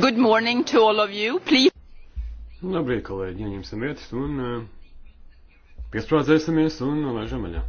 Good morning to all of you, please. Labrīt, kolēģi, ieņemsim vietas un uh, piesprādzēsimies un laižam vaļā.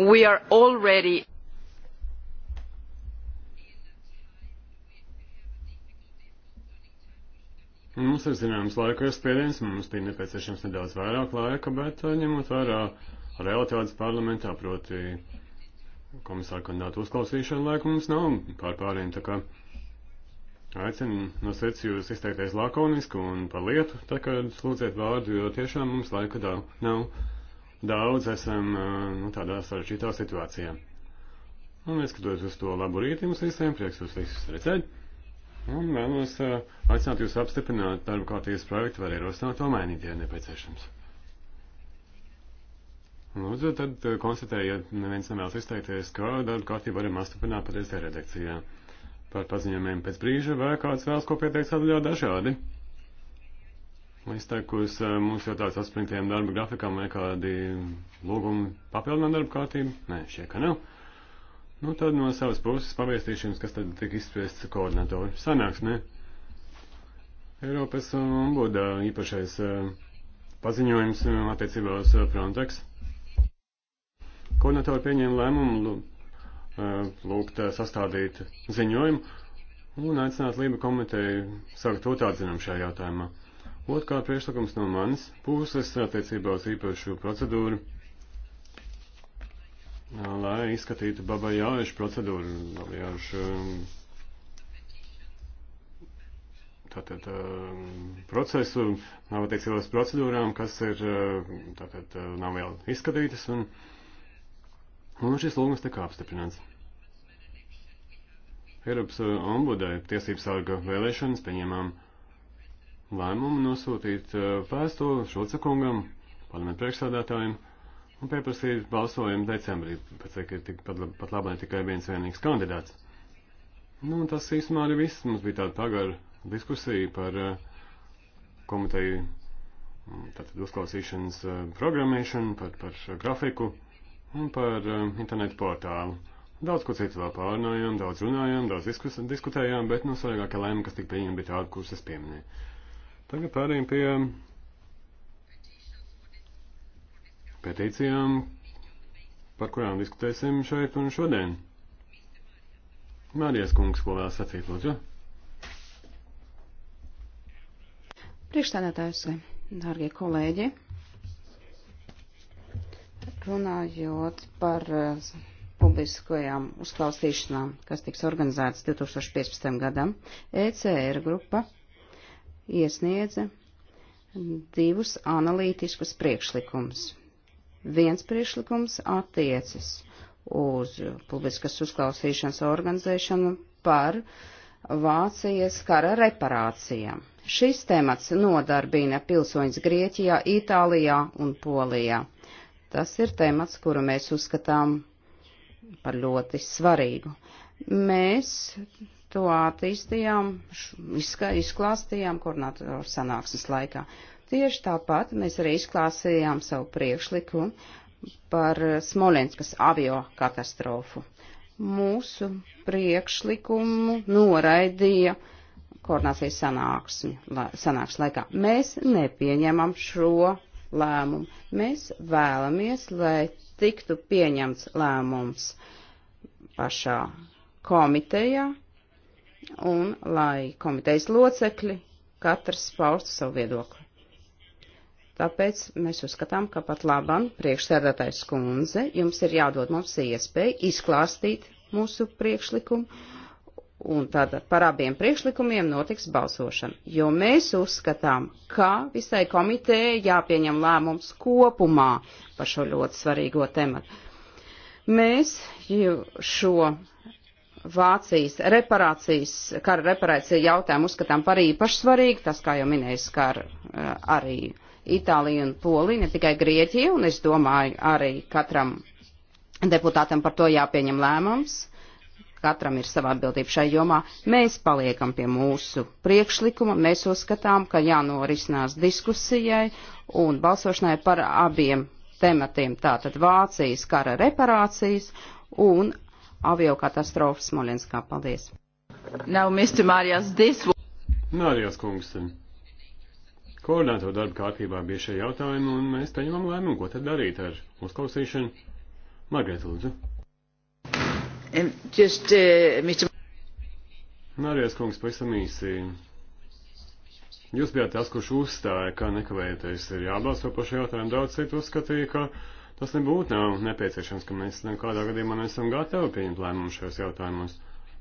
we are already Mums ir zināms laika iespējams, mums bija nepieciešams nedaudz vairāk laika, bet eh, ņemot vērā realitātes parlamentā, proti komisāra kandidātu uzklausīšanu laika mums nav pār pāriem, tā kā aicinu no sirds jūs izteikties lakoniski un par lietu, tā kā lūdziet vārdu, jo tiešām mums laika nav. nav daudz esam nu, tādā sarežģītā situācijā. Un neskatoties uz to labu rītu jums visiem, prieks jūs visus redzēt. Un vēlos aicināt jūs apstiprināt darba kārtības projektu, var ierosināt to mainīt, ja nepieciešams. Lūdzu, tad konstatēju, ja neviens nevēlas izteikties, ka darba kārtību varam apstiprināt patiesajā redakcijā. Par paziņojumiem pēc brīža vai kāds vēlas ko pieteikt atļaut dažādi. Es teiktu, ka mums jau tāds atspringtiem darba grafikam vai kādi lūgumi papildināt darba kārtību. Nē, šie ka nav. Nu, tad no savas puses pavēstīšu jums, kas tad tika izspriests koordinatoru sanāksmē. Eiropas ombuda īpašais eh, paziņojums eh, attiecībā uz eh, Frontex. Koordinatori pieņēma lēmumu lūgt sastādīt ziņojumu un aicināt Lība komiteju sagatavot atzinumu šajā jautājumā. Otkārt priekšlikums no manas puses attiecībā uz īpašu procedūru, lai izskatītu babajāžu procedūru, babajāžu um, tātad um, procesu, nav attiecībās procedūrām, kas ir, um, tātad uh, nav vēl izskatītas, un, un šis lūgums tika apstiprināts. Eiropas uh, ombudai tiesības sarga vēlēšanas pieņēmām. Uh, lēmumu nosūtīt uh, vēstuli Šulcekungam, parlamentu priekšsādātājiem, un pieprasīt balsojumu decembrī, pēc tam, ka ir pat, pat labāk tikai viens vienīgs kandidāts. Nu, un tas īstenībā arī viss. Mums bija tāda pagara diskusija par uh, komiteju mm, tātad uzklausīšanas uh, programmēšanu, par, par grafiku un par internetu portālu. Daudz ko citu vēl pārunājām, daudz runājām, daudz diskus, diskutējām, bet, nu, svarīgākie lēmumi, kas tika pieņemti, bija tādi, kurus es pieminēju. Tagad pārējiem pie petīcijām, par kurām diskutēsim šeit un šodien. Mārijas kungs, ko vēl sacīt, lūdzu? Priekšstādātājs, dārgie kolēģi, runājot par eh, publiskajām uzklausīšanām, kas tiks organizētas 2015. gadam, ECR grupa iesniedza divus analītiskus priekšlikumus. Viens priekšlikums attiecas uz publiskas uzklausīšanas organizēšanu par Vācijas kara reparācijām. Šis temats nodarbina pilsoņus Grieķijā, Itālijā un Polijā. Tas ir temats, kuru mēs uzskatām par ļoti svarīgu. Mēs to attīstījām, izklāstījām koordinātoru sanāksmes laikā. Tieši tāpat mēs arī izklāstījām savu priekšlikumu par Smolenskas avio katastrofu. Mūsu priekšlikumu noraidīja koordinācijas sanāksmi, sanāks laikā. Mēs nepieņemam šo lēmumu. Mēs vēlamies, lai tiktu pieņemts lēmums pašā komitejā, un lai komitejas locekļi katrs paustu savu viedokli. Tāpēc mēs uzskatām, ka pat labam priekšsēdētājs kundze jums ir jādod mums iespēja izklāstīt mūsu priekšlikumu, un tad par abiem priekšlikumiem notiks balsošana, jo mēs uzskatām, ka visai komitejai jāpieņem lēmums kopumā par šo ļoti svarīgo tematu. Mēs šo Vācijas reparācijas, kara reparācija jautājumu uzskatām par īpaši svarīgu, tas, kā jau minējis, kar eh, arī Itālija un Polija, ne tikai Grieķija, un es domāju, arī katram deputātam par to jāpieņem lēmums, katram ir sava atbildība šai jomā. Mēs paliekam pie mūsu priekšlikuma, mēs uzskatām, ka jānorisinās diskusijai un balsošanai par abiem tematiem, tātad Vācijas kara reparācijas un aviokatastrofas Smolenskā. Paldies! Nav Mr. Mārijas Disvu. Mārijas kungs, koordināto darba kārtībā bija šie jautājumi, un mēs pieņemam lēmumu, ko tad darīt ar uzklausīšanu. Margarita, lūdzu. Um, just, uh, Mr. Mārijas kungs, pavisam īsi. Jūs bijāt tas, kurš uzstāja, ka nekavējoties ir jābalso par šo jautājumu. Daudz citu uzskatīja, ka Tas nebūtu nav nepieciešams, ka mēs kādā gadījumā neesam gatavi pieņemt lēmumu šajos jautājumos.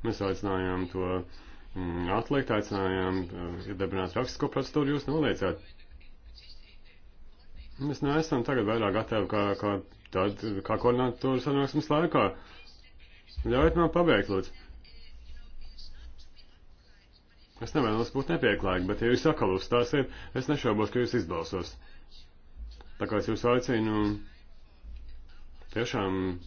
Mēs aicinājām to mm, atlikt, aicinājām eh, iedarbināt rakstisko procedūru, jūs noliecāt. Mēs neesam tagad vairāk gatavi kā, kā, tad, kā koordinātoru sanāksmes laikā. Ļaujiet man pabeigt, lūdzu. Es nevēlos būt nepieklājīgi, bet, ja jūs atkal uzstāsiet, es nešaubos, ka jūs izbalsos. Tā kā es jūs aicinu tiešām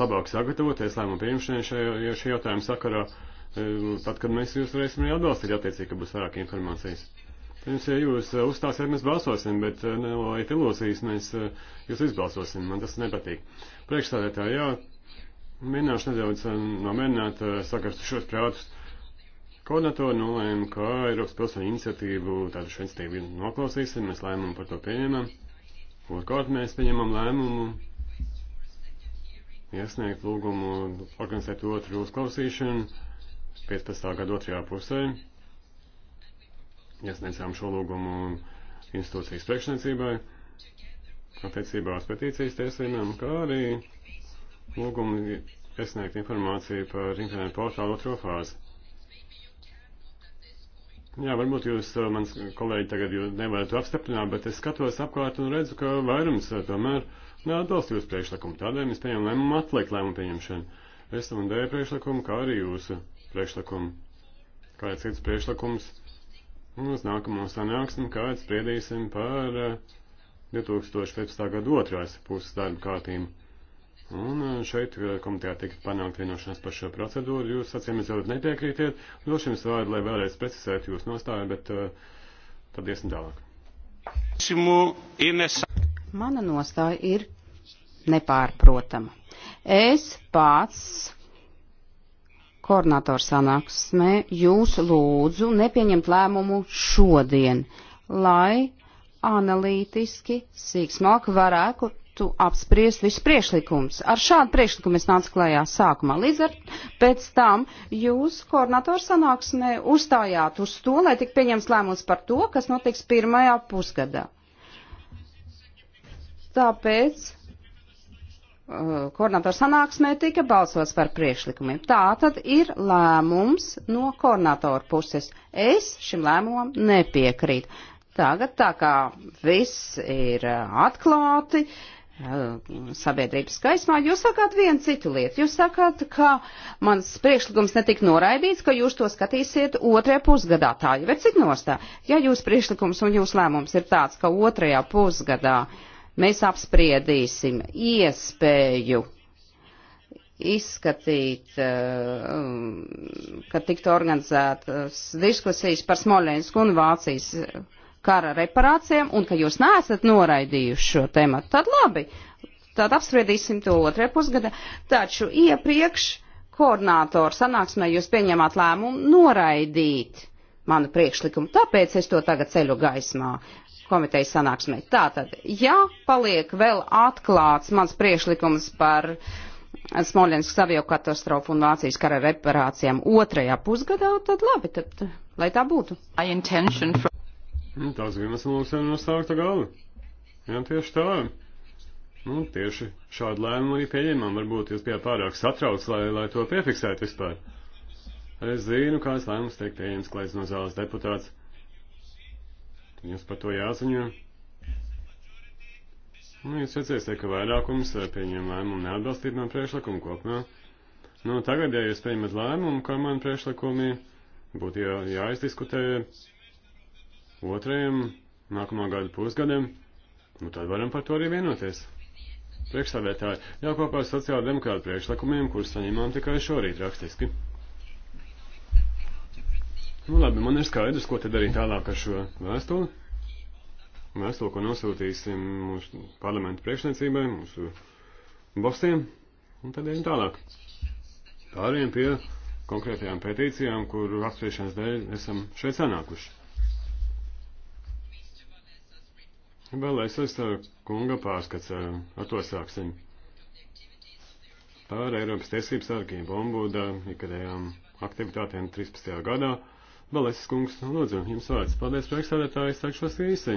labāk sagatavoties lēmumu pieņemšanai šajā, šajā jautājuma sakarā, um, tad, kad mēs jūs varēsim arī atbalstīt, attiecīgi, ka būs vairāk informācijas. Pirms, ja jūs uh, uzstāsiet, mēs balsosim, bet uh, nelaiet ilūzijas, mēs uh, jūs izbalsosim, man tas nepatīk. Priekšstādētāji, jā, mēģināšu nedaudz um, nomērināt sakarstu šos prātus. Koordinatori nolēma, ka Eiropas pilsoņu iniciatīvu, tādu šo iniciatīvu noklausīsim, mēs lēmumu par to pieņemam. Turklāt mēs pieņemam lēmumu iesniegt lūgumu organizēt otru uzklausīšanu 15. gada otrajā pusē. Iesniedzām šo lūgumu institūcijas priekšniecībai attiecībā uz petīcijas tiesībām, kā arī lūgumu iesniegt informāciju par internetu portālu otro fāzi. Jā, varbūt jūs, eh, mans kolēģi, tagad jūs nevarat apstiprināt, bet es skatos apkārt un redzu, ka vairums eh, tomēr neatbalsta jūsu priekšlikumu. Tādēļ mēs pieņemam lēmumu atlikt lēmumu pieņemšanu. Es tam dēju priekšlikumu, kā arī jūsu priekšlikumu. Kāds cits priekšlikums? Un uz nākamo sanāksmi, kāds spriedīsim par 2015. Eh, gadu otrās puses darba kārtību. Un eh, šeit eh, komitejā tika panākt vienošanās par šo procedūru. Jūs acīm redzot nepiekrītiet. Došu jums vārdu, lai vēlreiz precizētu jūsu nostāju, bet uh, tad iesim tālāk. Mana nostāja ir nepārprotama. Es pats koordinatoru sanāksmē jūs lūdzu nepieņemt lēmumu šodien, lai analītiski sīksmāk varētu tiktu apspriest viss priešlikums. Ar šādu priešlikumu es nācu klajā sākumā. Līdz ar pēc tam jūs koordinatoru sanāksmē uzstājāt uz to, lai tik pieņems lēmums par to, kas notiks pirmajā pusgadā. Tāpēc uh, koordinatoru sanāksmē tika balsots par priekšlikumiem. Tā tad ir lēmums no koordinatoru puses. Es šim lēmumam nepiekrītu. Tagad tā kā viss ir uh, atklāti, Eh, sabiedrības gaismā, jūs sakāt vienu citu lietu. Jūs sakāt, ka mans priekšlikums netika noraidīts, ka jūs to skatīsiet otrajā pusgadā. Tā jau ir cita nostā. Ja jūs priekšlikums un jūs lēmums ir tāds, ka otrajā pusgadā mēs apspriedīsim iespēju izskatīt, eh, ka tiktu organizētas diskusijas par Smoļensku un Vācijas kara reparācijām un ka jūs neesat noraidījuši šo tematu, tad labi, tad apspriedīsim to otrē pusgada. Taču iepriekš koordinātoru sanāksmē jūs pieņemāt lēmumu noraidīt manu priekšlikumu, tāpēc es to tagad ceļu gaismā komitejas sanāksmē. Tātad, ja paliek vēl atklāts mans priekšlikums par Smolenskas aviokatastrofu un Vācijas kara reparācijām otrajā pusgadā, tad labi, tad, lai tā būtu. Nu, tās bija mēs mums no sākta gala. Jā, tieši tā. Nu, tieši šādu lēmumu arī pieņemam. Varbūt jūs bijāt pārāk satrauc, lai, lai to piefiksētu vispār. Es zinu, kāds lēmums tiek pieņems klaiz no zāles deputāts. Jums par to jāziņo. Nu, jūs redzēsiet, ka vairākums eh, pieņem lēmumu neatbalstīt man priekšlikumu kopumā. Nu, tagad, ja jūs pieņemat lēmumu, kā man priekšlikumi būtu jā, jāizdiskutē otrajam nākamā gada pusgadam, nu tad varam par to arī vienoties. Priekšsādētāji, jākopā ar sociāla demokrāta priekšlikumiem, kurus saņēmām tikai šorīt rakstiski. Nu labi, man ir skaidrs, ko tad darīt tālāk ar šo vēstuli. Vēstuli, ko nosūtīsim mūsu parlamentu priekšniecībai, mūsu bosiem, un tad ejam tālāk. Pāriem pie konkrētajām pētīcijām, kuru apspriešanas dēļ esam šeit sanākuši. Vēlēs es kunga pārskats, ar to sāksim. Par Eiropas tiesības sargiem bombuda ikadējām aktivitātēm 13. gadā. Balēs kungs, lūdzu, jums vārds. Paldies, priekšsēdētāji, sākšos īsi.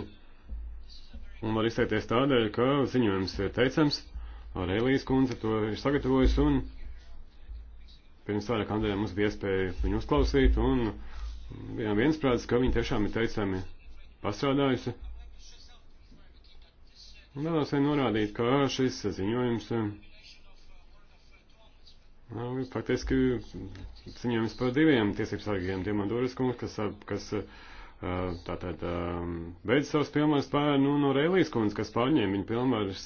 Un var izteikties tādēļ, ka ziņojums ir teicams, ar Elijas kundze to ir sagatavojis un pirms vairākām dienām mums bija iespēja viņu uzklausīt un bijām viensprāts, ka viņi tiešām ir teicami pastrādājusi. Vēlos vien norādīt, ka šis ziņojums nu, faktiski ziņojums par diviem tiesības sargiem, Diemandūras kungs, kas, kas tātad beidz savus pilnvaras pār, nu, no Reilijas kundas, kas pārņēma viņa pilnvaras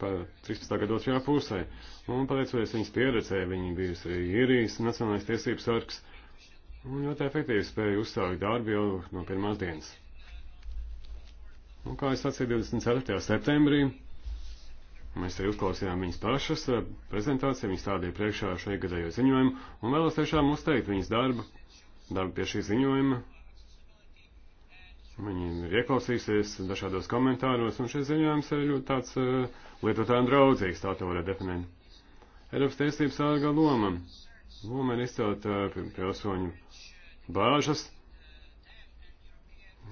par 13. gadu otrajā pusē. Un pateicoties viņas pieredzē, viņa bijusi arī īrijas nacionālais tiesības sargs. Un ļoti efektīvi spēja uzsākt darbu jau no pirmās dienas. Un, kā es sacīju, 24. septembrī mēs arī uzklausījām viņas pašas eh, prezentāciju, viņas stādīja priekšā šo iegadējo ziņojumu, un vēlos tiešām uzteikt viņas darbu, darbu pie šī ziņojuma. Viņi ir ieklausījusies dažādos komentāros, un šis ziņojums ir ļoti tāds uh, lietotājiem draudzīgs, tā to varētu definēt. Eiropas tiesības sārga loma. Loma ir izcelt uh, pilsoņu bāžas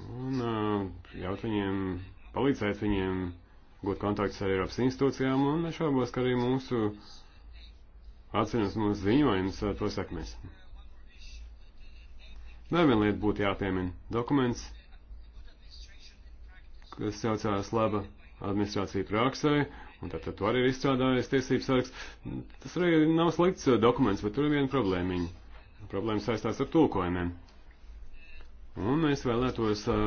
un ļaut viņiem, palīdzēt viņiem gūt kontaktus ar Eiropas institūcijām, un es šaubos, ka arī mūsu atceras mūsu ziņojums to sekmēs. Vēl viena lieta būtu jāpiemina. Dokuments, kas saucās laba administrācija praksē, un tad, tad to arī ir izstrādājis tiesības sargs. Tas arī nav slikts dokuments, bet tur ir viena problēmiņa. Problēma saistās ar tulkojumiem. Un es vēlētos eh,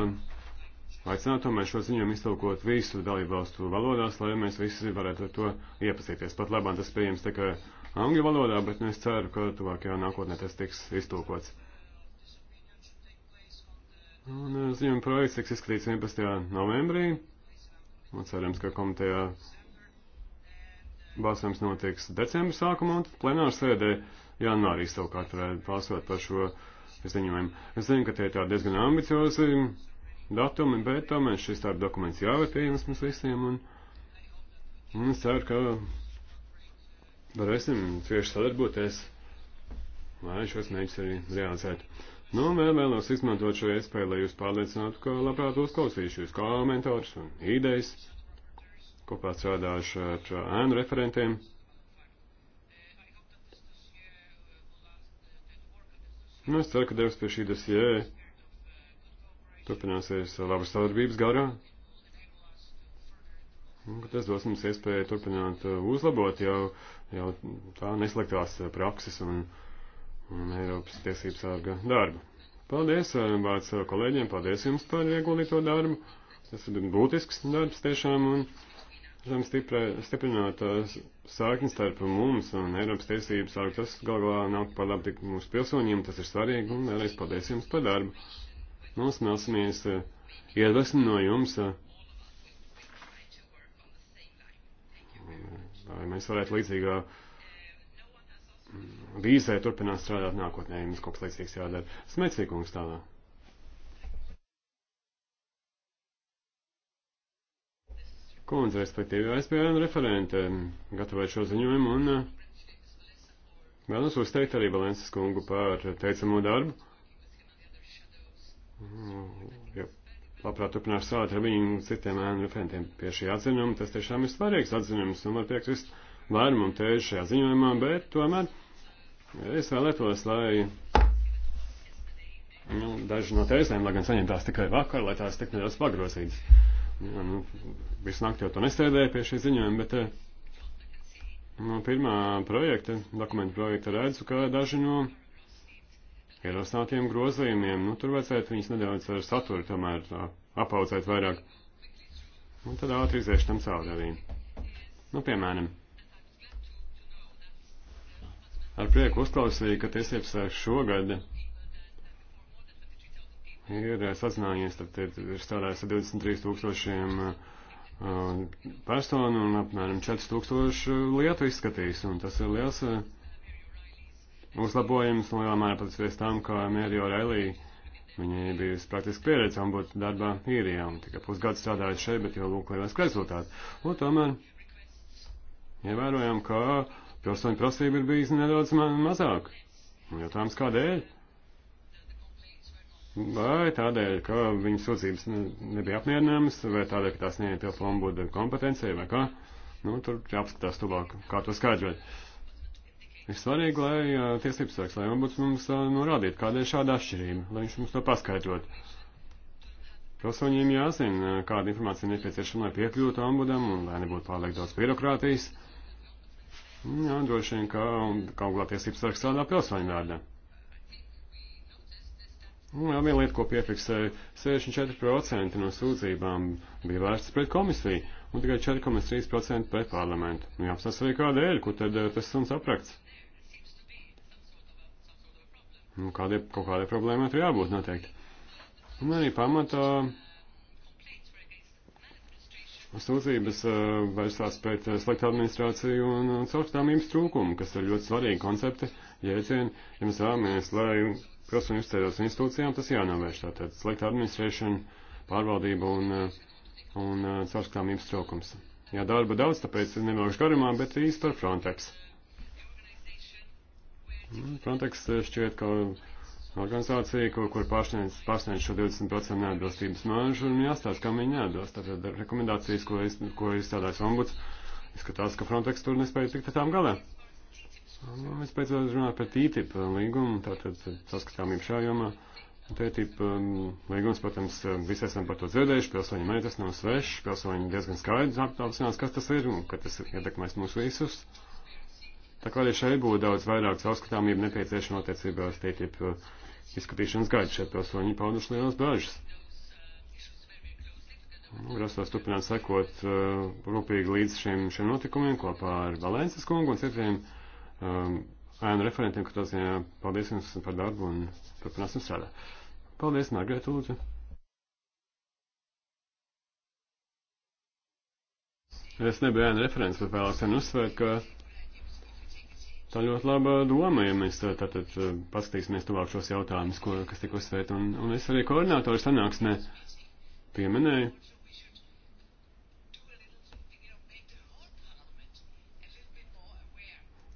aicināt tomēr šo ziņojumu iztulkot visu dalībvalstu valodās, lai mēs visi varētu ar to iepazīties. Pat labāk tas pieejams tikai angļu valodā, bet nu, es ceru, ka tuvākajā nākotnē tas tiks iztulkots. Un eh, ziņojuma projekts tiks izskatīts 11. novembrī. Un cerams, ka komitejā balsojums notiks decembra sākumā, un plenāra sēdē janvārī savukārt varētu balsot par šo ziņojumu. Es zinu, ka tie ir tādi diezgan ambiciozi datumi, bet tomēr šis tāda dokuments jau ir pieejams mums visiem, un, un es ceru, ka varēsim cieši sadarboties, lai šos mēģus arī realizētu. Nu, vēl vēlos izmantot šo iespēju, lai jūs pārliecinātu, ka labprāt uzklausīšu jūs komentārus un idejas, kopā strādāšu ar ēnu referentiem. Nu, es ceru, ka devs pie šī dosie turpināsies laba sadarbības garā. Un, tas dos mums iespēju turpināt uh, uzlabot jau, jau tā nesliktās uh, prakses un, un Eiropas tiesības sārga darbu. Paldies uh, vārds kolēģiem, paldies jums par ieguldīto darbu. Tas ir būtisks darbs tiešām. Un, Žem stiprē, stiprināt uh, sāknis starp mums un Eiropas tiesības sargu, tas gal galā nāk par labu tik mūsu pilsoņiem, tas ir svarīgi, un vēlreiz paldies jums par darbu. Mums melsimies uh, iedvesmi no jums, uh, lai mēs varētu līdzīgā mm, vīzē turpināt strādāt nākotnē, ja mums kaut kas līdzīgs jādara. Smecīgums tādā. kundze, respektīvi ASPN referente, gatavoja šo ziņojumu un uh, vēlos uzteikt arī Valences kungu par teicamo darbu. Mm, ja labprāt turpināšu strādāt ar viņu un citiem ēnu referentiem pie šī atzinuma, tas tiešām ir svarīgs atzinums un var piekrist vairumam tēju šajā ziņojumā, bet tomēr es vēlētos, lai nu, daži no tēzēm, lai gan saņemtās tikai vakar, lai tās tik nedaudz pagrozītas. Jā, nu, visu nakti jau to nesēdēju pie šī ziņojuma, bet eh, no nu, pirmā projekta, dokumentu projekta redzu, ka daži no ierosinātiem grozījumiem, nu, tur vajadzētu viņus nedaudz ar saturu tomēr apaudzēt vairāk. Un tad ātri iziešu tam cauri arī. Nu, piemēram, ar prieku uzklausīju, ka tiesības šogad ir sazinājies, tad ir, ir strādājis ar 23 tūkstošiem uh, personu un apmēram 4 tūkstošu lietu izskatījis, un tas ir liels uh, uzlabojums, un lielā mērā pateicoties tam, ka Mērija Orelī, viņai bijusi praktiski pieredze un būtu darbā īrijā, un tikai pusgadu strādājis šeit, bet jau lūk lielais rezultāts. Un tomēr ievērojam, ka pilsoņu prasība ir bijis nedaudz ma mazāk. Un jautājums kādēļ? vai tādēļ, ka viņas sūdzības nebija apmierināmas, vai tādēļ, ka tās neietilp Lombuda kompetencijai, vai kā. Nu, tur jāapskatās tuvāk, kā to skaidrot. Ir svarīgi, lai uh, tiesības sargs, lai ombuds mums uh, norādītu, kāda ir šāda atšķirība, lai viņš mums to paskaidrot. Pilsoņiem jāzina, kāda informācija nepieciešama, lai piekļūtu ombudam un lai nebūtu pārliek daudz birokrātijas. Nu, jā, droši vien, ka kaut kādā tiesības sargs strādā pilsoņu vārdā. Un nu, vēl viena lieta, ko piefiksēja, 64% no sūdzībām bija vērstas pret komisiju un tikai 4,3% pret parlamentu. Nu, jāapstās arī kādēļ, kur tad eh, tas suns aprakts. Nu, kādai, kaut kādai problēmai tur jābūt noteikti. Un arī pamatā sūdzības eh, vērstās pret eh, sliktu administrāciju un caurskatāmības trūkumu, kas ir ļoti svarīgi koncepti, jēdzieni, ja mēs vēlamies, lai pilsoņu uzticēšanos institūcijām, tas jānovērš tātad slikta administrēšana, pārvaldība un, eh, un eh, caurskatāmības trūkums. Jā, darba daudz, tāpēc nevilkšu garumā, bet īsti par Frontex. Nu, Frontex eh, šķiet, ka organizācija, kur, kur pārsniedz, pārsniedz šo 20% neatbilstības māžu, un jāstāsta, kam viņi neatbilst. Tātad rekomendācijas, ko, es, ko izstrādājas ombuds, izskatās, ka Frontex tur nespēja tikt ar tām galā. Nu, mēs pēc vēl runājam par TTIP eh, līgumu, tātad eh, saskatāmību šā jomā. TTIP eh, līgums, protams, visi esam par to dzirdējuši, pilsoņi man tas nav svešs, pilsoņi diezgan skaidrs apzinās, kas tas ir un ka tas ietekmēs mūs visus. Tā kā arī šeit būtu daudz vairāk saskatāmību nepieciešama attiecībā uz TTIP izskatīšanas gaidu. Šeit pilsoņi pauduši lielas bažas. Grasos nu, turpināt sekot rūpīgi līdz šiem, šiem notikumiem kopā ar Valences kungu un citiem. Uh, um, ēnu referentiem, ka tas ziņā paldies jums par darbu un turpināsim strādāt. Paldies, Margarita Lūdzu. Es nebiju ēnu referents, bet vēlos vien uzsvērt, ka tā ļoti laba doma, ja mēs tātad uh, paskatīsimies tuvāk šos jautājumus, ko, kas tika uzsvērt, un, un es arī koordinātoru sanāksmē pieminēju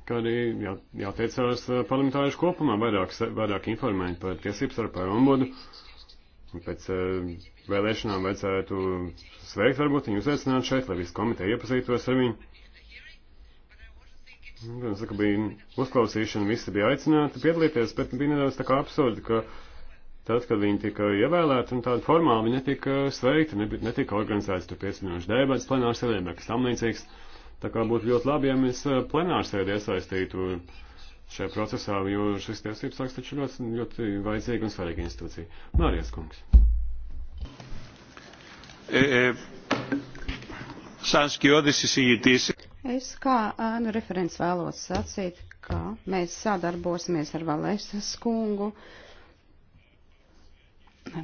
kā arī jā, jāteicās eh, parlamentāriešu kopumā vairāk, vairāk informēt par tiesības ar par ombudu. Pēc eh, vēlēšanām vajadzētu sveikt varbūt viņu uzaicināt šeit, lai visi komiteja iepazītos ar viņu. Protams, nu, ka bija uzklausīšana, visi bija aicināti piedalīties, bet bija nedaudz tā kā absurdi, ka tad, kad viņi tika ievēlēti un tādi formāli, viņi netika eh, sveikti, netika organizēts tur piesminoši debats, plenārs sēdē, kas tam līdzīgs. Uh, Tā kā būtu ļoti labi, ja mēs eh, plenārsēdi iesaistītu šajā procesā, jo šis tiesības saks taču ļoti, ļoti vajadzīga un svarīga institūcija. Mārijas kungs. Eh, eh, es kā ēnu referents vēlos sacīt, ka mēs sadarbosimies ar Valēsas kungu. Uh,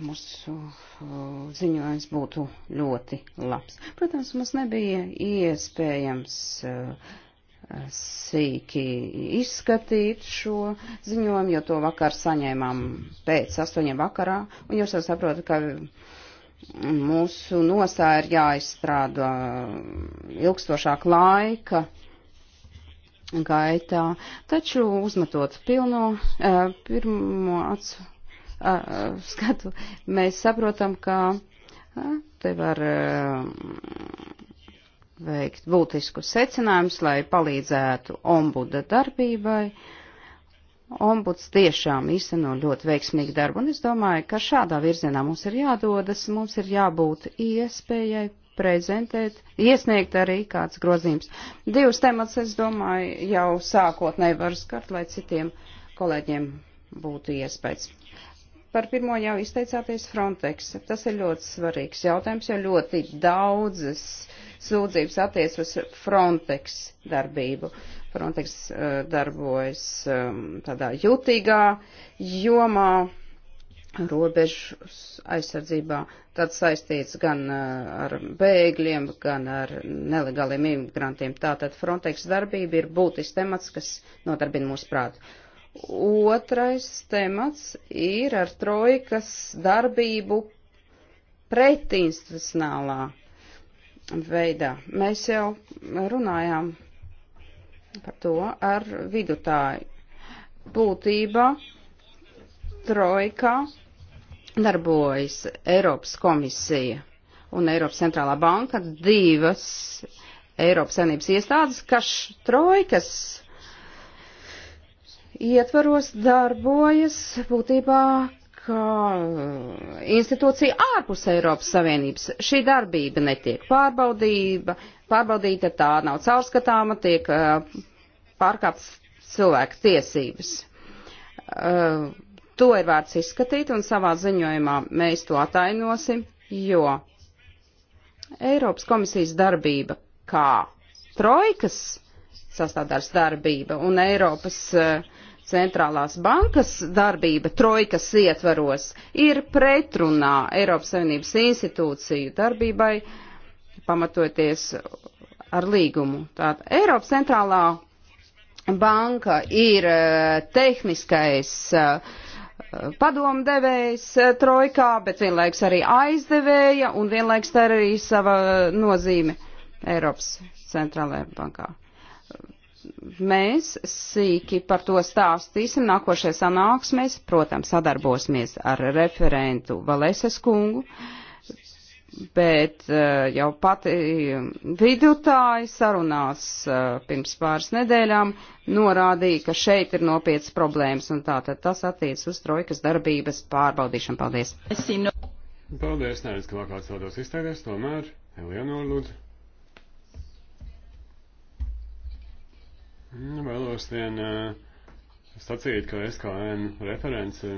mūsu uh, ziņojums būtu ļoti labs. Protams, mums nebija iespējams uh, sīki izskatīt šo ziņojumu, jo to vakar saņēmām pēc astoņiem vakarā, un jūs jau saprotat, ka mūsu nostāja ir jāizstrāda ilgstošāk laika gaitā, taču uzmetot pilno, uh, pirmo acu uh, skatu, mēs saprotam, ka uh, te var uh, veikt būtisku secinājumus, lai palīdzētu ombuda darbībai. Ombuds tiešām īsteno ļoti veiksmīgu darbu, un es domāju, ka šādā virzienā mums ir jādodas, mums ir jābūt iespējai prezentēt, iesniegt arī kāds grozījums. Divas temats, es domāju, jau sākotnēji var skart, lai citiem kolēģiem būtu iespējas. Par pirmo jau izteicāties Frontex. Tas ir ļoti svarīgs jautājums, jo ļoti daudzas sūdzības attiec uz Frontex darbību. Frontex uh, darbojas um, tādā jutīgā jomā robežu aizsardzībā. Tad saistīts gan uh, ar bēgļiem, gan ar nelegāliem imigrantiem. Tātad Frontex darbība ir būtisks temats, kas nodarbina mūsu prātu. Otrais temats ir ar trojkas darbību pretinstitucionālā veidā. Mēs jau runājām par to ar vidutāju. Būtībā trojkā darbojas Eiropas komisija un Eiropas centrālā banka divas Eiropas saimnības iestādes, kas trojkas ietvaros darbojas būtībā kā institūcija ārpus Eiropas Savienības. Šī darbība netiek pārbaudība, pārbaudīta, tā nav caurskatāma, tiek pārkāptas cilvēku tiesības. To ir vērts izskatīt un savā ziņojumā mēs to atainosim, jo Eiropas komisijas darbība kā trojkas sastādārs darbība un Eiropas uh, centrālās bankas darbība trojkas ietvaros ir pretrunā Eiropas Savienības institūciju darbībai, pamatoties ar līgumu. Tātad Eiropas centrālā banka ir eh, tehniskais eh, padomdevējs eh, trojkā, bet vienlaiks arī aizdevēja un vienlaiks tā arī sava nozīme Eiropas centrālajā bankā mēs sīki par to stāstīsim nākošajā sanāksmēs, protams, sadarbosimies ar referentu Valēses kungu, bet eh, jau pati mm, vidutāji sarunās eh, pirms pāris nedēļām norādīja, ka šeit ir nopietnas problēmas, un tātad tas attiec uz trojkas darbības pārbaudīšanu. Paldies! Paldies, nevis, ka vēl kāds vēlos izteikties, tomēr Eleonora Lūdzu. Nu, vēlos vien uh, sacīt, ka SKN referenci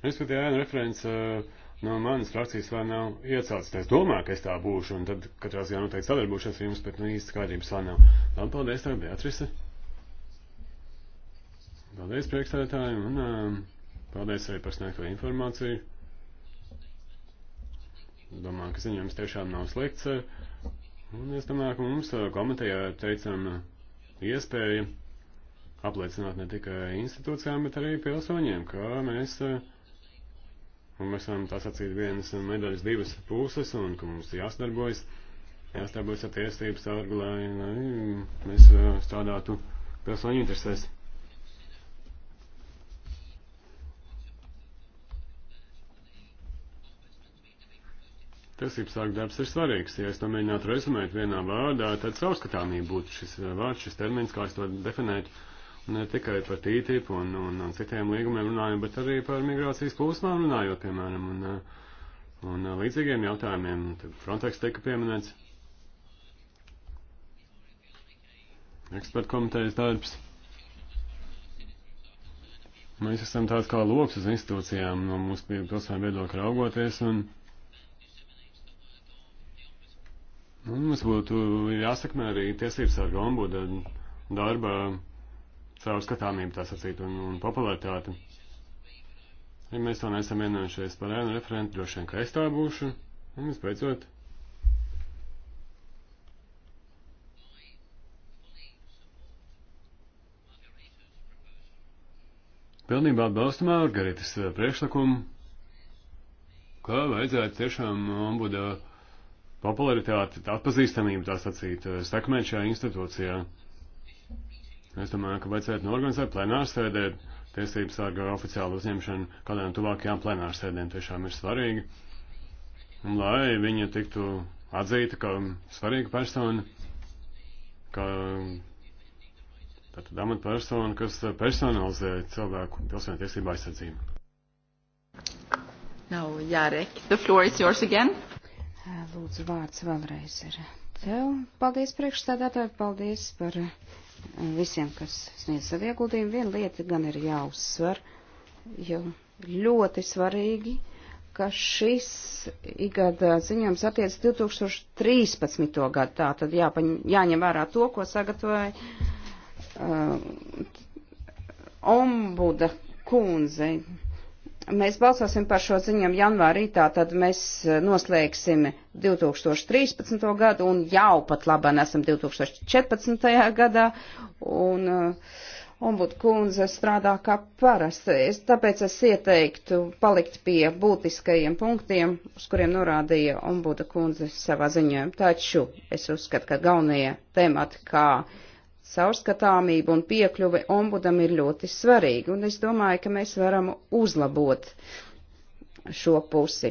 Respektīvi, ēna referents uh, no manas frakcijas vēl nav iecelts. Es domāju, ka es tā būšu, un tad katrā ziņā noteikti sadarbošos ar jums, bet nu īsti skaidrības vēl nav. Labi, paldies tev, Beatrise. Paldies priekšstādātājiem, un uh, paldies arī par sniegto informāciju. Domāju, ka ziņojums tiešām nav slikts. Uh, Un es domāju, ka mums komitejā teicam iespēja apliecināt ne tikai institūcijām, bet arī pilsoņiem, ka mēs, un mēs varam tā sacīt vienas medaļas divas puses, un ka mums jāsadarbojas, jāsadarbojas ar tiesības sargu, lai, lai mēs strādātu pilsoņu interesēs. tiesības sargu darbs ir svarīgs. Ja es to mēģinātu rezumēt vienā vārdā, tad savskatāmība būtu šis eh, vārds, šis termins, kā es to definētu. Ne eh, tikai par TTIP un, un, un citiem līgumiem runājot, bet arī par migrācijas plūsmām runājot, piemēram, un, eh, un līdzīgiem jautājumiem. Frontex tika pieminēts. Eksperta komitejas darbs. Mēs esam tāds kā loks uz institūcijām no mūsu pilsēm viedokļa raugoties. Un, Un nu, mums būtu jāsakmē arī tiesības ar Gombuda darba caurskatāmību, tā sacīt, un, un popularitāti. Ja mēs to neesam vienojušies par ēnu referentu, droši vien, ka es tā būšu. Un visbeidzot. Pilnībā atbalstu Margaritas eh, priekšlikumu, ka vajadzētu tiešām ombuda. Um, popularitāti, atpazīstamību, tā sacīt, eh, sekmēt šajā institūcijā. Es domāju, ka vajadzētu norganizēt plenārsēdē, tiesības sarga oficiālu uzņemšanu kādām tuvākajām plenārsēdēm tiešām ir svarīgi. Un lai viņa tiktu atzīta kā svarīga persona, kā tātad amatpersona, kas personalizē cilvēku pilsētiesību aizsardzību. Now, Jarek, the floor is yours again. Lūdzu, vārds vēlreiz ir tev. Paldies priekšstādātāji, paldies par eh, visiem, kas sniedz savu ieguldījumu. Viena lieta gan ir jāuzsver, jo ļoti svarīgi, ka šis igada ziņojums attiec 2013. gadu. Tā tad jāpaņ, jāņem vērā to, ko sagatavoja uh, ombuda kundzei Mēs balsosim par šo ziņojumu janvārītā, tad mēs eh, noslēgsim 2013. gadu un jau pat labāk esam 2014. gadā. Un, uh, eh, Ombud kundze strādā kā parasti, es, tāpēc es ieteiktu palikt pie būtiskajiem punktiem, uz kuriem norādīja Ombuda kundze savā ziņojumā. Taču es uzskatu, ka galvenie temati, kā Saurskatāmība un piekļuve ombudam ir ļoti svarīga, un es domāju, ka mēs varam uzlabot šo pusi.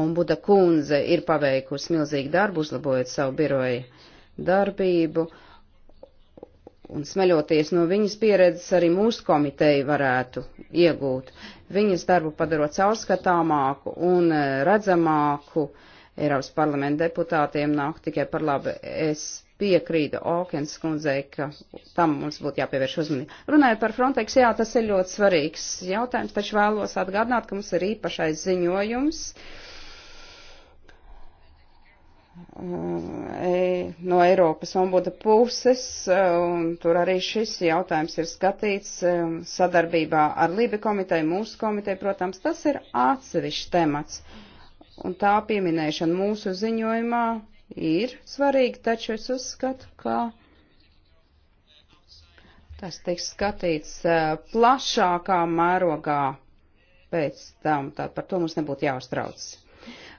Ombuda kundze ir paveikusi milzīgu darbu, uzlabojot savu biroju darbību, un smeļoties no viņas pieredzes arī mūsu komiteja varētu iegūt. Viņas darbu padarot caurskatāmāku un eh, redzamāku Eiropas parlamenta deputātiem nāk tikai par labu. Es piekrītu Okens kundzei, ka tam mums būtu jāpievērš uzmanība. Runājot par Frontex, jā, tas ir ļoti svarīgs jautājums, taču vēlos atgādināt, ka mums ir īpašais ziņojums um, e, no Eiropas ombuda puses, un tur arī šis jautājums ir skatīts um, sadarbībā ar Lībi komiteju, mūsu komiteju, protams, tas ir atsevišķs temats. Un tā pieminēšana mūsu ziņojumā ir svarīgi, taču es uzskatu, ka tas tiks skatīts plašākā mērogā pēc tam, tad par to mums nebūtu jāuztraucas.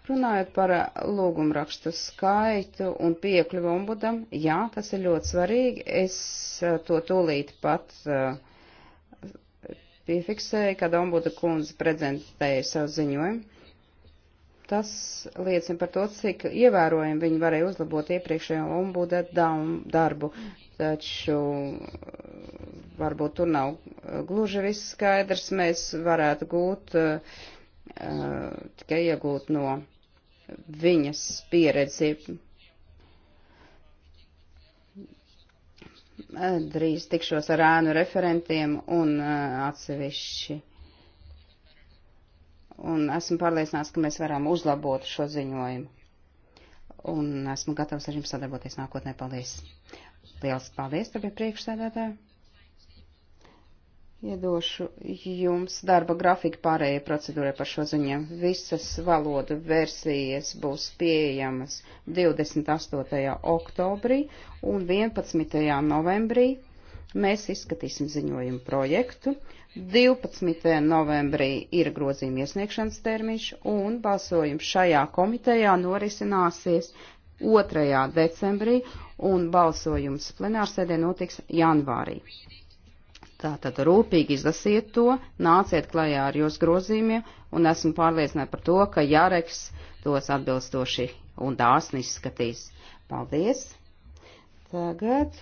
Runājot par lūgumrakstu skaitu un piekļuvu ombudam, jā, tas ir ļoti svarīgi. Es to tūlīt pat piefiksēju, kad ombuda kundze prezentēja savu ziņojumu. Tas liecina par to, cik ievērojami viņi varēja uzlabot iepriekšējo ombuda darbu, taču uh, varbūt tur nav uh, gluži viss skaidrs. Mēs varētu gūt, uh, tikai iegūt no viņas pieredzi. Drīz tikšos ar ēnu referentiem un atsevišķi un esmu pārliecināts, ka mēs varam uzlabot šo ziņojumu. Un esmu gatavs ar jums sadarboties nākotnē. Paldies! Liels paldies, tagad priekšsēdētāji! Iedošu jums darba grafiku pārējai procedūrai par šo ziņu. Visas valodu versijas būs pieejamas 28. oktobrī un 11. novembrī mēs izskatīsim ziņojumu projektu. 12. novembrī ir grozījuma iesniegšanas termiņš un balsojums šajā komitejā norisināsies 2. decembrī un balsojums plenārsēdē notiks janvārī. Tātad rūpīgi izlasiet to, nāciet klajā ar jūs grozījumiem un esmu pārliecināta par to, ka Jareks tos atbilstoši un dāsni izskatīs. Paldies! Tagad.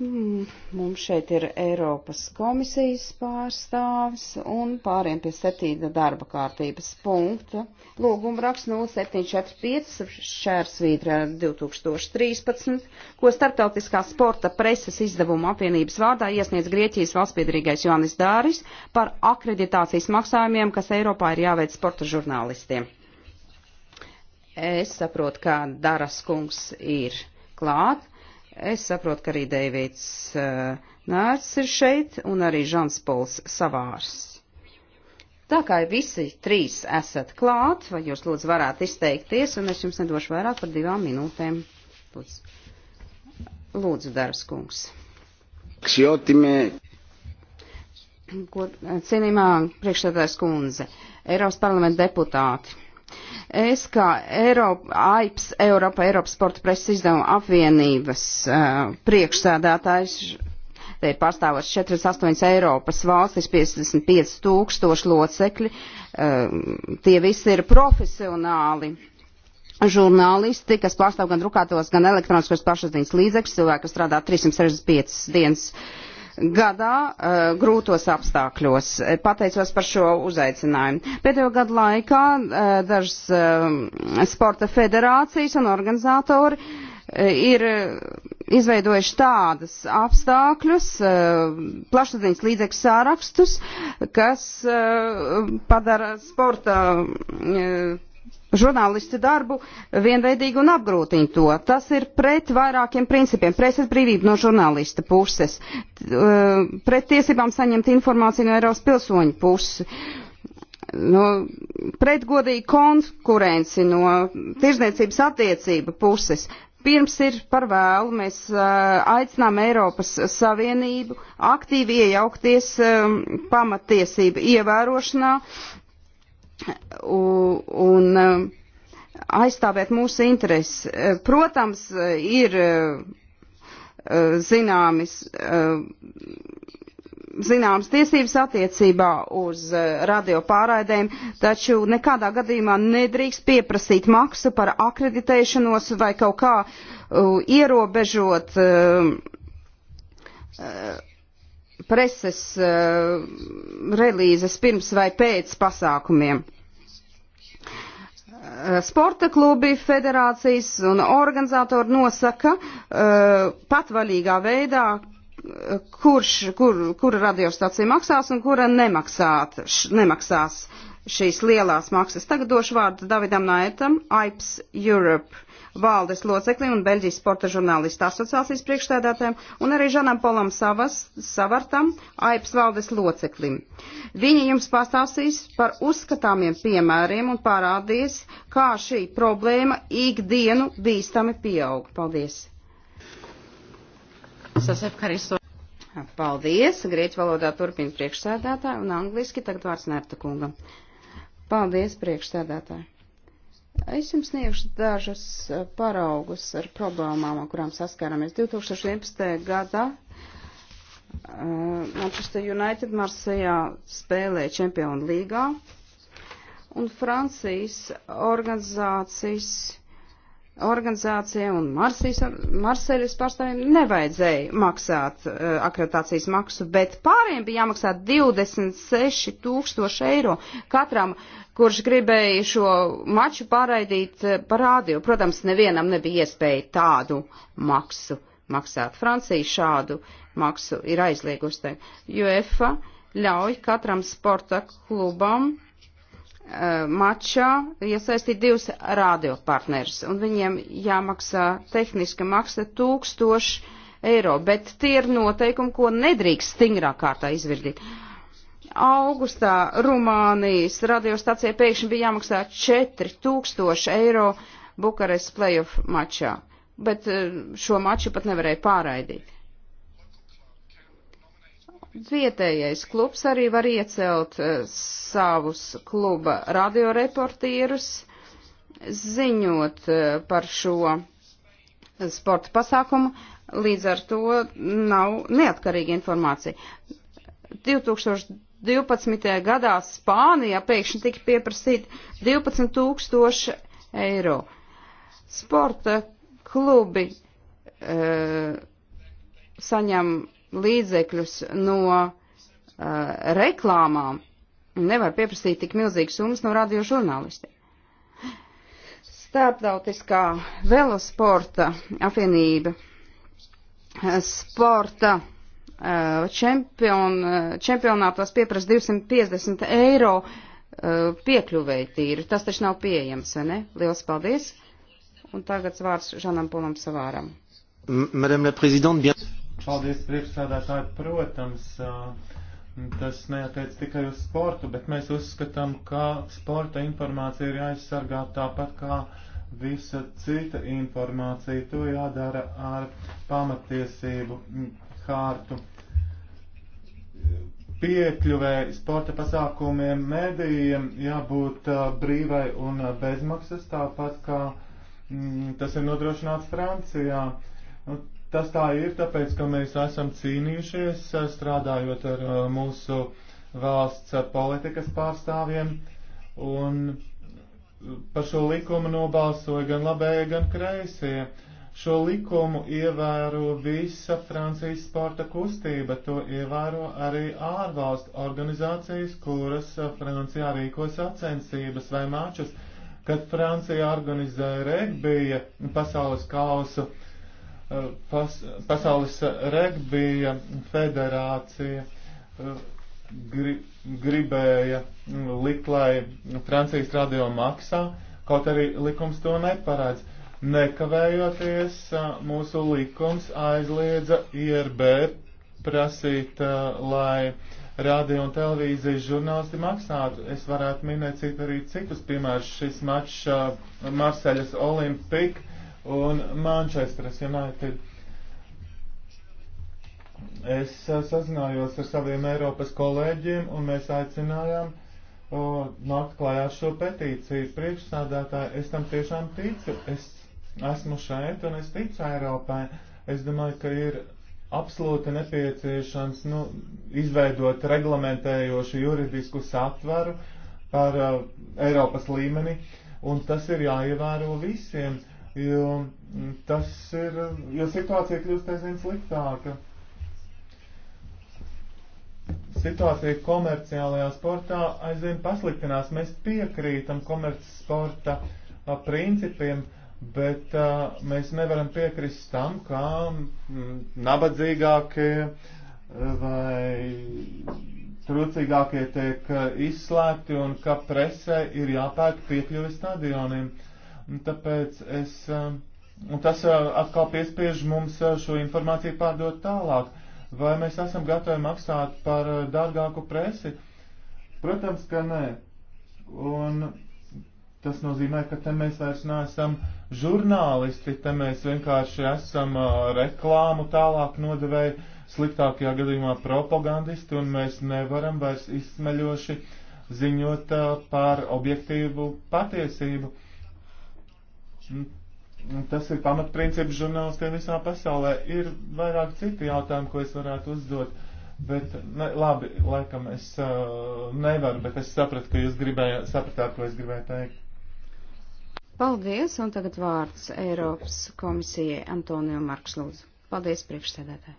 Mm, mums šeit ir Eiropas komisijas pārstāvis un pāriem pie septīta darba kārtības punkta. Lūguma raksts 0745 šērsvītra 2013, ko starptautiskā sporta preses izdevuma apvienības vārdā iesniedz Grieķijas valstspiedrīgais Jonis Dāris par akreditācijas maksājumiem, kas Eiropā ir jāveic sporta žurnālistiem. Es saprotu, ka Daras kungs ir klāt. Es saprotu, ka arī Deivids uh, Nārts ir šeit un arī Žans Pols Savārs. Tā kā visi trīs esat klāt, vai jūs lūdzu varētu izteikties, un es jums nedošu vairāk par divām minūtēm. Lūdzu, lūdzu Dāras kungs. Ksiotimē. Cienījumā priekšstādājas kundze, Eiropas parlamenta deputāti. Es kā Eiropa, AIPS, Eiropa, Eiropas sporta presas izdevuma apvienības uh, priekšsēdētājs, te ir pārstāvots 48 Eiropas valstis, 55 tūkstoši locekļi, uh, tie visi ir profesionāli. Žurnālisti, kas pārstāv gan drukātos, gan elektroniskos pašaziņas līdzekļus, cilvēki, kas strādā 365 dienas uh, gadā eh, grūtos apstākļos. Eh, pateicos par šo uzaicinājumu. Pēdējo gadu laikā eh, dažas sporta federācijas un organizatori ir izveidojuši tādas apstākļus, plašsaziņas līdzekļu sārakstus, kas padara sporta žurnālisti darbu vienveidīgi un apgrūtina to. Tas ir pret vairākiem principiem. Preses brīvība no žurnālista puses, uh, pret tiesībām saņemt informāciju no Eiropas pilsoņu puses. No nu, pretgodīgi konkurenci no tirzniecības attiecība puses. Pirms ir par vēlu, mēs uh, aicinām Eiropas Savienību aktīvi iejaukties um, pamatiesību ievērošanā, un, un e, aizstāvēt mūsu intereses. E, protams, e, ir zināmas, zināmas tiesības attiecībā uz radio pārraidēm, taču nekādā gadījumā nedrīkst pieprasīt maksu par akreditēšanos vai kaut kā ierobežot preses uh, relīzes pirms vai pēc pasākumiem. Eh, sporta klubi, federācijas un organizatori nosaka uh, patvaļīgā veidā, kurš, kur, kura radiostacija maksās un kura nemaksāt, š, nemaksās šīs lielās maksas. Tagad došu vārdu Davidam Naitam, IPS Europe valdes loceklim un Beļģijas sporta žurnālistu asociācijas priekšstādātājiem un arī Žanam Polam Savas, Savartam, AIPS valdes loceklim. Viņi jums pastāstīs par uzskatāmiem piemēriem un parādīs, kā šī problēma ikdienu bīstami pieaug. Paldies! Paldies! Grieķu valodā turpina priekšsēdētāji un angliski tagad vārds Nērta kungam. Paldies, priekšsēdētāji! Es jums sniegšu dažas paraugus ar problēmām, ar kurām saskaramies. 2011. gadā Manchester United Marsejā spēlē Čempionu līgā un Francijas organizācijas organizācija un Marsijas, Marseļas pārstāvjiem nevajadzēja maksāt uh, akreditācijas maksu, bet pāriem bija jāmaksā 26 tūkstoši eiro katram, kurš gribēja šo maču pārraidīt uh, eh, par rādio. Protams, nevienam nebija iespēja tādu maksu maksāt. Francija šādu maksu ir aizliegusi, jo EFA ļauj katram sporta klubam Eh, mačā iesaistīt divus radiopartnerus, un viņiem jāmaksā tehniska maksa tūkstoši eiro, bet tie ir noteikumi, ko nedrīkst stingrā kārtā izvirdīt. Augustā Rumānijas radiostacija pēkšņi bija jāmaksā 4000 eiro Bukarestas playoff mačā, bet eh, šo maču pat nevarēja pārraidīt. Vietējais klubs arī var iecelt uh, savus kluba radioreportierus, ziņot uh, par šo sporta pasākumu, līdz ar to nav neatkarīga informācija. 2012. gadā Spānijā pēkšņi tika pieprasīti 12 tūkstoši eiro. Sporta klubi e, saņem līdzekļus no uh, reklāmām. Nevar pieprasīt tik milzīgas summas no radio žurnālistiem. Starptautiskā velosporta apvienība, sporta uh, čempion, uh, čempionātos pieprasa 250 eiro uh, piekļuvēji tīri. Tas taču nav pieejams, vai ne? Liels paldies! Un tagad vārds Žanam Polam Savāram. Madame la Présidente, bien... Paldies, priekšsādātāji. Protams, tas neatiec tikai uz sportu, bet mēs uzskatām, ka sporta informācija ir jāaizsargā tāpat kā visa cita informācija. To jādara ar pamatiesību hārtu piekļuvē sporta pasākumiem, mēdījiem jābūt uh, brīvai un uh, bezmaksas, tāpat kā mm, tas ir nodrošināts Francijā. Un Tas tā ir, tāpēc, ka mēs esam cīnījušies eh, strādājot ar eh, mūsu valsts politikas pārstāvjiem, un eh, par šo likumu nobalsoja gan labēji, gan kreisie. Šo likumu ievēro visa Francijas sporta kustība, to ievēro arī ārvalstu organizācijas, kuras Francijā rīko sacensības vai mačus. Kad Francija organizēja regbija pasaules kausu, uh, Eh, pas, Pasaules regbija federācija eh, gri, gribēja likt, lai Francijas radio maksā, kaut arī likums to neparādz. Nekavējoties eh, mūsu likums aizliedza IRB prasīt, lai radio un televīzijas žurnālisti maksātu. Es varētu minēt citu arī citus piemērus. Šis mačs Marseļas Olimpika un Manchesteras United. Es eh, sazinājos ar saviem Eiropas kolēģiem, un mēs aicinājām nākt klājā šo petīciju. Priekšsādātāji, es tam tiešām ticu. Es esmu šeit, un es ticu Eiropai. Es domāju, ka ir absolūti nepieciešams nu, izveidot reglamentējošu juridisku satvaru par uh, Eiropas līmeni, un tas ir jāievēro visiem jo mm, tas ir, jo situācija kļūst aizvien sliktāka. Situācija komerciālajā sportā aizvien pasliktinās. Mēs piekrītam komerces sporta principiem, bet uh, mēs nevaram piekrist tam, kā m, mm, nabadzīgākie vai trūcīgākie tiek izslēgti un ka presē ir jāpērk piekļuvi stadioniem. Uh, Tāpēc es, um, tas uh, atkal piespiež mums uh, šo informāciju pārdot tālāk. Vai mēs esam gatavi maksāt par uh, dārgāku presi? Protams, ka nē. Un tas nozīmē, ka te mēs vairs neesam žurnālisti, te mēs vienkārši esam reklāmu tālāk nodevēji, sliktākajā gadījumā propagandisti, un mēs nevaram vairs izsmeļoši ziņot par objektīvu patiesību. Tas ir pamatprincips žurnālistiem visā pasaulē. Ir vairāk citi jautājumi, ko es varētu uzdot. Bet, ne, labi, laikam es uh, nevaru, bet es sapratu, ka jūs gribējāt, sapratāt, ko es gribēju teikt. Paldies, un tagad vārds Eiropas komisijai Antonio Markslūdzu. Paldies, priekšsēdētāji.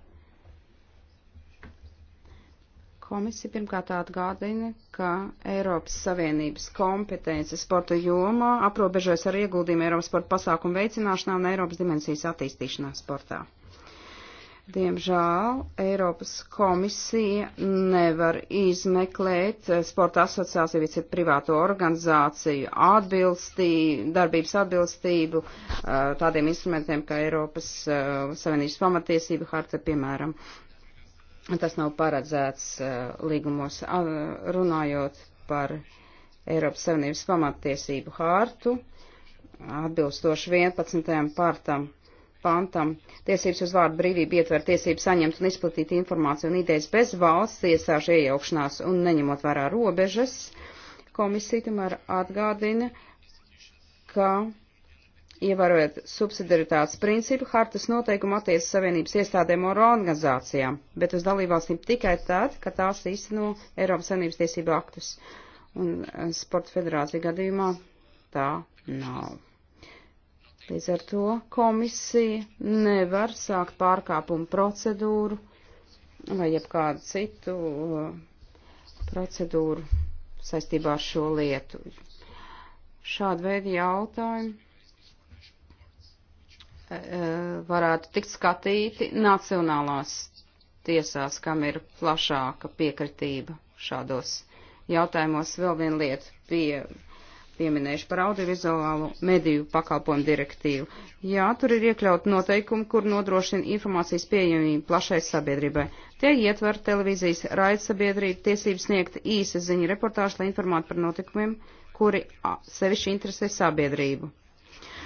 Komisija pirmkārt atgādina, ka Eiropas Savienības kompetence sporta jomā aprobežojas ar ieguldījumu Eiropas sporta pasākumu veicināšanā un Eiropas dimensijas attīstīšanā sportā. Diemžēl Eiropas komisija nevar izmeklēt eh, sporta asociāciju vai citu privāto organizāciju atbilstību, darbības atbilstību eh, tādiem instrumentiem, kā Eiropas eh, Savienības pamatiesība harta, piemēram, Tas nav paredzēts uh, līgumos runājot par Eiropas Savienības pamattiesību hārtu atbilstoši 11. pārtam pantam. Tiesības uz vārdu brīvību ietver tiesību saņemt un izplatīt informāciju un idejas bez valsts iestāžu iejaukšanās un neņemot vērā robežas. Komisija tomēr atgādina, ka ievērojot subsidiaritātes principu, hartas noteikumu attiecas Savienības iestādēm un organizācijām, bet uz dalībvalstīm tikai tad, ka tās īsteno Eiropas Savienības tiesību aktus. Un eh, sporta federācija gadījumā tā nav. Līdz ar to komisija nevar sākt pārkāpumu procedūru vai jebkādu citu eh, procedūru saistībā ar šo lietu. Šādu veidu jautājumu Eh, varētu tikt skatīti nacionālās tiesās, kam ir plašāka piekritība šādos jautājumos. Vēl viena lieta pie, pieminēšu par audiovizuālu mediju pakalpojumu direktīvu. Jā, tur ir iekļaut noteikumi, kur nodrošina informācijas pieejamību plašai sabiedrībai. Tie ietver televīzijas raidsabiedrību tiesības sniegt īsa ziņa reportāžu, lai informētu par notikumiem, kuri sevišķi interesē sabiedrību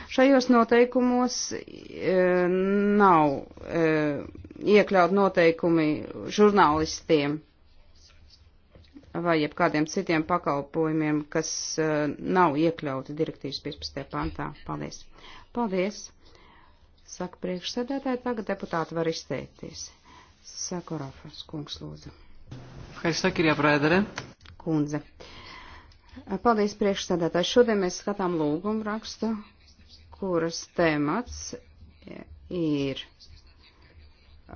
Šajos noteikumos e, nav e, iekļaut noteikumi žurnālistiem vai jebkādiem citiem pakalpojumiem, kas uh, nav iekļauti direktīvas 15. pantā. Paldies. Paldies. Saka priekšsēdētāji, tagad deputāti var izteikties. Saka Rafas kungs lūdzu. Saka, jā, Kundze. Paldies priekšsēdētāji. Šodien mēs skatām lūgumu rakstu, kuras temats ir uh,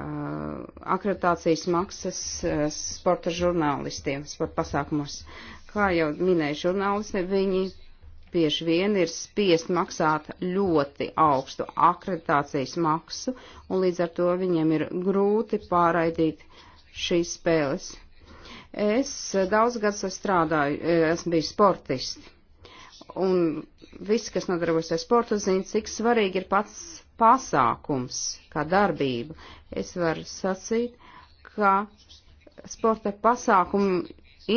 akreditācijas maksas uh, sporta žurnālistiem, sporta pasākumos. Kā jau minēja žurnālisti, viņi bieži vien ir spiest maksāt ļoti augstu akreditācijas maksu, un līdz ar to viņiem ir grūti pārraidīt šīs spēles. Es daudz gadus strādāju, eh, esmu bijis sportisti, un visi, kas nodarbojas ar sportu, zina, cik svarīgi ir pats pasākums, kā darbība. Es varu sacīt, ka sporta pasākumu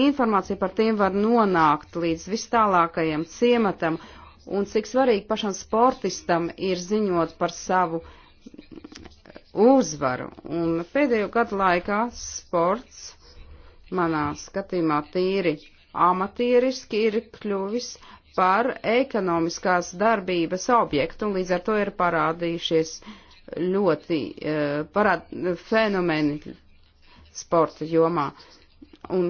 informācija par tiem var nonākt līdz vis tālākajam ciematam, un cik svarīgi pašam sportistam ir ziņot par savu uzvaru. Un pēdējo gadu laikā sports manā skatījumā tīri amatieriski ir kļuvis par ekonomiskās darbības objektu, un līdz ar to ir parādījušies ļoti uh, parād, fenomeni sporta jomā. Un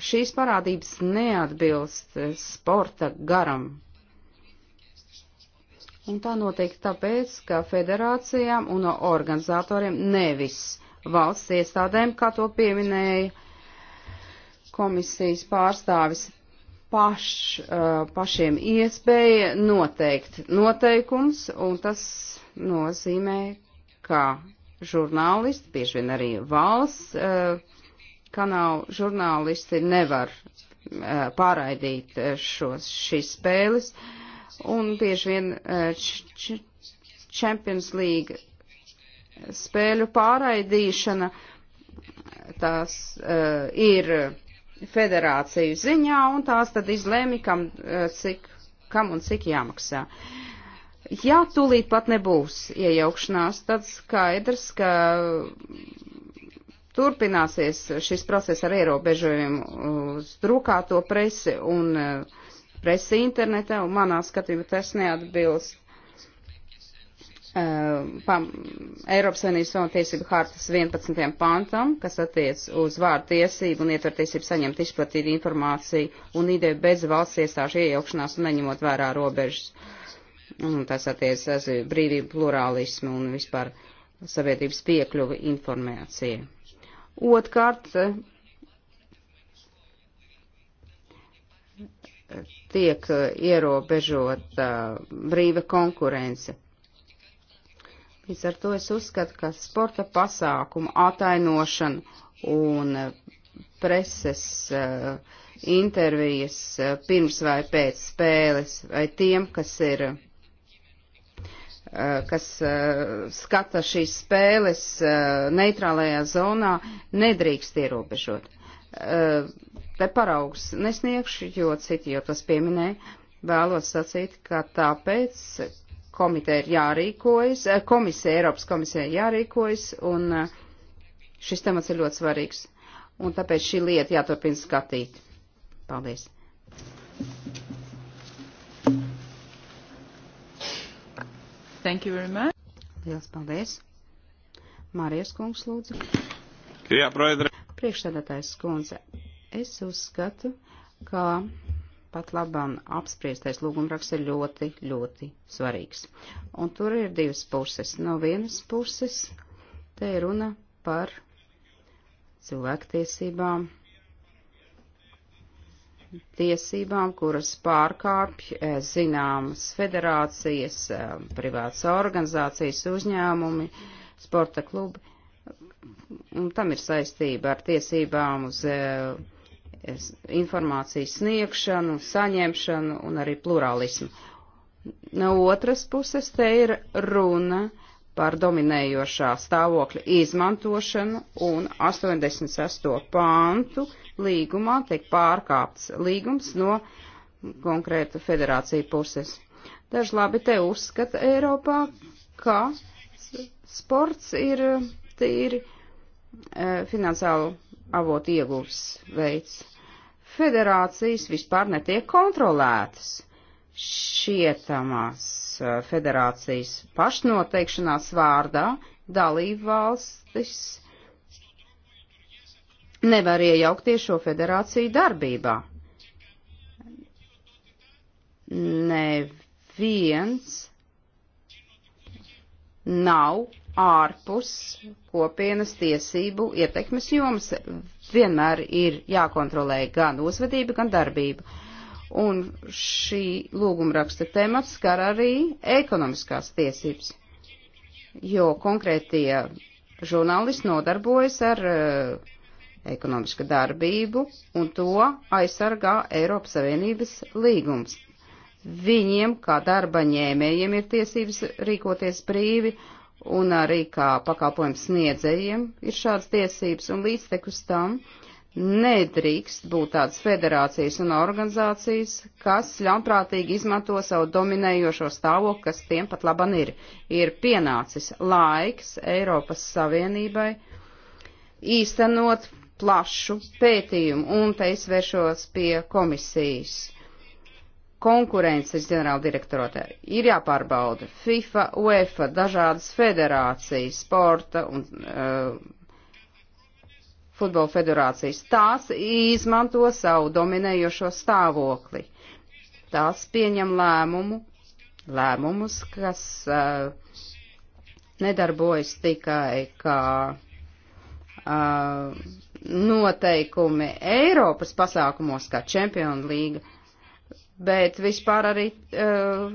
šīs parādības neatbilst sporta garam. Un tā notiek tāpēc, ka federācijām un organizatoriem nevis valsts iestādēm, kā to pieminēja komisijas pārstāvis, paš, uh, pašiem iespēja noteikt noteikums, un tas nozīmē, ka žurnālisti, bieži vien arī valsts uh, kanāla žurnālisti nevar uh, pārraidīt šos, šīs spēles, un bieži vien Champions League spēļu pārraidīšana tās ir federāciju ziņā, un tās tad izlēmi, kam, eh, cik, kam un cik jāmaksā. Ja tūlīt pat nebūs iejaukšanās, tad skaidrs, ka turpināsies šis process ar ierobežojumu uz drukāto presi un eh, presi internetā, un manā skatījumā tas neatbilst Eh, pam, Eiropas Savienības pamatiesību hartas 11. pantam, kas attiec uz vārdu tiesību un ietver tiesību saņemt izplatīt informāciju un ideju bez valsts iestāžu iejaukšanās un neņemot vērā robežas. Un tas attiec uz brīvību, plurālismu un vispār sabiedrības piekļuvi informācijai. Otkārt, eh, tiek ierobežota brīva konkurence Līdz ar to es uzskatu, ka sporta pasākumu atainošana un eh, preses uh, intervijas uh, pirms vai pēc spēles vai tiem, kas ir uh, kas skata šīs spēles neitrālajā zonā, nedrīkst ierobežot. Te paraugs nesniegšu, jo citi jau tas pieminēja, vēlos sacīt, ka tāpēc, komiteja ir jārīkojas, eh, komisija, Eiropas komisija ir jārīkojas, un eh, šis temats ir ļoti svarīgs. Un tāpēc šī lieta jāturpina skatīt. Paldies. Thank you very much. Liels paldies. Mārijas kungs, lūdzu. Jā, proedre. Priekšsēdētājs skundze, es uzskatu, ka pat labam apspriestais lūgumraksts ir ļoti, ļoti svarīgs. Un tur ir divas puses. No vienas puses te ir runa par cilvēktiesībām, tiesībām, kuras pārkāpj eh, zināmas federācijas, eh, privātas organizācijas, uzņēmumi, sporta klubi. Un tam ir saistība ar tiesībām uz uh, informācijas sniegšanu, saņemšanu un arī plurālismu. No otras puses te ir runa par dominējošā stāvokļa izmantošanu un 86. pāntu līgumā tiek pārkāpts līgums no konkrētu federāciju puses. Daži labi te uzskata Eiropā, ka sports ir tīri e, finansiālu avotu iegūs veids federācijas vispār netiek kontrolētas. Šietamās eh, federācijas pašnoteikšanās vārdā dalībvalstis nevar iejaukties šo federāciju darbībā. Neviens nav ārpus kopienas tiesību ietekmes jomas vienmēr ir jākontrolē gan uzvedība, gan darbība. Un šī lūgumraksta temats skar arī ekonomiskās tiesības, jo konkrētie žurnālisti nodarbojas ar uh, ekonomiska darbību, un to aizsargā Eiropas Savienības līgums. Viņiem, kā darba ņēmējiem, ir tiesības rīkoties brīvi un arī kā pakalpojums sniedzējiem ir šādas tiesības, un līdztekus tam nedrīkst būt tādas federācijas un organizācijas, kas ļaunprātīgi izmanto savu dominējošo stāvokli, kas tiem pat laban ir. Ir pienācis laiks Eiropas Savienībai īstenot plašu pētījumu, un te es vēršos pie komisijas konkurences ģenerāla direktorātē ir jāpārbauda FIFA, UEFA, dažādas federācijas, sporta un uh, futbola federācijas. Tās izmanto savu dominējošo stāvokli. Tās pieņem lēmumu, lēmumus, kas uh, nedarbojas tikai kā uh, noteikumi Eiropas pasākumos, kā Čempionu līga bet vispār arī uh,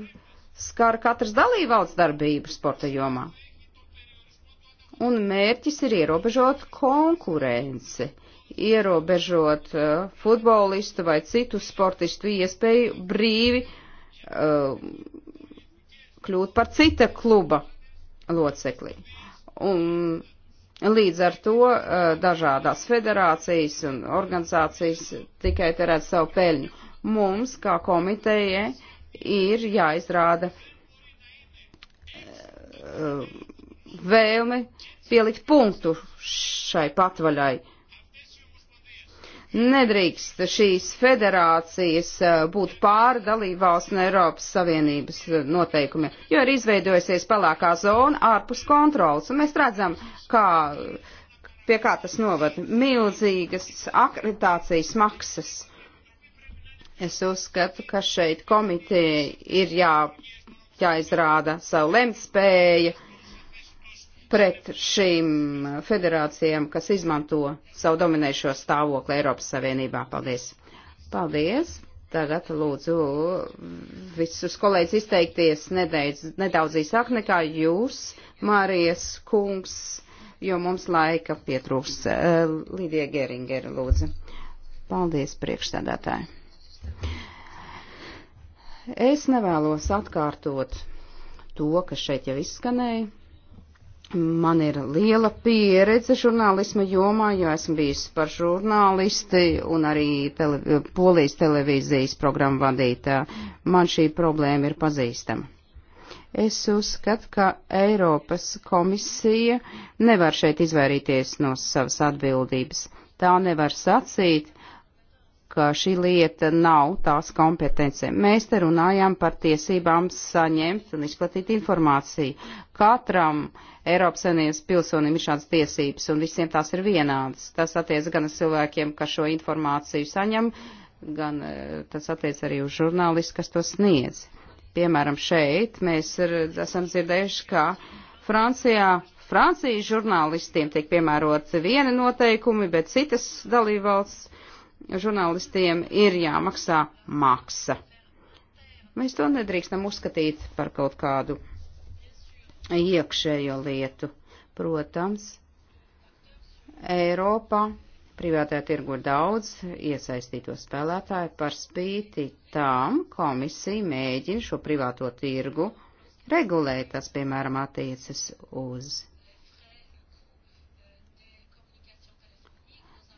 skar katras dalībvalsts darbību sporta jomā. Un mērķis ir ierobežot konkurenci, ierobežot uh, futbolistu vai citu sportistu iespēju brīvi uh, kļūt par cita kluba locekli. Un Līdz ar to dažādās federācijas un organizācijas tikai terēt savu peļņu mums, kā komiteja, ir jāizrāda eh, vēlme pielikt punktu šai patvaļai. Nedrīkst šīs federācijas eh, būt pāri dalībvalsts un Eiropas Savienības eh, noteikumiem, jo ir izveidojusies pelēkā zona ārpus kontrolas, un mēs redzam, kā, pie kā tas novada milzīgas akreditācijas maksas. Es uzskatu, ka šeit komiteja ir jā, jāizrāda savu lemtspēju pret šīm federācijām, kas izmanto savu dominējošo stāvokli Eiropas Savienībā. Paldies! Paldies! Tagad lūdzu visus kolēģis izteikties nedaudz, nedaudz īsāk nekā jūs, Mārijas kungs, jo mums laika pietrūks. Lidija Geringera lūdzu. Paldies, priekšstādātāji! Es nevēlos atkārtot to, kas šeit jau izskanēja. Man ir liela pieredze žurnālisma jomā, jo esmu bijis par žurnālisti un arī tele, polijas televīzijas programmu vadītā. Man šī problēma ir pazīstama. Es uzskatu, ka Eiropas komisija nevar šeit izvairīties no savas atbildības. Tā nevar sacīt, ka šī lieta nav tās kompetence. Mēs te runājam par tiesībām saņemt un izplatīt informāciju. Katram Eiropas Savienības pilsonim ir šāds tiesības, un visiem tās ir vienādas. Tas attiec gan uz cilvēkiem, kas šo informāciju saņem, gan eh, tas attiec arī uz žurnālistu, kas to sniedz. Piemēram, šeit mēs ir, esam dzirdējuši, ka Francijā Francijas žurnālistiem tiek piemērot vieni noteikumi, bet citas dalībvalsts žurnālistiem ir jāmaksā maksa. Mēs to nedrīkstam uzskatīt par kaut kādu iekšējo lietu. Protams, Eiropā privātajā tirgu ir daudz iesaistīto spēlētāju, par spīti tām komisija mēģina šo privāto tirgu regulēt, tas, piemēram, attiecas uz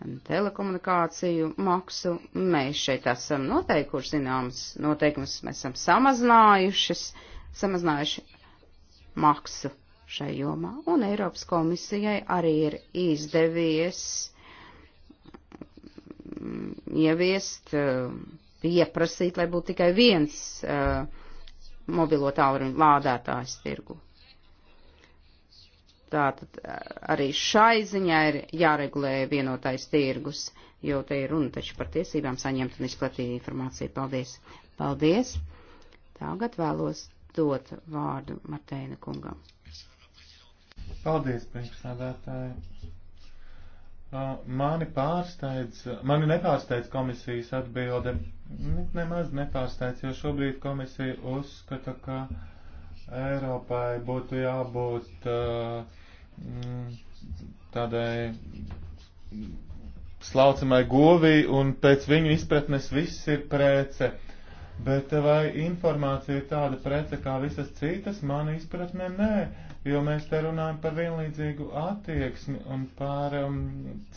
telekomunikāciju maksu. Mēs šeit esam noteikuši zināmas noteikumus, mēs esam samazinājušas, samazinājuši maksu šai jomā, un Eiropas komisijai arī ir izdevies mm, ieviest, eh, pieprasīt, lai būtu tikai viens eh, mobilo tālruņu lādētājs tirgu. Tātad arī šai ziņā ir jāregulē vienotais tirgus, jo te ir runa taču par tiesībām saņemt un izplatīt informāciju. Paldies! Paldies! Tagad vēlos dot vārdu Martēna kungam. Paldies, priekšsādātāji! Mani pārsteidz, mani nepārsteidz komisijas atbilde. Nemaz nepārsteidz, jo šobrīd komisija uzskata, ka Eiropai būtu jābūt uh, mm, tādai slaucamai govī, un pēc viņu izpratnes viss ir prece. Bet vai informācija ir tāda prece kā visas citas, man izpratnē nē, jo mēs te runājam par vienlīdzīgu attieksmi un par um,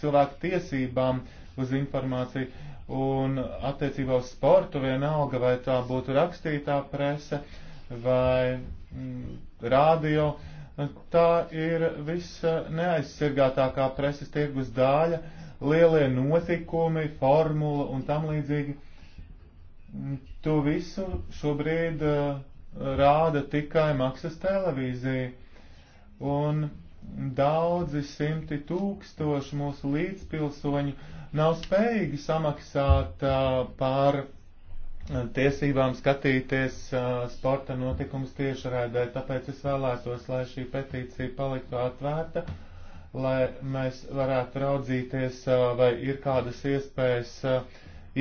cilvēku tiesībām uz informāciju. Un attiecībā uz sportu vienalga, vai tā būtu rakstītā prese, uh, vai mm, rādio. Tā ir viss neaizsargātākā preses tirgus dāļa, lielie notikumi, formula un tam līdzīgi. Mm, to visu šobrīd uh, rāda tikai maksas televīzija. Un daudzi simti tūkstoši mūsu līdzpilsoņu nav spējīgi samaksāt uh, par tiesībām skatīties sporta notikums tiešraidē, tāpēc es vēlētos, lai šī petīcija paliktu atvērta, lai mēs varētu raudzīties, vai ir kādas iespējas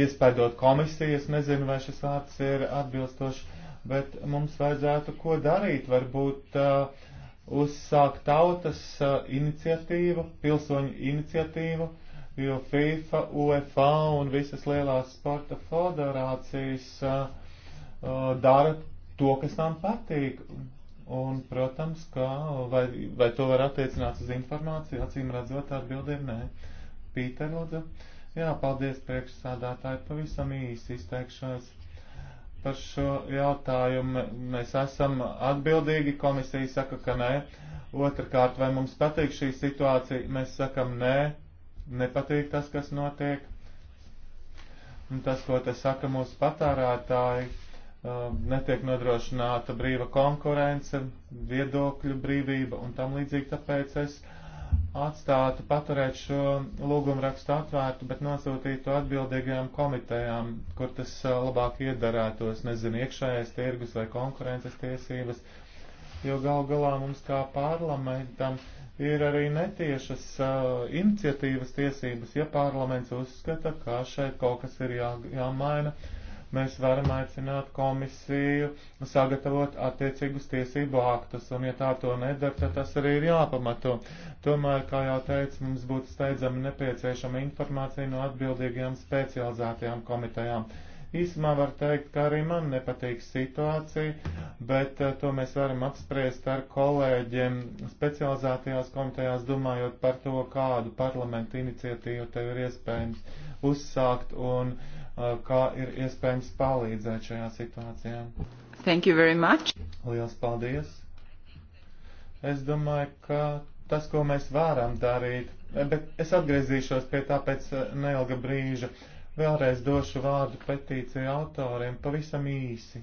iespēdot komisijas, nezinu, vai šis vārds ir atbilstošs, bet mums vajadzētu ko darīt, varbūt uzsākt tautas iniciatīvu, pilsoņu iniciatīvu jo FIFA, UEFA un visas lielās sporta federācijas dara to, kas tām patīk. Un, protams, ka vai, vai to var attiecināt uz informāciju, acīm redzot, atbildēm nē. Pīter, lūdzu. Jā, paldies priekšsādātāji, pavisam īsi izteikšos par šo jautājumu. Mēs esam atbildīgi, komisija saka, ka nē. Otrakārt, vai mums patīk šī situācija, mēs sakam nē, nepatīk tas, kas notiek. Un tas, ko te saka mūsu patērētāji, um, netiek nodrošināta brīva konkurence, viedokļu brīvība un tam līdzīgi. Tāpēc es atstātu paturēt šo lūgumu rakstu atvērtu, bet nosūtītu atbildīgajām komitejām, kur tas uh, labāk iedarētos, nezinu, iekšējais tirgus vai konkurences tiesības, jo gal galā mums kā parlamentam. Uh, ir arī netiešas uh, iniciatīvas tiesības, ja parlaments uzskata, ka šeit kaut kas ir jā, jāmaina. Mēs varam aicināt komisiju sagatavot attiecīgus tiesību aktus, un ja tā to nedara, tad tas arī ir jāpamato. Tomēr, kā jau teicu, mums būtu steidzami nepieciešama informācija no atbildīgajām specializētajām komitejām. Uh, Īsumā var teikt, ka arī man nepatīk situācija, bet eh, to mēs varam apspriest ar kolēģiem specializētajās komitejās, domājot par to, kādu parlamentu iniciatīvu tev ir iespējams uzsākt un eh, kā ir iespējams palīdzēt šajā situācijā. Thank you very much. Lielas paldies. Es domāju, ka tas, ko mēs varam darīt, eh, bet es atgriezīšos pie tā pēc neilga brīža. Vēlreiz došu vārdu petīciju autoriem pavisam īsi.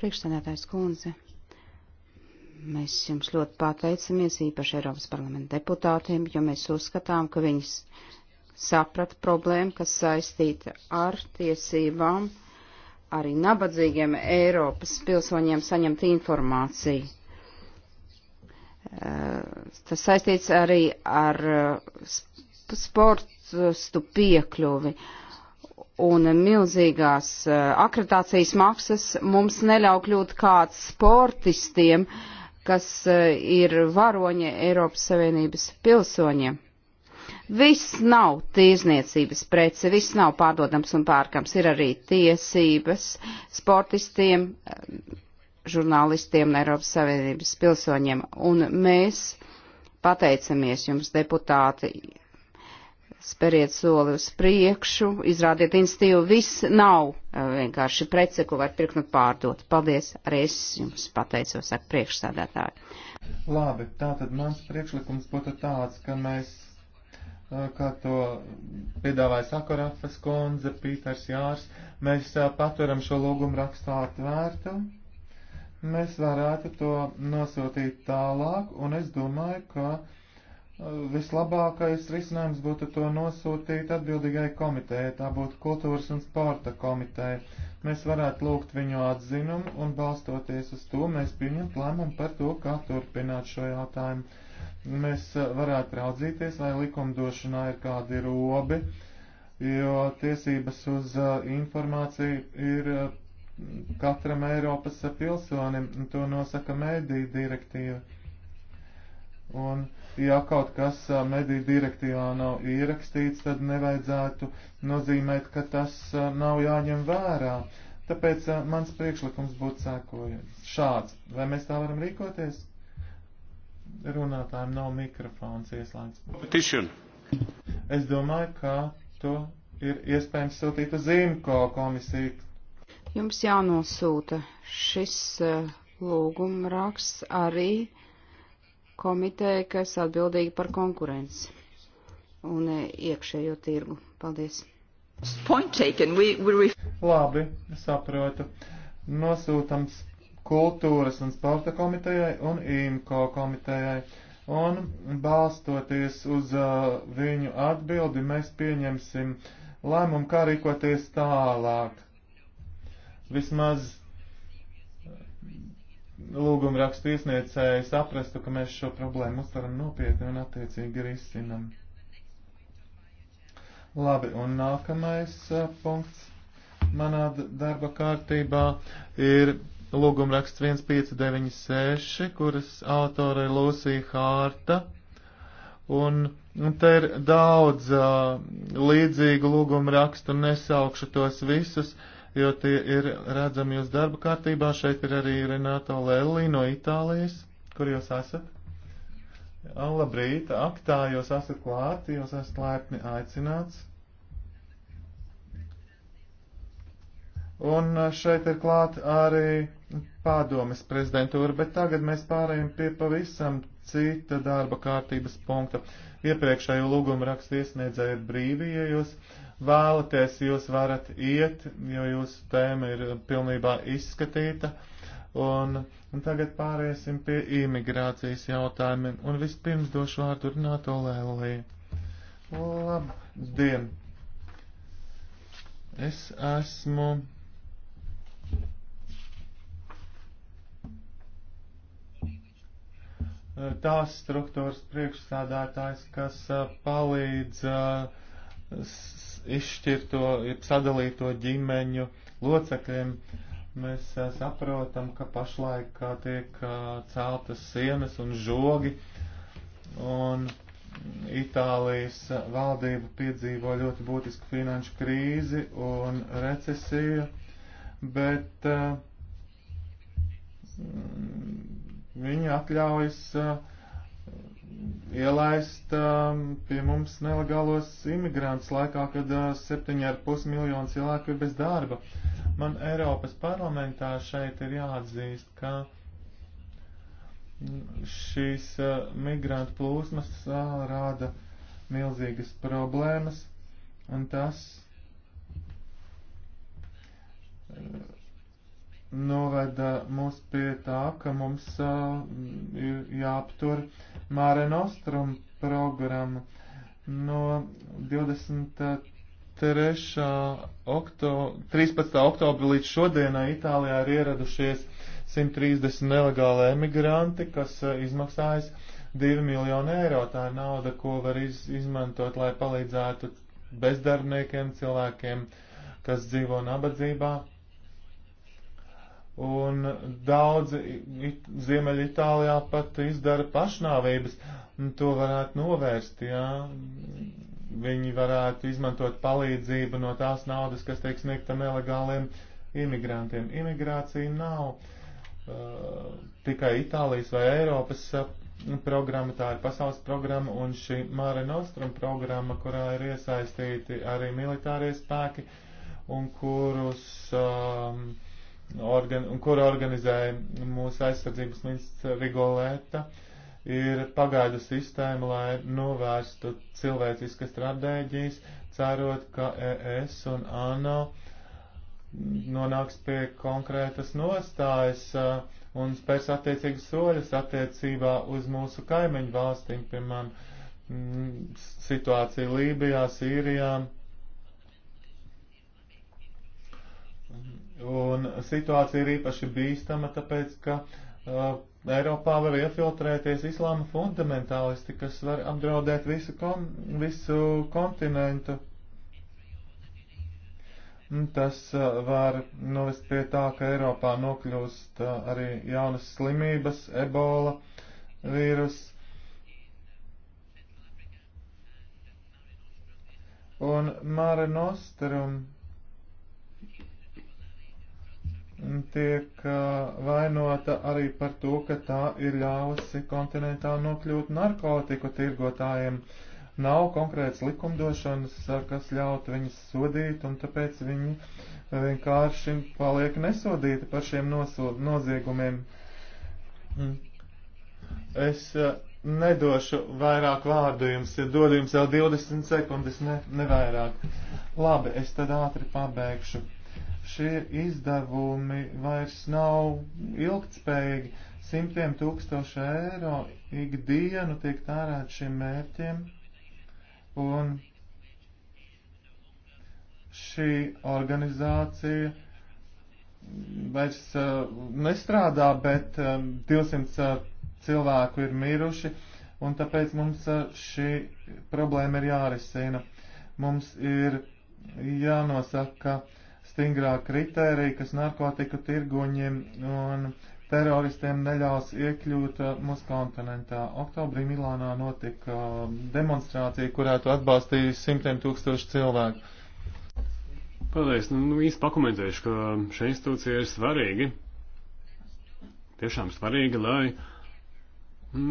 Priekšsēdētājs kundze, mēs jums ļoti pateicamies, īpaši Eiropas parlamenta deputātiem, jo mēs uzskatām, ka viņas saprata problēmu, kas saistīta ar tiesībām arī nabadzīgiem Eiropas pilsoņiem saņemt informāciju Eh, tas saistīts arī ar eh, sportu piekļuvi. Un milzīgās eh, akreditācijas maksas mums neļauj kļūt kāds sportistiem, kas ir varoņi Eiropas Savienības pilsoņiem. Viss nav tirzniecības prece, viss nav pārdodams un pērkams. Ir arī tiesības sportistiem žurnālistiem un Eiropas Savienības pilsoņiem. Un mēs pateicamies jums, deputāti, speriet soli uz priekšu, izrādiet instīvu, viss nav eh, vienkārši prece, ko var pirkt un pārdot. Paldies, arī es jums pateicos, saka priekšsādātāji. Labi, tātad mans priekšlikums būtu tāds, ka mēs, eh, kā to piedāvāja Sakorafas kundze, Pīters Jārs, mēs eh, paturam šo lūgumu rakstu atvērtu mēs varētu to nosūtīt tālāk, un es domāju, ka uh, vislabākais risinājums būtu to nosūtīt atbildīgai komitejai, tā būtu kultūras un sporta komiteja. Mēs varētu lūgt viņu atzinumu, un balstoties uz to, mēs pieņemt lēmumu par to, kā turpināt šo jautājumu. Mēs uh, varētu raudzīties, vai likumdošanā ir kādi robi, jo tiesības uz uh, informāciju ir katram Eiropas pilsonim, to nosaka mediju direktīva. Un, ja kaut kas mediju direktīvā nav ierakstīts, tad nevajadzētu nozīmēt, ka tas nav jāņem vērā. Tāpēc mans priekšlikums būtu sēkojams. Šāds. Vai mēs tā varam rīkoties? Runātājiem nav mikrofons ieslēgts. Petition. Es domāju, ka to ir iespējams sūtīt uz IMCO komisiju, Jums jānosūta šis eh, lūguma raksts arī komiteja, kas atbildīga par konkurenci un eh, iekšējo tirgu. Paldies! Point taken. We, we Labi, saprotu. Nosūtams kultūras un sporta komitejai un IMCO komitejai. Un balstoties uz uh, viņu atbildi, mēs pieņemsim lēmumu, kā rīkoties tālāk vismaz eh, lūguma rakstu iesniedzēji saprastu, ka mēs šo problēmu uztveram nopietni un attiecīgi risinam. Labi, un nākamais uh, punkts manā darba kārtībā ir lūguma raksts 1596, kuras autore ir Lūsija Hārta. Un, un te ir daudz uh, līdzīgu lūgumu rakstu, nesaukšu tos visus. Uh, jo tie ir redzami jūs darba kārtībā. Šeit ir arī Renato Lelli no Itālijas. Kur jūs esat? Labrīt, aktā jūs esat klāt, jūs esat laipni aicināts. Un eh, šeit ir klāt arī pārdomas prezidentūra, bet tagad mēs pārējām pie pavisam cita darba kārtības punkta. Iepriekšējo lūgumu rakstu iesniedzējiet brīvi, ja jūs vēlaties, jūs varat iet, jo jūsu tēma ir pilnībā izskatīta. Un, un tagad pāriesim pie imigrācijas jautājumiem. Un vispirms došu vārdu Runāto Lēlī. Labdien! Es esmu Eh, tās struktūras priekšsādātājs, kas eh, palīdz eh, izšķirto, sadalīto ģimeņu locekļiem. Mēs saprotam, ka pašlaik tiek celtas sienas un žogi, un Itālijas valdība piedzīvo ļoti būtisku finanšu krīzi un recesiju, bet uh, viņi atļaujas uh, ielaist uh, pie mums nelegālos imigrantus laikā, kad uh, 7,5 miljonus cilvēku ir bez darba. Man Eiropas parlamentā šeit ir jāatzīst, ka šīs uh, migrantu plūsmas uh, rāda milzīgas problēmas, un tas. Uh, noveda mūs pie tā, ka mums uh, jāaptur Māre Nostrum programma no 23. Okto, 13. oktobra līdz šodienai Itālijā ir ieradušies 130 nelegāli emigranti, kas uh, izmaksājas 2 miljonu eiro. Tā ir nauda, ko var iz, izmantot, lai palīdzētu bezdarbniekiem, cilvēkiem, kas dzīvo nabadzībā un daudzi it, Ziemeļa Itālijā pat izdara pašnāvības, un to varētu novērst, jā. Viņi varētu izmantot palīdzību no tās naudas, kas tiek sniegta nelegāliem imigrantiem. Imigrācija nav uh, tikai Itālijas vai Eiropas uh, programma, tā ir pasaules programma, un šī Māre Nostrum programma, kurā ir iesaistīti arī militārie spēki, un kurus um, uh, organ, un kuru organizēja mūsu aizsardzības ministrs Rigolēta, ir pagaidu sistēma, lai novērstu cilvēciskas stratēģijas, cerot, ka ES un ANO nonāks pie konkrētas nostājas uh, un spērs attiecīgas soļas attiecībā uz mūsu kaimiņu valstīm, piemēram, mm, situāciju Lībijā, Sīrijā, Un situācija ir īpaši bīstama, tāpēc, ka uh, Eiropā var iefiltrēties islāma fundamentālisti, kas var apdraudēt visu, kon visu kontinentu. Tas uh, var novest pie tā, ka Eiropā nokļūst uh, arī jaunas slimības, ebola vīrus. Un Mare Nostrum tiek vainota arī par to, ka tā ir ļāvusi kontinentā nokļūt narkotiku tirgotājiem. Nav konkrēts likumdošanas, kas ļautu viņus sodīt, un tāpēc viņi vienkārši paliek nesodīti par šiem nosod, noziegumiem. Mm. Es nedošu vairāk vārdu jums, ja dodu jums jau 20 sekundes, ne, nevairāk. Labi, es tad ātri pabeigšu šie izdevumi vairs nav ilgtspējīgi. Simtiem tūkstoši eiro ikdienu tiek tērēt šiem mērķiem, un šī organizācija vairs uh, nestrādā, bet um, 200 uh, cilvēku ir miruši, un tāpēc mums uh, šī problēma ir jārisina. Mums ir jānosaka, ka stingrāk kritērija, kas narkotiku tirgoņiem un teroristiem neļaus iekļūt uh, mūsu kontinentā. Oktobrī Milānā notika uh, demonstrācija, kurā tu atbalstīji simtiem tūkstošu cilvēku. Paldies, nu, nu īsti pakomentēšu, ka šī institūcija ir svarīga. Tiešām svarīga, lai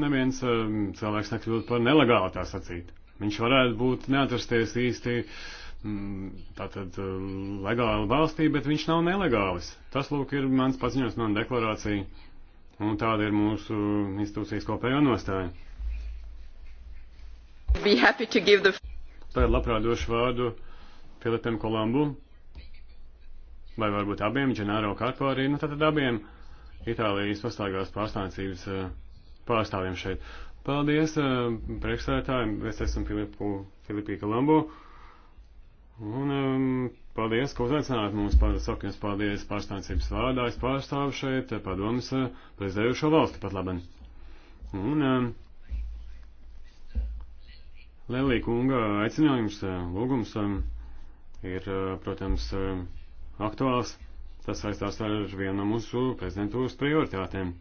neviens um, cilvēks nekļūtu par nelegāli tā sacīt. Viņš varētu būt neatrasties īsti uh, Mm, tātad eh, legāla valstī, bet viņš nav nelegālis. Tas, lūk, ir mans paziņojums, mana deklarācija, un tāda ir mūsu institūcijas kopējā nostāja. The... Tagad labprāt došu vārdu Filipam Kolambu, vai varbūt abiem, Dženāro Kārpo arī, nu tātad abiem Itālijas pastāvīgās pārstāvniecības eh, pārstāvjiem šeit. Paldies, eh, priekšsētāji, es esmu Filipu, Filipī Kolambu. Un um, paldies, ka uzaicinājāt mums, saku jums paldies pārstāvniecības vārdā, es pārstāvu šeit padomus uh, prezidējušo valsti pat labi. Un um, Lelī kunga aicinājums, uh, lūgums um, ir, uh, protams, um, aktuāls. Tas saistās ar vienu no mūsu prezidentūras prioritātēm.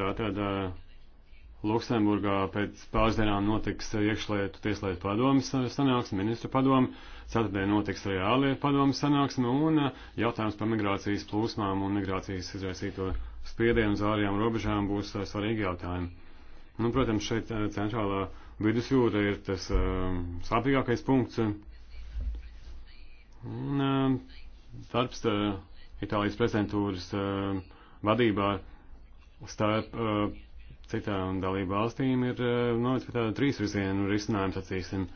Tātad. Uh, Luksemburgā pēc pāris dienām notiks iekšlietu tieslietu padomas sanāksme, ministru padoma, ceturtdien notiks arī ārlietu padomas sanāksme un uh, jautājums par migrācijas plūsmām un migrācijas izraisīto spiedienu uz ārējām robežām būs uh, svarīgi jautājumi. Nu, protams, šeit uh, centrālā vidusjūra ir tas um, sāpīgākais punkts. Un um, darbs Itālijas prezidentūras um, vadībā starp citām dalību valstīm ir eh, nonācis pie tāda trīsvirzienu risinājuma, sacīsim.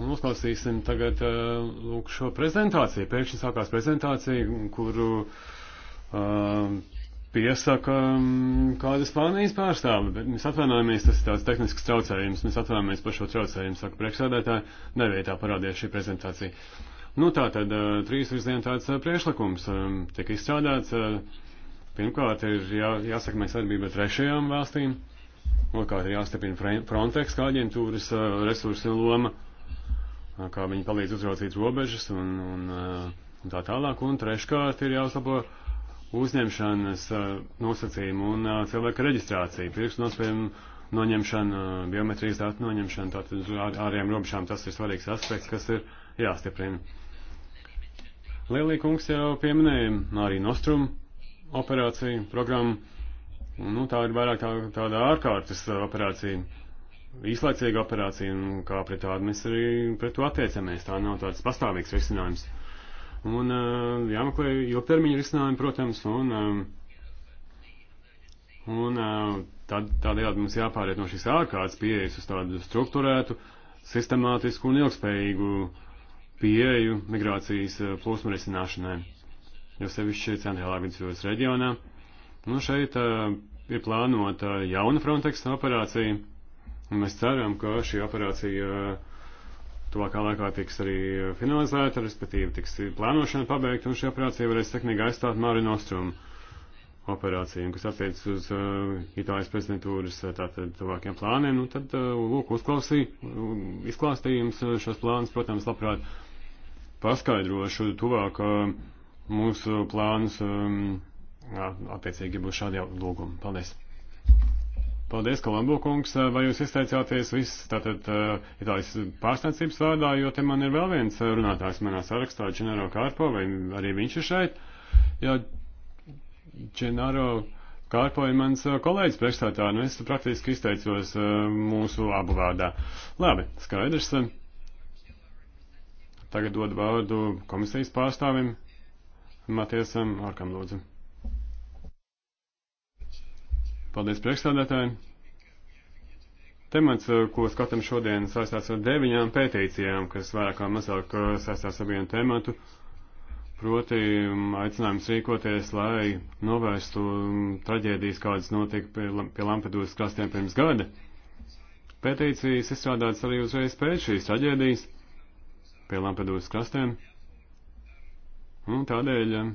Un uzklausīsim tagad eh, lūk, šo prezentāciju. Pēkšņi sākās prezentācija, kuru uh, piesaka mm, kāda Spānijas pārstāve. Bet mēs atvainojamies, tas ir tāds tehnisks traucējums. Mēs atvainojamies par šo traucējumu, saka priekšsēdētāji. Nevietā parādījās šī prezentācija. Nu tā tad trīs virzienu tāds priešlikums tiek izstrādāts. Uh, Pirmkārt, ir jā, jāsakmē sadarbība trešajām valstīm, otrkārt ir jāstiprina Frontex kā aģentūras resursu loma, kā viņi palīdz uzraucīt robežas un, un, un tā tālāk, un treškārt ir jāuzlabo uzņemšanas nosacījumu un cilvēka reģistrāciju, pirkstnospējumu noņemšana, biometrijas datu noņemšana, tātad ar ārējām robežām tas ir svarīgs aspekts, kas ir jāstiprina. Lielī kungs jau pieminēja arī Nostrum operācija, programma. Nu, tā ir vairāk tā, tāda ārkārtas operācija, īslaicīga operācija, un kā pret tādu mēs arī pret to attiecamies. Tā nav tāds pastāvīgs risinājums. Un jāmeklē ilgtermiņa risinājumi, protams, un, un tad, tādējādi mums jāpāriet no šīs ārkārtas pieejas uz tādu struktūrētu, sistemātisku un ilgspējīgu pieeju migrācijas plūsmu risināšanai jo sevišķi centrālā vidusjūras reģionā. Nu, šeit uh, ir plānota jauna Frontex operācija, un mēs ceram, ka šī operācija uh, tuvākā laikā tiks arī finalizēta, respektīvi tiks plānošana pabeigta, un šī operācija varēs sekmīgi aizstāt Māri Nostrum operāciju, kas attiecas uz uh, Itālijas prezidentūras tātad tuvākiem plāniem, nu tad, uh, lūk, uzklausīja, uh, izklāstījums šos plānus, protams, labprāt paskaidrošu tuvāk. Uh, mūsu plānus um, attiecīgi būs šādi lūgumi. Paldies! Paldies, Kalambo kungs, vai jūs izteicāties viss tātad uh, Itālijas pārstāvniecības vārdā, jo te man ir vēl viens runātājs manā sarakstā, Čenaro Kārpo, vai arī viņš ir šeit? Jā, Čenaro Kārpo ir mans uh, kolēģis priekšstātā, nu es praktiski izteicos uh, mūsu abu vārdā. Labi, skaidrs. Tagad dod vārdu komisijas pārstāvim. Matiesam Arkam lūdzu. Paldies priekšstādātājiem. Temats, eh, ko skatām šodien, saistās ar deviņām pētīcijām, kas vairāk vai mazāk eh, saistās ar vienu tematu. Proti, mm, aicinājums rīkoties, lai novērstu mm, traģēdijas, kādas notika pie, pie Lampedūras krastiem pirms gada. Pētīcijas izstrādātas arī uzreiz pēc šīs traģēdijas pie Lampedūras krastiem. Un tādēļ eh,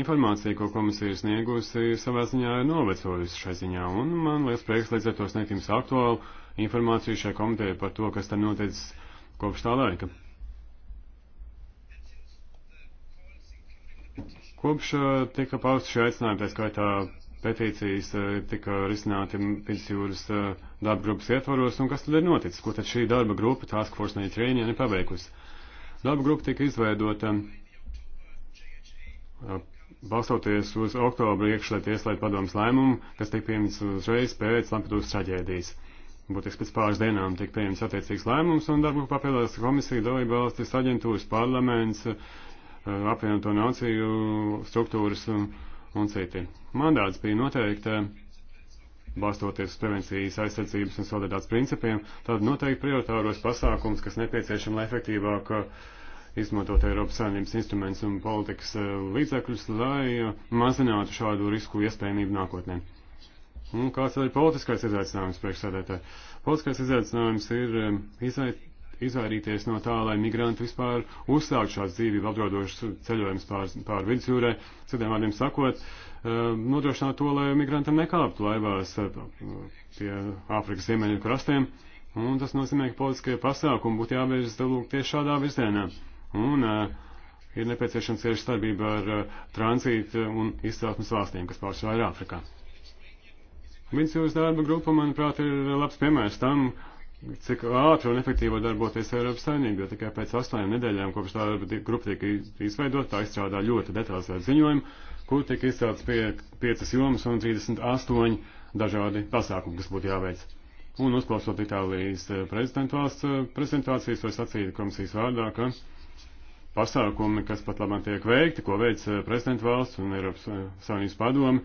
informācija, ko komisija ir sniegusi, savā ziņā ir novecojusi šai ziņā, un man liels prieks līdz ar to sniegt jums aktuālu informāciju šai komitē par to, kas tam noticis kopš tā laika. Kopš eh, tika pausti šie aicinājumi, tā skaitā petīcijas eh, tika risināti vidusjūras darba grupas ietvaros, un kas tad ir noticis, ko tad šī darba grupa Task Force 93 ir paveikusi? Darba grupa tika izveidota balstoties uz oktobra iekšlietu ieslēgt padomas lēmumu, kas tika pieņemts uzreiz pēc Lampedūras traģēdijas. Būtiski pēc pāris dienām tika pieņemts attiecīgs lēmums, un darbu papildās komisija, dalība valstis, aģentūras, parlaments, apvienoto nāciju struktūras un, un citi. Mandāts bija noteikti balstoties uz prevencijas aizsardzības un solidaritātes principiem, tad noteikti prioritāros pasākums, kas nepieciešami, lai efektīvāk uh, izmantot Eiropas saimnības instruments un politikas uh, līdzekļus, lai uh, mazinātu šādu risku iespējamību nākotnē. Un kāds tad ir politiskais izaicinājums priekšsēdētāji? Politiskais izaicinājums ir um, izait, izvairīties no tā, lai migranti vispār uzsākt šās dzīvību apdraudošas ceļojumus pār, pār vidusjūrē. Citiem vārdiem sakot, uh, Ehm, nodrošināt to, lai migrantam nekāptu laivās eh, pie Āfrikas ziemeļu krastiem. Un tas nozīmē, ka politiskie pasākumi būtu jāvērst lūk tieši šādā virzienā. Un uh, ir nepieciešama cieša starpība ar uh, tranzītu un izcelsmes valstīm, kas pārsvarā ir Āfrikā. Vidusjūras darba grupa, manuprāt, ir labs piemērs tam, uh, cik ātri un efektīvi darboties Eiropas saimnība, jo tikai pēc astoņām nedēļām kopš tā grupa tika izveidota, tā izstrādā ļoti detalizētu ziņojumu, kur tika izcelts pie piecas jomas un 38 dažādi pasākumi, kas būtu jāveic. Un uzklausot Itālijas eh, eh, prezentācijas, var sacīt komisijas vārdā, ka pasākumi, kas pat labāk tiek veikti, ko veic eh, prezidenta valsts un Eiropas Savienības padomi,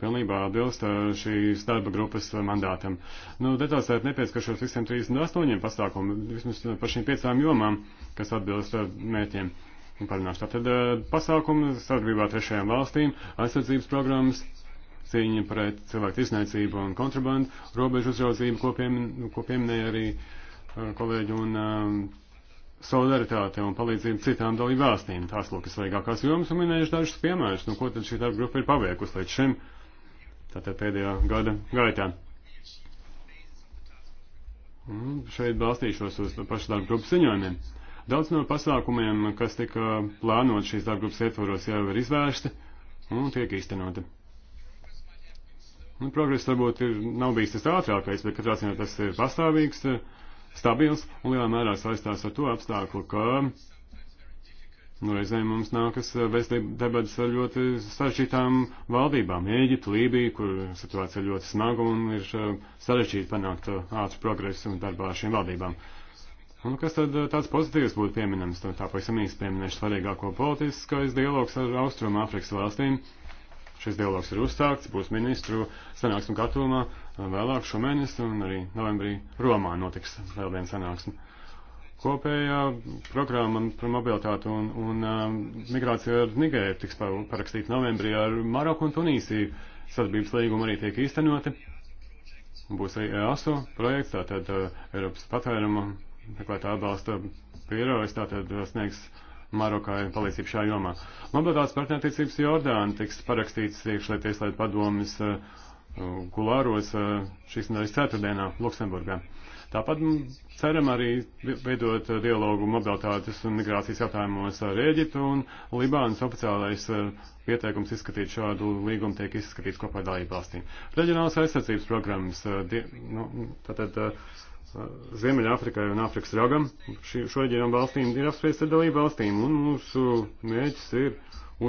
pilnībā atbilst šīs darba grupas mandātam. Nu, detalizēt nepieciešos visiem 38 pasākumiem, vismaz par šīm piecām jomām, kas atbilst mērķiem. Parunāšu tātad pasākumu sadarbībā trešajām valstīm, aizsardzības programmas, cīņa pret cilvēku izniecību un kontrabandu, robežu uzraudzību, ko, piemin, ko pieminēja arī kolēģi un um, solidaritāte un palīdzība citām dalību valstīm. Tās lūk ir svarīgākās jomas un minējuši dažus piemērus, nu ko tad šī darba grupa ir paveikusi līdz šim. Uh, tātad pēdējā gada gaitā. Un šeit balstīšos uz pašu darba grupas ziņojumiem. Daudz no pasākumiem, kas tika plānot šīs darba grupas ietvaros, jau ir izvērsti un tiek īstenoti. Nu, progress varbūt ir, nav bijis tas ātrākais, bet katrā ziņā tas ir pastāvīgs, stabils un lielā mērā saistās ar to apstāklu, ka Nu, reizēm mums nākas eh, bez debatas ar ļoti sarežģītām valdībām. Ēģipta, Lībija, kur situācija ir ļoti smaga un ir eh, sarežģīti panākt eh, ātru progresu un darbā ar šīm valdībām. Un kas tad tāds pozitīvs būtu pieminams? Tā pavisam īsti pieminēšu svarīgāko politiskais dialogs ar Austrumu Afrikas valstīm. Šis dialogs ir uzsākts, būs ministru sanāksme Katumā vēlāk šo mēnesi un arī novembrī Romā notiks vēl viena sanāksme. Kopējā programma par mobilitāti un, un um, migrāciju ar Nigēru tiks parakstīta novembrī ar Maroku un Tunīsiju. Sadarbības līguma arī tiek īstenoti. Būs arī EASO projekts, tātad uh, Eiropas patvēruma meklētā atbalsta pierojas, tātad uh, sniegs Marokai palīdzību šajā jomā. Mobilitātes partnertiecības Jordāna tiks parakstīts iekšlietu tieslietu padomis uh, Kulāros uh, šīs nedēļas ceturtdienā Luksemburgā. Tāpat mm, ceram arī veidot uh, dialogu mobilitātes un migrācijas jautājumos ar Ēģiptu un Libānas oficiālais uh, pieteikums izskatīt šādu līgumu tiek izskatīts kopā ar dalību valstīm. Reģionālas aizsardzības programmas, uh, nu, mm, tātad Ziemeļāfrikai un Āfrikas ragam, šī, šo reģionu valstīm ir apspriest ar dalību valstīm, un mūsu mēģis ir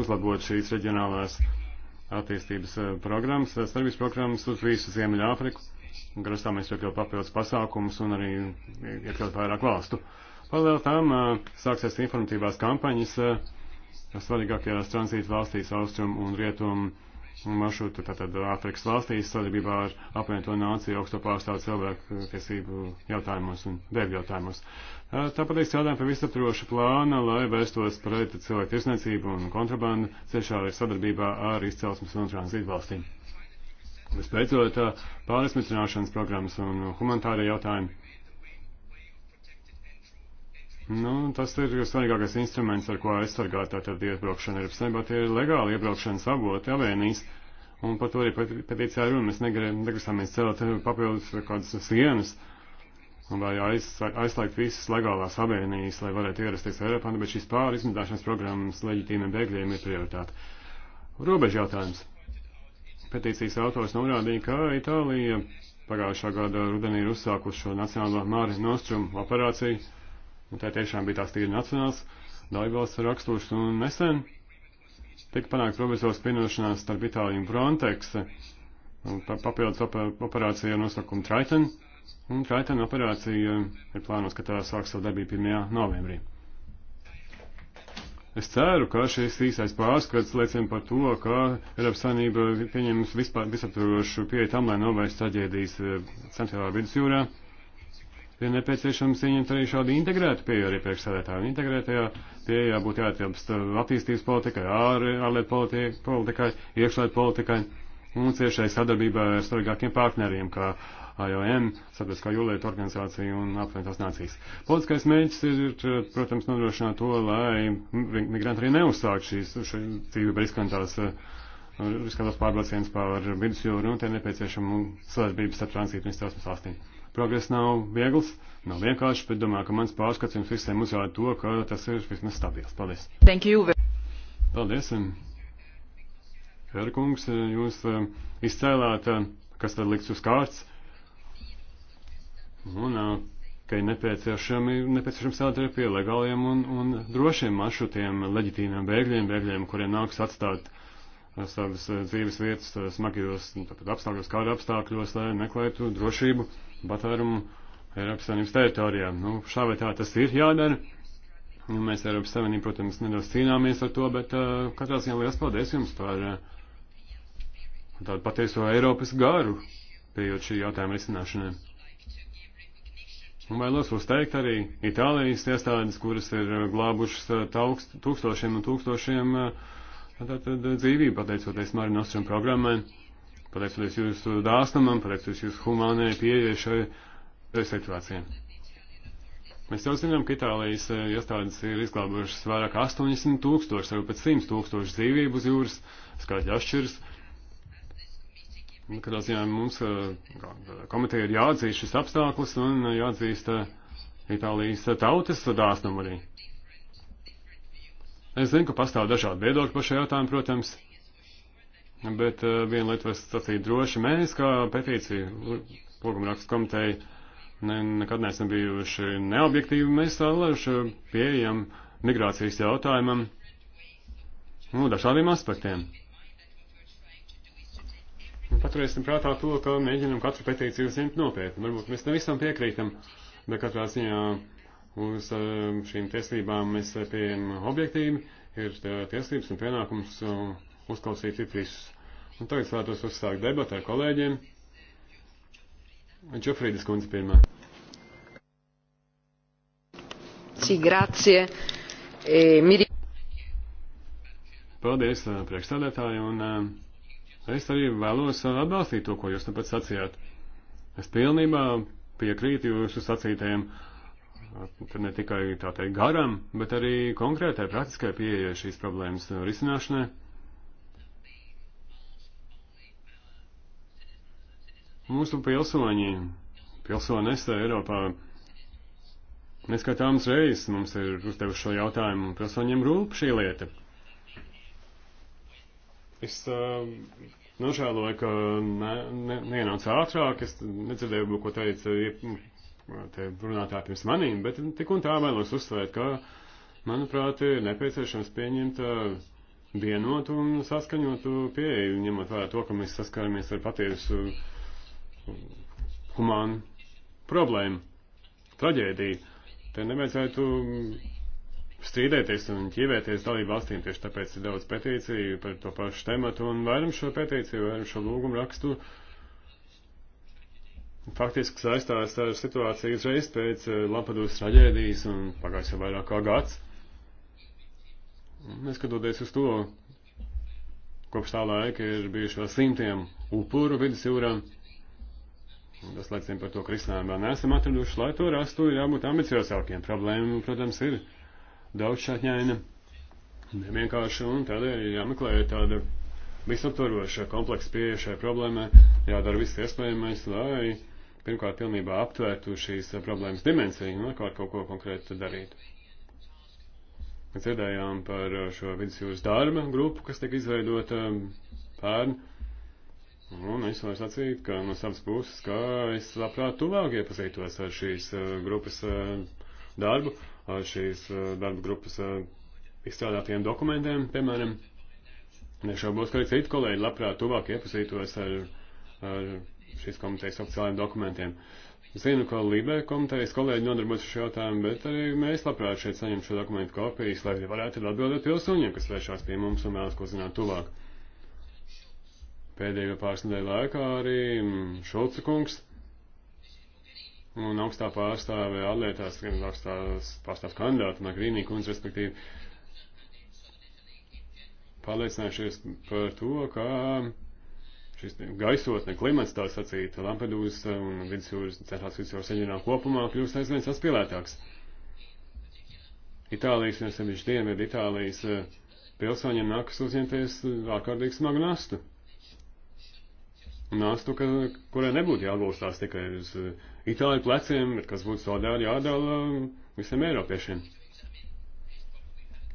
uzlabot šīs reģionālās attīstības programmas, starpības programmas uz visu Ziemeļāfriku grasāmies iekļaut papildus pasākumus un arī iekļaut vairāk valstu. Paralēli tam sāksies informatīvās kampaņas svarīgākajās tranzīta valstīs, austrum un rietum maršrutu, tātad Āfrikas valstīs, sadarbībā ar apvienoto nāciju augsto pārstāvu cilvēku tiesību jautājumos un bēgļu jautājumos. Tāpat arī strādājam pie visaptroša plāna, lai vērstos pret cilvēku tirsniecību un kontrabandu, ciešā arī sadarbībā ar izcelsmes un tranzītu valstīm. Visbeidzot, pārismicināšanas programmas un humanitārie jautājumi. Nu, tas ir svarīgākais instruments, ar ko aizsargāt tātad iebraukšana Eiropas Savienībā. Tie ir legāli iebraukšanas avoti avēnijas, un par to arī pētīcijā runa. Mēs negrasāmies celot papildus kādas sienas vai aiz, aizslēgt visas legālās avēnijas, lai varētu ierasties Eiropā, bet šīs pārismicināšanas programmas leģitīmiem bēgļiem ir prioritāte. Robežu jautājums. Petīcijas autors norādīja, ka Itālija pagājušā gada rudenī ir uzsākuši šo nacionālo māri nostrumu operāciju, un tā tiešām bija tās tīri nacionāls dalībvalsts rakstūrs, un nesen tika panākt provizoras pienošanās starp Itāliju un Frontex, un papildus operācija ar nosaukumu Triton, un Triton operācija ir plānos, ka tā sāks savu darbību 1. novembrī. Es ceru, ka šis īsais pārskats liecina par to, ka Eiropas Savienība pieņems vispār visaptvarošu pieeju tam, lai novērstu traģēdijas eh, centrālā vidusjūrā. Ir nepieciešams ieņemt arī šādu integrētu pieeju arī priekšsēdētāju. Integrētajā pieejā būtu jāatbilst eh, attīstības politikai, ārlietu politikai, iekšlietu politikai un ciešai sadarbībā ar svarīgākiem partneriem, kā IOM, sabiedriskā jūlieta organizācija un apvienotās nācijas. Politiskais mērķis ir, eh, protams, nodrošināt to, lai migranti arī neuzsāk šīs dzīvību riskantās, eh, riskantās pārbrauciens pār vidusjūru un tie nepieciešama sadarbības starp tranzītu un izcelsmes valstīm. Progress nav viegls, nav vienkārši, bet domāju, ka mans pārskats jums visiem uzrāda to, ka tas ir vismaz stabils. Paldies! Thank you! Paldies! Herkungs, eh, jūs izcēlāt, kas tad liks uz kārts. Un ka ir nepieciešami, nepieciešams strādāt pie legāliem un, un drošiem maršrutiem leģitīviem bēgļiem, bēgļiem, kuriem nāks atstāt savas dzīves vietas smagajos nu, apstākļos, kāda apstākļos, lai meklētu drošību patērumu Eiropas Savienības teritorijā. Nu, šā vai tā tas ir jādara. Nu, mēs Eiropas Savienību, protams, nedaudz cīnāmies ar to, bet uh, katrā ziņā liels paldies jums par uh, tādu patieso Eiropas garu, pieejot šī jautājuma risināšanai. Un vēlos uzteikt arī Itālijas iestādes, kuras ir uh, glābušas uh, taukst, tūkstošiem un tūkstošiem uh, tātad, dzīvību, pateicoties Marina Nostrum programmai, pateicoties jūsu dāstamam, pateicoties jūsu humānai pieejai šai situācijai. Mēs jau zinām, ka Itālijas iestādes ir izglābušas vairāk 80 tūkstoši, varbūt pat 100 tūkstoši dzīvību uz jūras, skaitļi atšķiras. Katrā ziņā mums eh, komiteja ir jāatzīst šis apstākļus un jāatzīst eh, Itālijas tautas dāsnumu arī. Es zinu, ka pastāv dažādi viedokļi par šo jautājumu, protams, bet eh, viena lieta var sacīt droši. Mēs, kā petīcija, lūgumrakstu komiteja, ne, nekad neesam bijuši neobjektīvi. Mēs salējuši pieejam migrācijas jautājumam nu, dažādiem aspektiem. Paturēsim prātā to, ka mēģinam katru petīciju zimt nopietni. Varbūt mēs nevisam piekrītam, bet katrā ziņā uz eh, šīm tiesībām mēs pieejam objektīvi, ir eh, tiesības un pienākums eh, uzklausīt visus. Un tagad vēlētos uzsākt debatu ar kolēģiem. Čofrīdas kundze pirmā. Sī, grācie. E, miri... Paldies priekšstādētāji un uh, Es arī vēlos uh, atbalstīt to, ko jūs tāpat nu sacījāt. Es pilnībā piekrītu jūsu sacītajiem, uh, ne tikai tā teikt garam, bet arī konkrētai praktiskai pieejai šīs problēmas uh, risināšanai. Mūsu pilsoņi, pilsones Eiropā, neskatāms reizes mums ir uzdevuši šo jautājumu, un pilsoņiem rūp šī lieta. Es uh, nožēloju, ka ne, ne, neienāca ātrāk, es nedzirdēju, ko teica mm, te runātāji pirms manīm, bet tik un tā vēlos uzsvērt, ka, manuprāt, ir nepieciešams pieņemt uh, vienotu un saskaņotu pieeju, ņemot vērā to, ka mēs saskaramies ar patiesu uh, humānu problēmu, traģēdiju. Te nevajadzētu strīdēties un ķīvēties dalību valstīm. Tieši tāpēc ir daudz petīciju par to pašu tematu un vairam šo petīciju, vairam šo lūgumu rakstu. Faktiski saistās ar situāciju uzreiz pēc eh, Lampedūras traģēdijas un pagājis jau vairāk kā gads. Neskatoties uz to, kopš tā laika ir bijuši vēl simtiem upuru vidus jūrā. Tas liecina par to, ka risinājumu vēl neesam atraduši, lai to rastu, ir jābūt ambiciozākiem. Problēma, protams, ir daudzšķaņaina, nevienkārša un tādēļ ir jāmeklē tāda visaptvaroša kompleksa pieeja šai problēmai, jādara viss iespējamais, lai pirmkārt pilnībā aptvērtu šīs problēmas dimensiju un atklāt kaut ko konkrētu darīt. Mēs dzirdējām par šo vidusjūras darba grupu, kas tika izveidota pērn. Un es varu sacīt, ka no savas puses, ka es labprāt tuvāk iepazītos ar šīs eh, grupas eh, darbu Eh, šīs eh, darba grupas eh, izstrādātiem dokumentiem, piemēram, nešaubos, ka arī citi kolēģi labprāt tuvāk iepazītos ar, ar šīs komitejas oficiālajiem dokumentiem. Zinu, ka Libē komitejas kolēģi nodarbojas ar šo jautājumu, bet arī mēs labprāt šeit saņem šo dokumentu kopijas, lai varētu atbildēt pilsoņiem, kas vēršās pie mums un vēlas ko zināt tuvāk. Pēdējo pāris nedēļu laikā arī mm, Šulca kungs un augstā pārstāve ārlietās, gan augstā pārstāve kandidāta Magrīnī kundze, respektīvi, pārliecinājušies par to, ka šis gaisotne, klimats tā sacīt, Lampedūs un vidusjūras, centrās vidusjūras reģionā kopumā kļūst aizvien saspīlētāks. Itālijas un sevišķi dienvidu Itālijas eh, pilsoņiem nākas uzņemties ārkārtīgi smagu nastu. Nastu, ka, kurai nebūtu jāgulstās tikai uz uh, Itāļu pleciem, bet kas būtu solidāri jādala visiem eiropiešiem.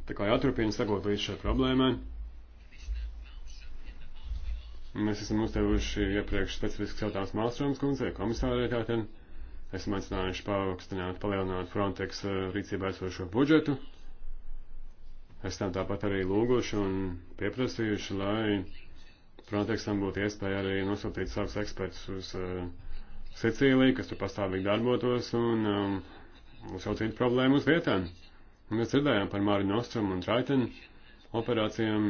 Tā kā jāturpina sakot līdz šai problēmai. Mēs esam uzdevuši iepriekš specifisks jautājums Mālstrāms kundzei, komisārei tātad. Esam aicinājuši paaugstināt, palielināt Frontex eh, rīcībā esošo budžetu. Esam tāpat arī lūguši un pieprasījuši, lai Frontexam būtu iespēja arī nosūtīt savus ekspertus uz uh, Sicīliju, kas tur pastāvīgi darbotos un um, uzsaucītu problēmu uz vietām. Un mēs dzirdējām par Māri Nostrum un Traitenu operācijām.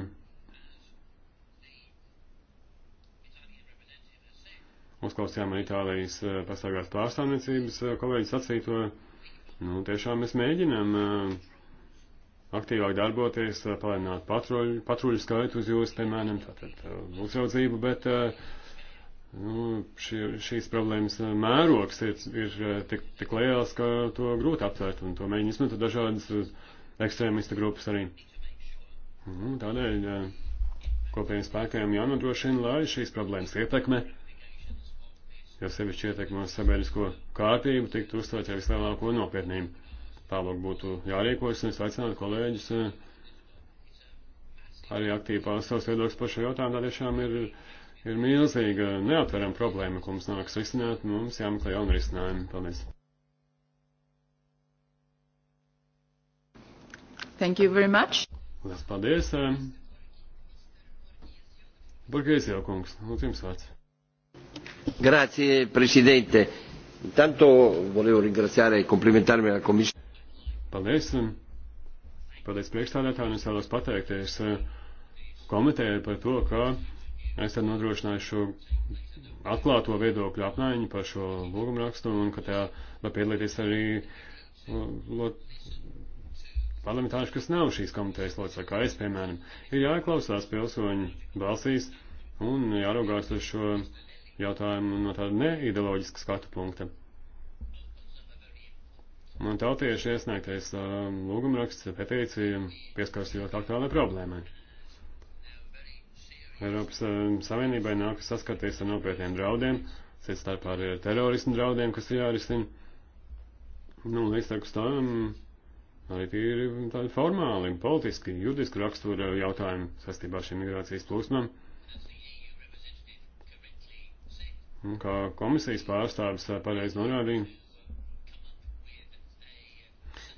Uzklausījām Itālijas uh, pastāvīgās pārstāvniecības uh, kolēģis sacīto. Nu, tiešām mēs mēģinām uh, aktīvāk darboties, uh, palēnināt patruļu, patruļu skaitu uz jūras, piemēram, tātad uzraudzību, bet uh, Nu, šī, šīs problēmas eh, mērogs ir, ir eh, tik, tik liels, ka to grūti aptvērt un to mēģina izmantot dažādas eh, ekstrēmista grupas arī. Nu, tādēļ kopējiem spēkiem jānodrošina, lai šīs problēmas ietekme, jo sevišķi ietekme uz sabiedrisko kārtību, tiktu uztvērta ar vislielāko nopietnību. Tālāk būtu jārīkojas un es aicinātu kolēģis arī aktīvi pārstāvs viedoklis par šo jautājumu. Tā tiešām ir ir milzīga neaptverama problēma, ko mums nāks risināt, un mums jāmeklē jauni risinājumi. Paldies! Thank you very much. Lielas paldies. Eh, Burgēs jau kungs, lūdzu jums vārds. Grazie, presidente. Intanto volevo ringraziare e complimentarmi alla commissione. Paldies. Eh, paldies priekšstādātājiem. Es vēlos pateikties eh, komitē par to, ka Es tad nodrošināju šo atklāto viedokļu apmaiņu par šo lūgumrakstu un ka tajā var piedalīties arī uh, lot, parlamentāri, kas nav šīs komitejas locekļi, kā es, piemēram, ir jāklausās pilsoņu balsīs un jāraugās uz šo jautājumu no tāda neideoloģiska skatu punkta. Un tautieši iesniegtais uh, lūgumraksts, petīcija pieskaras ļoti aktuālai problēmai. Eiropas um, Savienībai nākas saskarties ar nopietniem draudiem, cits starpā arī ar uh, terorismu draudiem, kas ir jārisina. Nu, līdztekus tam um, arī tīri um, tādi formāli, politiski, juridiski rakstura jautājumi saistībā ar šīm migrācijas plūsmām. Kā komisijas pārstāvis uh, pareizi norādīja,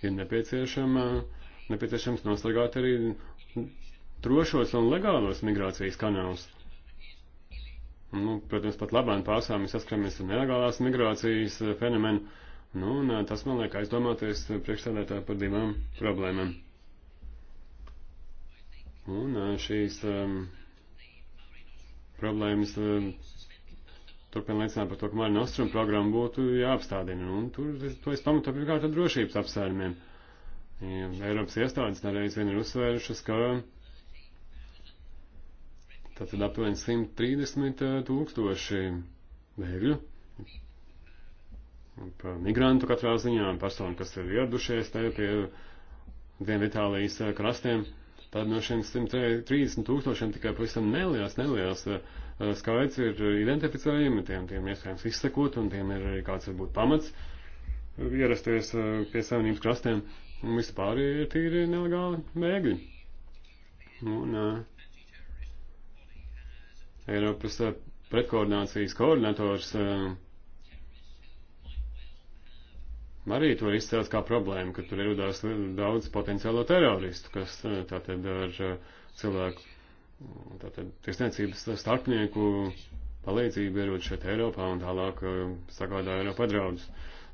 ir nepieciešama, nepieciešams nosargāt arī drošos un legālos migrācijas kanālus. Nu, protams, pat labāk pārsvarā mēs saskaramies ar nelegālās migrācijas eh, fenomenu. Nu, un eh, tas man liek aizdomāties eh, priekšstādētā par divām problēmām. Un šīs um, problēmas um, turpina liecināt par to, ka Mari Nostrum programma būtu jāapstādina. Un tur to es pamatu pirmkārt ar drošības apsvērumiem. Ja Eiropas iestādes nereiz vien ir uzsvērušas, ka Tātad aptuveni 130 eh, tūkstoši bēgļu. Pa migrantu katrā ziņā, personu, kas ir ieradušies te pie Dienvidālijas eh, krastiem. Tad no šiem 130 tūkstošiem tikai pavisam neliels, neliels eh, skaits ir identificējami, tiem, tiem iespējams izsekot, un tiem ir arī kāds varbūt pamats ierasties pie savienības krastiem, un visi pārējie ir tīri nelegāli bēgļi. Un, uh, Eiropas eh, pretkoordinācijas koordinators eh, arī to izcēlās kā problēmu, ka tur ierodās daudz potenciālo teroristu, kas eh, tātad ar cilvēku tātad tiesniecības starpnieku palīdzību ierod šeit Eiropā un tālāk sagādā Eiropā draudus.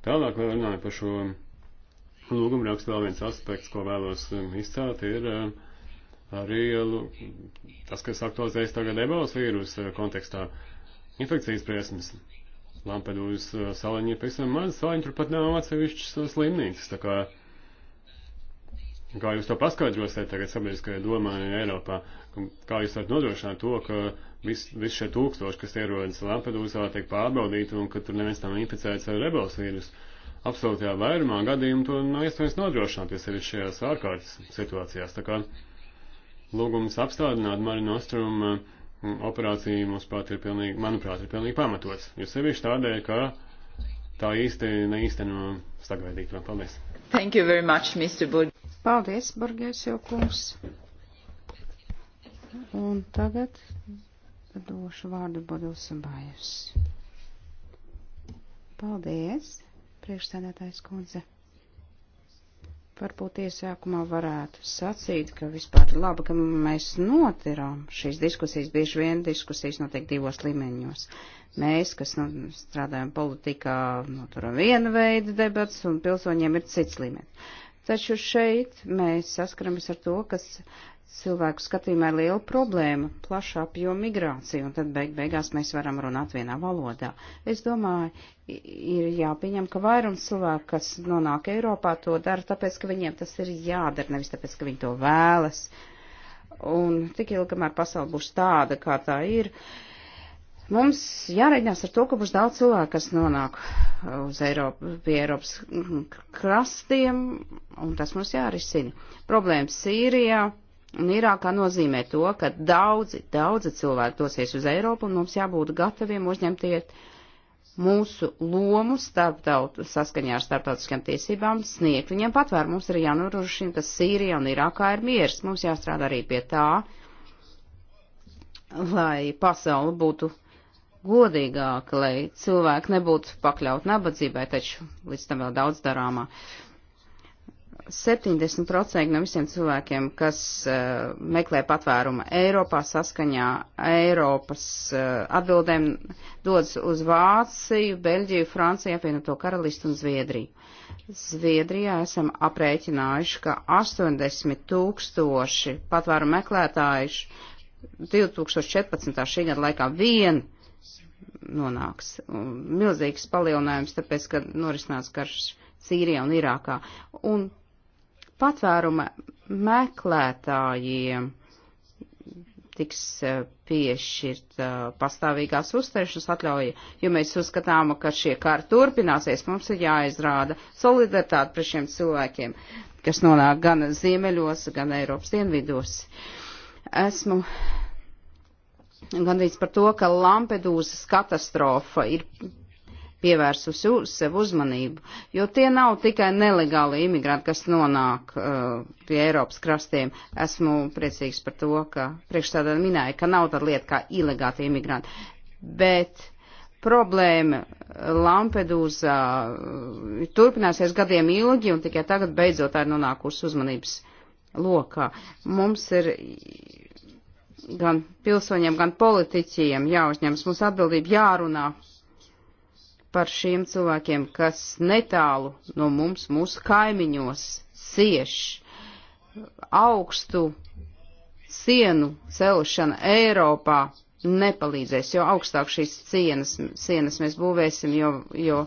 Tālāk vēl runāju par šo lūgumu rakstu vēl viens aspekts, ko vēlos izcelt, ir uh, arī nu, tas, kas aktualizējas tagad ebolas vīrusa eh, kontekstā, infekcijas briesmas. Lampedūras eh, saliņa ir pavisam maza saliņa, turpat nav atsevišķas eh, slimnīcas, tā kā Kā jūs to paskaidrosiet tagad sabiedriskajai domai Eiropā? Kā jūs varat nodrošināt to, ka viss vis šie tūkstoši, kas ierodas Lampedūzā, tiek pārbaudīti un ka tur neviens nav inficēts ar rebels vīrusu? Absolūtajā vairumā gadījumu to nav iespējams nodrošināt, jo sevišķi šajās ārkārtas situācijās. Tā kā lūgums apstādināt Marinostrumu mm, operācija mums pat ir pilnīgi, manuprāt, ir pilnīgi pamatots. Jo sevišķi tādēļ, ka tā īsti neīsteno sagaidīto. Paldies. Thank you very much, Mr. Burg. Paldies, Burgēs jau kungs. Un tagad došu vārdu Bodilsam Bājus. Paldies, priekšsēdētājs kundze. Varbūt iesākumā varētu sacīt, ka vispār labi, ka mēs notirām šīs diskusijas, bieži vien diskusijas notiek divos līmeņos. Mēs, kas nu, strādājam politikā, noturam vienu veidu debats, un pilsoņiem ir cits līmenis. Taču šeit mēs saskaramies ar to, kas cilvēku skatījumā ir liela problēma - plaša apjoma migrācija, un tad beig beigās mēs varam runāt vienā valodā. Es domāju, ir jāpieņem, ka vairums cilvēku, kas nonāk Eiropā, to dara tāpēc, ka viņiem tas ir jādara, nevis tāpēc, ka viņi to vēlas. Un tik ilgi, kamēr pasauli būs tāda, kā tā ir, mums jāreģinās ar to, ka būs daudz cilvēku, kas nonāk uh, uz Eiropu, pie Eiropas mm, krastiem, un tas mums jārisina. Problēmas Sīrijā Un Irākā nozīmē to, ka daudzi, daudzi cilvēki dosies uz Eiropu un mums jābūt gataviem uzņemties mūsu lomu starptaut, saskaņā ar starptautiskām tiesībām, sniegt viņiem patvērumu. Mums ir jānorošina, ka Sīrijā un Irākā ir miers. Mums jāstrādā arī pie tā, lai pasauli būtu godīgāka, lai cilvēki nebūtu pakļaut nabadzībai, taču līdz tam vēl daudz darāmā. Uh, 70% no visiem cilvēkiem, kas uh, meklē patvērumu Eiropā saskaņā Eiropas uh, atbildēm, dodas uz Vāciju, Beļģiju, Franciju, apvienoto karalistu un Zviedriju. Zviedrijā esam aprēķinājuši, ka 80 tūkstoši patvērumu meklētājuši 2014. šī gada laikā vien nonāks. Milzīgs palielinājums, tāpēc, ka norisinās karš Sīrijā un Irākā. Un patvēruma meklētājiem tiks e, piešķirta e, pastāvīgās uzturēšanas atļauja. Jo mēs uzskatām, ka šie kari turpināsies, mums ir jāizrāda solidaritāte pret šiem cilvēkiem, kas nonāk gan ziemeļos, gan Eiropas dienvidos. Esmu gandrīz par to, ka Lampedūzas katastrofa ir pievērsusi uz sev uzmanību, jo tie nav tikai nelegāli imigranti, kas nonāk uh, pie Eiropas krastiem. Esmu priecīgs par to, ka priekšstādā minēja, ka nav tāda lieta kā ilegāti imigranti, bet problēma Lampedūzā uh, turpināsies gadiem ilgi un tikai tagad beidzot tā ir nonākusi uzmanības lokā. Mums ir gan pilsoņiem, gan politiķiem jāuzņemas mūsu atbildība, jārunā par šiem cilvēkiem, kas netālu no mums, mūsu kaimiņos, cieš augstu sienu celšana Eiropā nepalīdzēs, jo augstāk šīs cienas, sienas mēs būvēsim, jo, jo,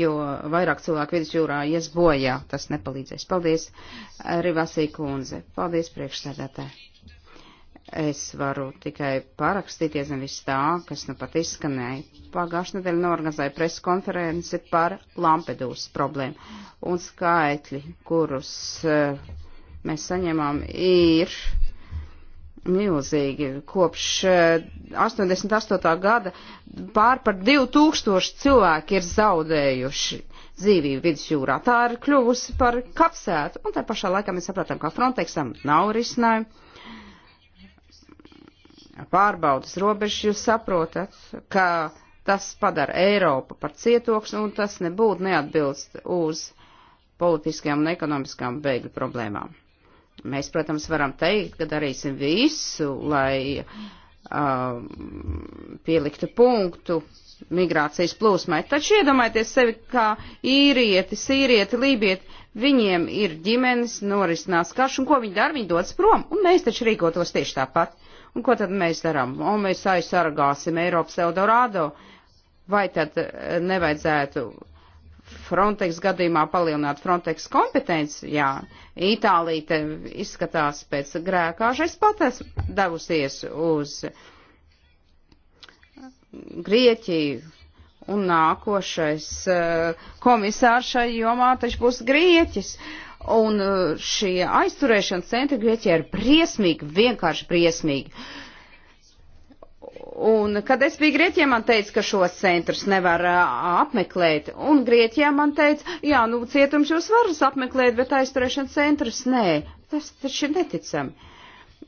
jo vairāk cilvēku vidus jūrā ies bojā, tas nepalīdzēs. Paldies, Rivasī kundze. Paldies, priekšsēdētāji. Es varu tikai parakstīties zem viss tā, kas nu pat izskanēja. Pagājušajā nedēļā norganizēja preskonferenci par Lampedūras problēmu. Un skaitļi, kurus uh, mēs saņemam, ir milzīgi. Kopš uh, eh, 88. gada pār par 2000 cilvēki ir zaudējuši dzīvību vidusjūrā. Tā ir kļuvusi par kapsētu. Un tā pašā laikā mēs saprotam, ka Frontexam nav risinājumu pārbaudas robežas, jūs saprotat, ka tas padara Eiropu par cietoksni un tas nebūtu neatbilst uz politiskajām un ekonomiskām bēgļu problēmām. Mēs, protams, varam teikt, ka darīsim visu, lai um, pieliktu punktu migrācijas plūsmai. Taču iedomājieties sevi kā īrieti, sīrieti, lībieti. Viņiem ir ģimenes, norisinās karš, un ko viņi dara? Viņi dodas prom, un mēs taču rīkotos tieši tāpat. Un ko tad mēs darām? Un mēs aizsargāsim Eiropas Eldorado, vai tad eh, nevajadzētu Frontex gadījumā palielināt Frontex kompetenci? Jā, Itālija te izskatās pēc grēkāša. Es pat esmu devusies uz Grieķiju. Un nākošais eh, komisārs šai jomā taču būs Grieķis. Uh, un uh, šie aizturēšanas centri Grieķijā ir briesmīgi, vienkārši briesmīgi. Un, kad es biju Grieķijā, man teica, ka šos centrus nevar uh, apmeklēt, un Grieķijā man teica, jā, nu, cietums jūs varat apmeklēt, bet aizturēšanas centrus nē. Tas taču ir neticami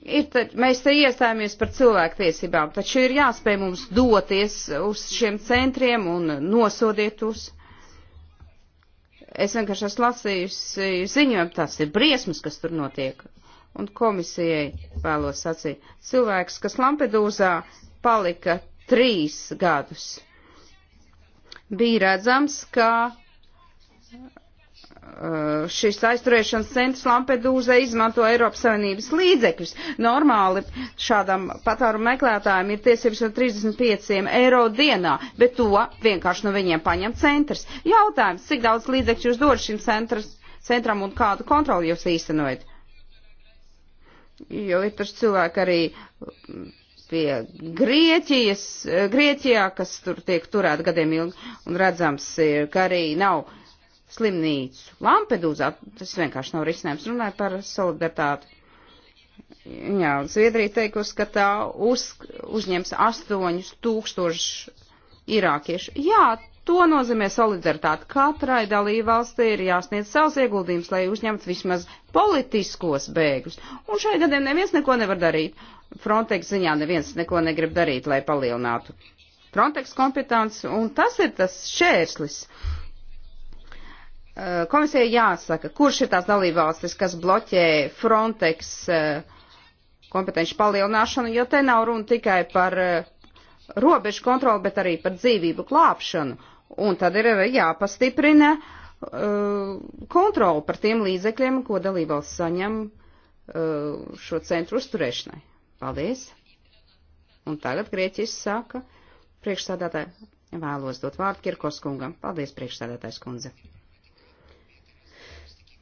ir, tad, mēs te iestājāmies par cilvēktiesībām, taču ir jāspēj mums doties uz šiem centriem un nosodiet uz. Es vienkārši esmu lasījusi ziņojumu, tas ir briesmas, kas tur notiek. Un komisijai vēlos sacīt, cilvēks, kas Lampedūzā palika trīs gadus, bija redzams, ka Uh, šis aizturēšanas centrs Lampedūzē izmanto Eiropas Savienības līdzekļus. Normāli šādam patāru meklētājiem ir tiesības no 35 eiro dienā, bet to vienkārši no viņiem paņem centrs. Jautājums, cik daudz līdzekļu jūs dod šim centrs, centram un kādu kontroli jūs īstenojat? Jo ir taču cilvēki arī pie Grieķijas, Grieķijā, kas tur tiek turēt gadiem ilgi, un redzams, ka arī nav slimnīcu. Lampedūzā tas vienkārši nav risinājums. Runāja par solidaritāti. Jā, Zviedrija teikusi, ka tā uz, uzņems 8000 irākiešu. Jā, to nozīmē solidaritāte. Katrai dalībvalstī ir jāsniedz savs ieguldījums, lai uzņemtu vismaz politiskos bēgļus. Un šai gadiem neviens neko nevar darīt. Frontex ziņā neviens neko negrib darīt, lai palielinātu Frontex kompetenci, un tas ir tas šērslis. Uh, Eh, komisija jāsaka, kurš ir tās dalībvalstis, kas bloķē Frontex eh, kompetenci palielināšanu, jo te nav runa tikai par eh, robežu kontroli, bet arī par dzīvību glābšanu. Un tad ir jāpastiprina kontroli par tiem līdzekļiem, ko dalībvalsts saņem šo centru uzturēšanai. Paldies! Un tagad Grieķis saka, priekšstādātāji, vēlos dot vārdu Kirkos kungam. Paldies, priekšstādātājs kundze!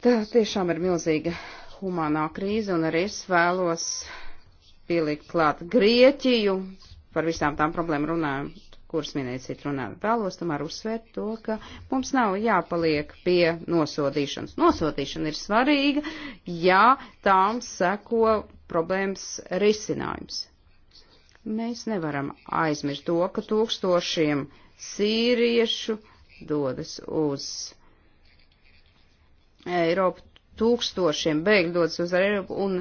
Tā tiešām ir milzīga humanā krīze, un arī es vēlos pielikt klāt Grieķiju, par visām tām problēmu runājam, kuras minēja citu runājot. Vēlos tomēr uzsvērt to, ka mums nav jāpaliek pie nosodīšanas. Nosodīšana ir svarīga, ja tām seko problēmas risinājums. Mēs nevaram aizmirst to, ka tūkstošiem sīriešu dodas uz Eiropu tūkstošiem bēgļu dodas uz Eiropu, un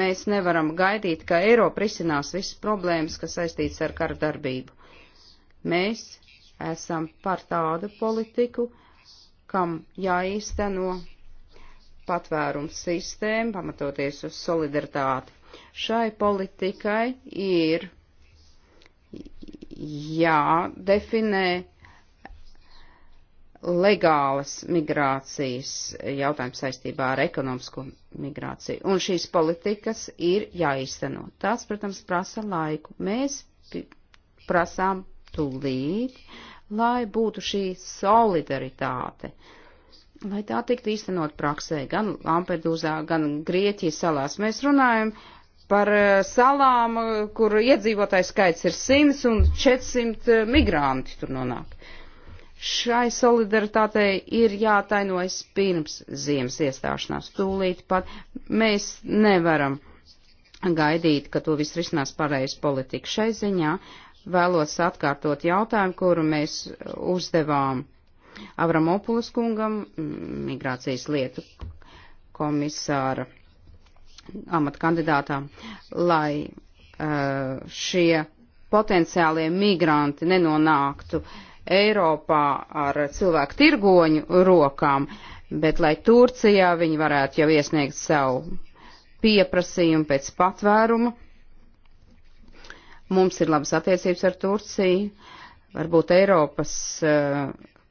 mēs nevaram gaidīt, ka Eiropa risinās visas problēmas, kas saistīts ar karu darbību. Mēs esam par tādu politiku, kam jāīsteno patvērums sistēma, pamatoties uz solidaritāti. Šai politikai ir jādefinē legālas migrācijas jautājums saistībā ar ekonomisko migrāciju. Un šīs politikas ir jāizteno. Tās, protams, prasa laiku. Mēs prasām tūlīt, lai būtu šī solidaritāte, lai tā tiktu īstenot praksē, gan Lampedūzā, gan Grieķijas salās. Mēs runājam par eh, salām, kur iedzīvotājs skaits ir 100 un 400 eh, migranti tur nonāk. Šai solidaritātei ir jātainojas pirms ziemas iestāšanās. Tūlīt pat mēs nevaram gaidīt, ka to viss risinās pareizi politika. Šai ziņā vēlos atkārtot jautājumu, kuru mēs uzdevām Avramopulas kungam, migrācijas lietu komisāra amatkandidātām, lai uh, šie potenciālie migranti nenonāktu uh, Eiropā ar cilvēku tirgoņu rokām, bet lai Turcijā viņi varētu jau iesniegt savu pieprasījumu pēc patvērumu. Mums ir labas attiecības ar Turciju. Varbūt Eiropas uh,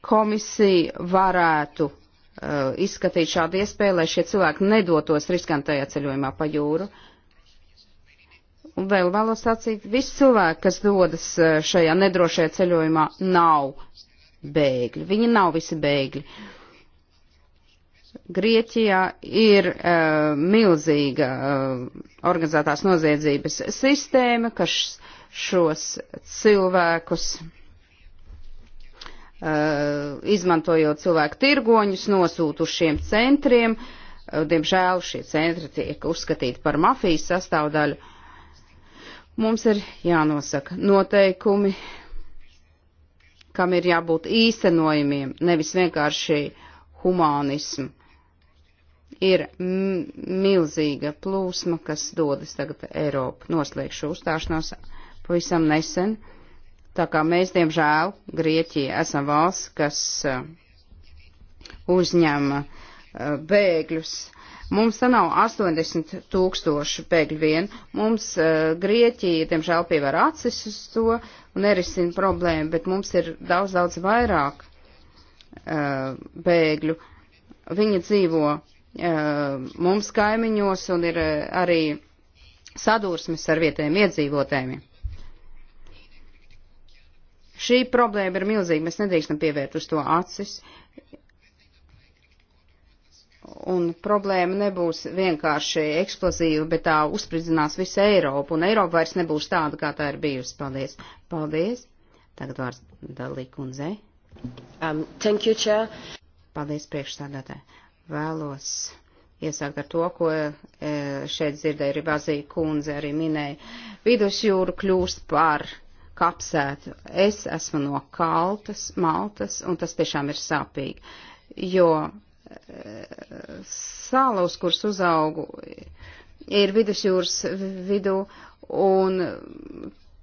komisija varētu uh, izskatīt šādu iespēju, lai šie cilvēki nedotos riskantajā ceļojumā pa jūru. Uh, Un vēl vēlos sacīt, visi cilvēki, kas dodas e, šajā nedrošajā ceļojumā, nav bēgļi. Viņi nav visi bēgļi. Grieķijā ir uh, milzīga uh, organizētās noziedzības sistēma, kas šos cilvēkus, uh, izmantojot cilvēku tirgoņus, nosūtu uz šiem centriem. Uh, diemžēl šie centri tiek uzskatīti par mafijas sastāvdaļu. Mums ir jānosaka noteikumi, kam ir jābūt īstenojumiem, nevis vienkārši humānismu. Ir milzīga plūsma, kas dodas tagad Eiropu. Noslēgšu uzstāšanos pavisam nesen. Tā kā mēs, diemžēl, Grieķija esam valsts, kas eh, uzņem eh, bēgļus Mums tā nav 80 tūkstoši pēkļi vien. Mums uh, Grieķija, diemžēl, pievēr acis uz to un nerisina problēmu, bet mums ir daudz, daudz vairāk uh, bēgļu. Viņi dzīvo uh, mums kaimiņos un ir uh, arī sadursmes ar vietējiem iedzīvotājiem. Šī problēma ir milzīga, mēs nedrīkstam pievērt uz to acis un problēma nebūs vienkārši eksplozīva, bet tā uzspridzinās visu Eiropu, un Eiropa vairs nebūs tāda, kā tā ir bijusi. Paldies! Paldies! Tagad vārds Dalī kundzei. Um, thank you, Chair. Paldies priekšstādātāji. Vēlos iesākt ar to, ko e, šeit dzirdēju, arī Bazija kundze arī minēja. Vidusjūra kļūst par kapsētu. Es esmu no Kaltas, Maltas, un tas tiešām ir sāpīgi, jo sāla, uz kuras uzaugu, ir vidusjūras vidū, un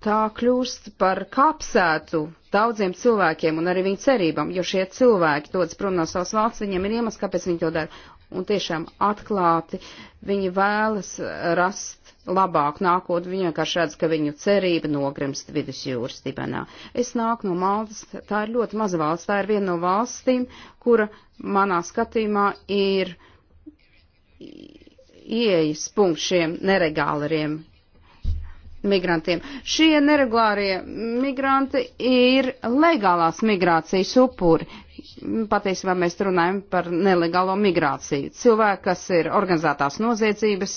tā kļūst par kapsētu daudziem cilvēkiem un arī viņu cerībām, jo šie cilvēki dodas prom no savas valsts, viņiem ir iemesls, kāpēc viņi to dara un tiešām atklāti viņi vēlas rast labāku nākotni, viņi vienkārši redz, ka viņu cerība nogrimst vidusjūras dibenā. Es nāku no Maltas, tā ir ļoti maza valsts, tā ir viena no valstīm, kura manā skatījumā ir ieejas punkts šiem neregālariem migrantiem. Šie neregulārie migranti ir legālās migrācijas upuri patiesībā mēs runājam par nelegālo migrāciju. Cilvēki, kas ir organizētās noziedzības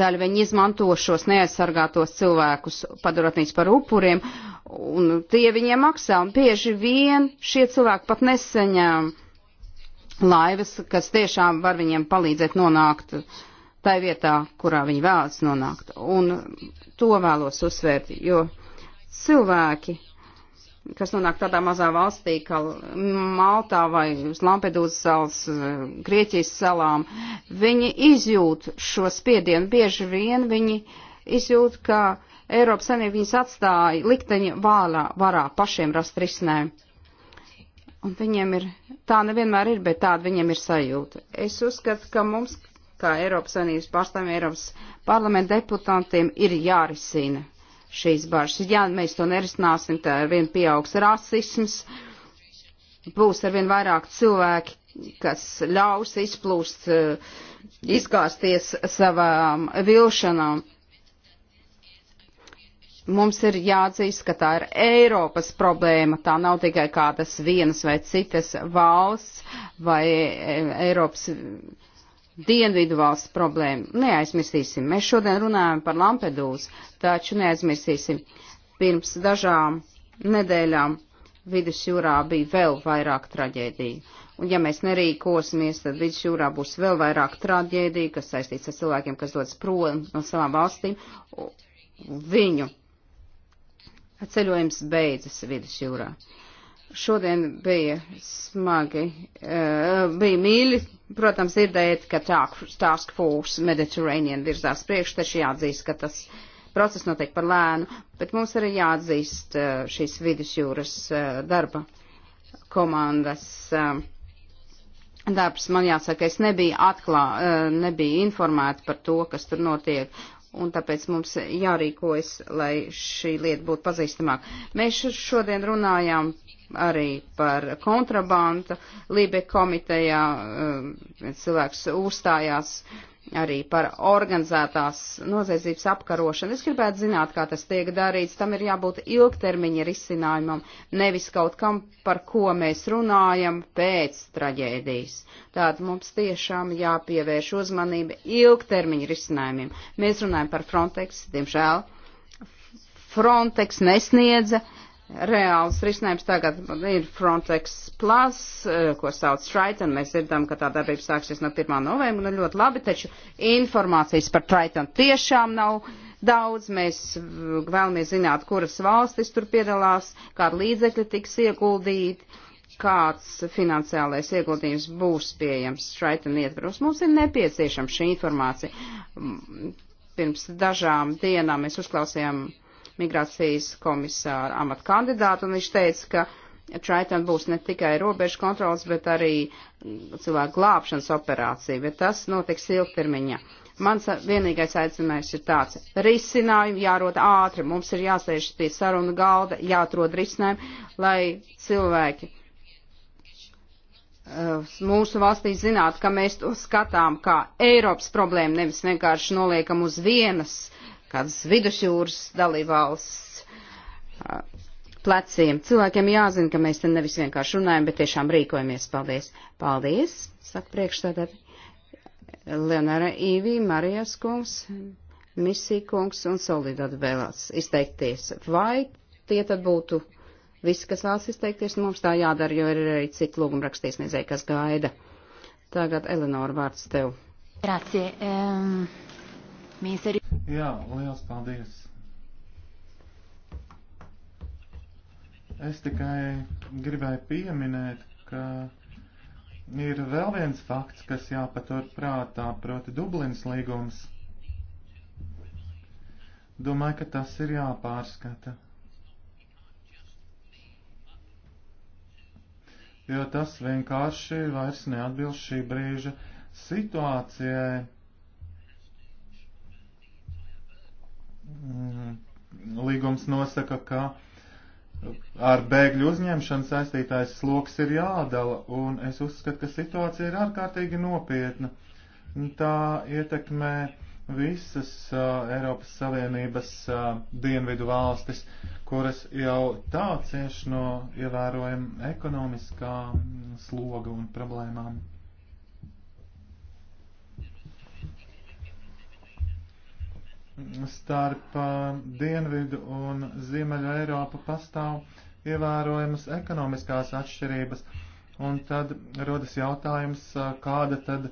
daļa, viņi izmanto šos neaizsargātos cilvēkus, padarot viņus par upuriem, un tie viņiem maksā, un bieži vien šie cilvēki pat nesaņem laivas, kas tiešām var viņiem palīdzēt nonākt tai vietā, kurā viņi vēlas nonākt. Un to vēlos uzsvērt, jo cilvēki kas nonāk tādā mazā valstī, kā Maltā vai uz Lampedūzas salas, eh, Grieķijas salām, viņi izjūt šo spiedienu. Bieži vien viņi izjūt, ka Eiropas Savienība viņus atstāja likteņa vārā, varā pašiem rast risinājumu. Un viņiem ir, tā nevienmēr ir, bet tāda viņiem ir sajūta. Es uzskatu, ka mums, kā Eiropas Savienības pārstāvjiem, Eiropas parlamenta deputantiem, ir jārisina šīs bažas. Ja mēs to nerisināsim, tad arvien pieaugs rasisms, būs arvien vairāk cilvēki, kas ļaus izplūst, eh, izgāzties savām vilšanām. Mums ir jāatzīst, ka tā ir Eiropas problēma, tā nav tikai kādas vienas vai citas valsts vai eh, Eiropas Dienvidu valsts problēmu. Neaizmirsīsim, mēs šodien runājam par Lampedūzu, taču neaizmirsīsim, pirms dažām nedēļām vidusjūrā bija vēl vairāk traģēdiju. Un ja mēs nerīkosimies, tad vidusjūrā būs vēl vairāk traģēdiju, kas saistīts ar cilvēkiem, kas dodas prom no savām valstīm. Viņu ceļojums beidzas vidusjūrā. Uh, šodien bija smagi, uh, bija mīļi, protams, dzirdēt, ka Task Force Mediterranean virzās priekš, taču jāatzīst, ka tas process notiek par lēnu, bet mums arī jāatzīst uh, šīs vidusjūras uh, darba komandas. Uh, Darbs man jāsaka, es nebiju atklā, uh, nebiju informēta par to, kas tur notiek, un tāpēc mums jārīkojas, lai šī lieta būtu pazīstamāk. Mēs šodien runājām arī par kontrabandu. Lībe komitejā um, cilvēks uzstājās arī par organizētās noziedzības apkarošanu. Es gribētu zināt, kā tas tiek darīts. Tam ir jābūt ilgtermiņa risinājumam, nevis kaut kam, par ko mēs runājam pēc traģēdijas. Tātad mums tiešām jāpievērš uzmanība ilgtermiņa risinājumiem. Mēs runājam par Frontex, diemžēl. Frontex nesniedza uh, reāls risinājums tagad ir Frontex Plus, eh, ko sauc Triton. Mēs dzirdam, ka tā darbība sāksies no 1. novembra, nu ļoti labi, taču informācijas par Triton tiešām nav daudz. Mēs eh, vēlamies zināt, kuras valstis tur piedalās, kāda līdzekļa tiks ieguldīti, kāds finansiālais ieguldījums būs pieejams Triton ietvaros. Mums ir nepieciešama šī informācija. Mm, pirms dažām dienām mēs uzklausījām migrācijas komisāra amata kandidātu, un viņš teica, ka Triton būs ne tikai robežu kontrols, bet arī mm, cilvēku glābšanas operācija, bet tas notiks ilgtermiņā. Mans vienīgais aicinājums ir tāds - risinājumi jārod ātri, mums ir jāsēž pie sarunu galda, jāatrod risinājumi, lai cilvēki uh, mūsu valstī zinātu, ka mēs to skatām kā Eiropas problēmu, nevis vienkārši noliekam uz vienas kādas vidusjūras dalībvalsts pleciem. Cilvēkiem jāzina, ka mēs te nevis vienkārši runājam, bet tiešām rīkojamies. Paldies! Paldies! Saka priekšstādāt Leonora Īvī, Marijas kungs, Misija kungs un Solidot vēlās izteikties. Vai tie tad būtu visi, kas vēlas izteikties, nu, mums tā jādara, jo ir arī citi lūgumrakstīsniedzēji, kas gaida. Tagad, Elinora, vārds tev. Grazie. Um, mēs arī Jā, liels paldies. Es tikai gribēju pieminēt, ka ir vēl viens fakts, kas jāpatur prātā, proti Dublins līgums. Domāju, ka tas ir jāpārskata. Jo tas vienkārši vairs neatbilst šī brīža situācijai. Mm, līgums nosaka, ka ar bēgļu uzņemšanu saistītais sloks ir jādala, un es uzskatu, ka situācija ir ārkārtīgi nopietna. Tā ietekmē visas uh, Eiropas Savienības uh, dienvidu valstis, kuras jau tā cieš no ievērojama ekonomiskā mm, sloga un problēmām. starp eh, Dienvidu un Ziemeļu Eiropu pastāv ievērojamas ekonomiskās atšķirības, un tad rodas jautājums, eh, kāda tad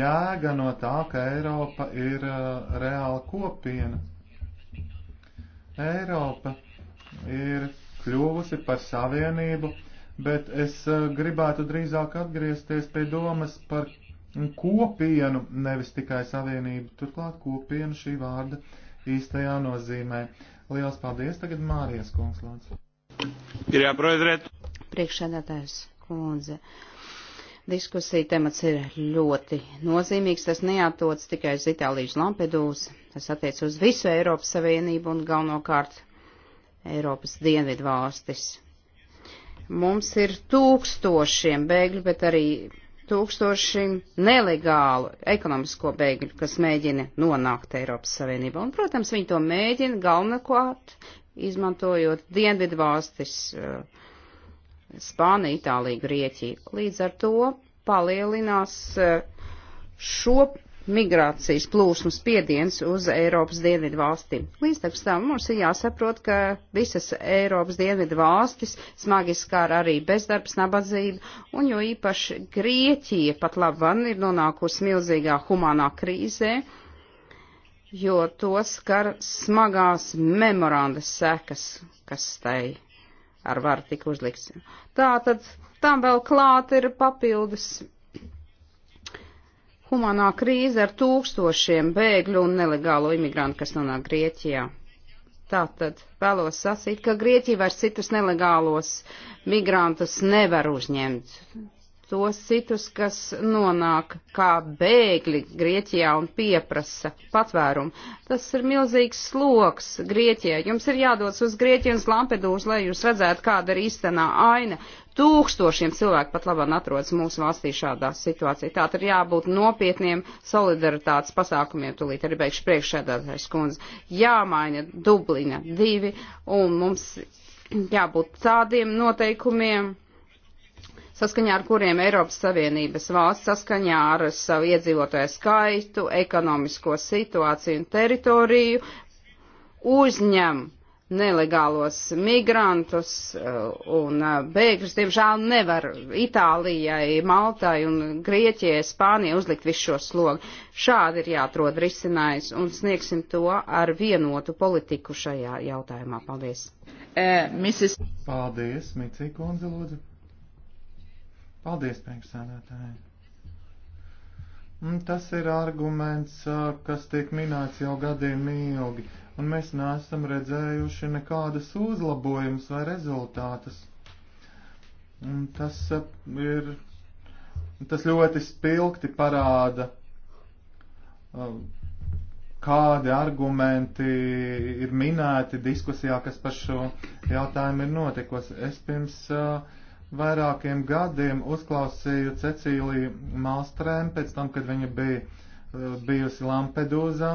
jēga no tā, ka Eiropa ir eh, reāla kopiena. Eiropa ir kļuvusi par savienību, bet es gribētu drīzāk atgriezties pie domas par kopienu, nevis tikai savienību, turklāt kopienu šī vārda īstajā nozīmē. Liels paldies tagad Mārijas kungs, lūdzu. Priekšsēdētājs kundze. Diskusija temats ir ļoti nozīmīgs. Tas neatots tikai uz Itālijas Lampedūs. Tas attiec uz visu Eiropas Savienību un galvenokārt Eiropas dienvidu valstis. Mums ir tūkstošiem bēgļu, bet arī tūkstoši nelegālu ekonomisko bēgļu, kas mēģina nonākt Eiropas Savienībā. Un, protams, viņi to mēģina galvenokārt izmantojot dienvidu valstis eh, Spāniju, Itāliju, Grieķiju. Līdz ar to palielinās eh, šo migrācijas plūsmas spiediens uz Eiropas dienvidu valstīm. Līdz tam mums ir jāsaprot, ka visas Eiropas dienvidu valstis smagi skāra arī bezdarbs, nabadzība, un jo īpaši Grieķija pat labam ir nonākusi milzīgā humanā krīzē, jo to skar smagās memoranda sekas, kas tai ar varu tik uzliks. Tā tad tam vēl klāt ir papildus humanā krīze ar tūkstošiem bēgļu un nelegālo imigrantu, kas nonāk Grieķijā. Tātad vēlos sacīt, ka Grieķija vairs citus nelegālos migrantus nevar uzņemt. Tos citus, kas nonāk kā bēgļi Grieķijā un pieprasa patvērumu. Tas ir milzīgs sloks Grieķijai. Jums ir jādodas uz Grieķiju un Lampedūzu, lai jūs redzētu, kāda ir īstenā aina. Tūkstošiem cilvēku pat labāk atrodas mūsu valstī šādā situācijā. Tā tad ir jābūt nopietniem solidaritātes pasākumiem, tūlīt arī beigšu priekšsēdētājs kundze. Jāmaina Dublina divi un mums jābūt tādiem noteikumiem saskaņā ar kuriem Eiropas Savienības valsts saskaņā ar savu iedzīvotāju skaitu, ekonomisko situāciju un teritoriju uzņem nelegālos migrantus uh, un uh, bēgļus. Diemžēl nevar Itālijai, Maltai un Grieķijai, Spānijai uzlikt visu šo slogu. Šādi ir jāatrod risinājums un sniegsim to ar vienotu politiku šajā jautājumā. Paldies. Uh, eh, Mrs. Paldies, Micī Kundze, lūdzu. Paldies, priekšsēdētāji. Mm, tas ir arguments, eh, kas tiek minēts jau gadiem ilgi un mēs neesam redzējuši nekādas uzlabojumus vai rezultātus. Un tas eh, ir, tas ļoti spilgti parāda, eh, kādi argumenti ir minēti diskusijā, kas par šo jautājumu ir notikusi. Es pirms uh, vairākiem gadiem uzklausīju Cecīliju Malstrēmu pēc tam, kad viņa bija bijusi Lampedūzā.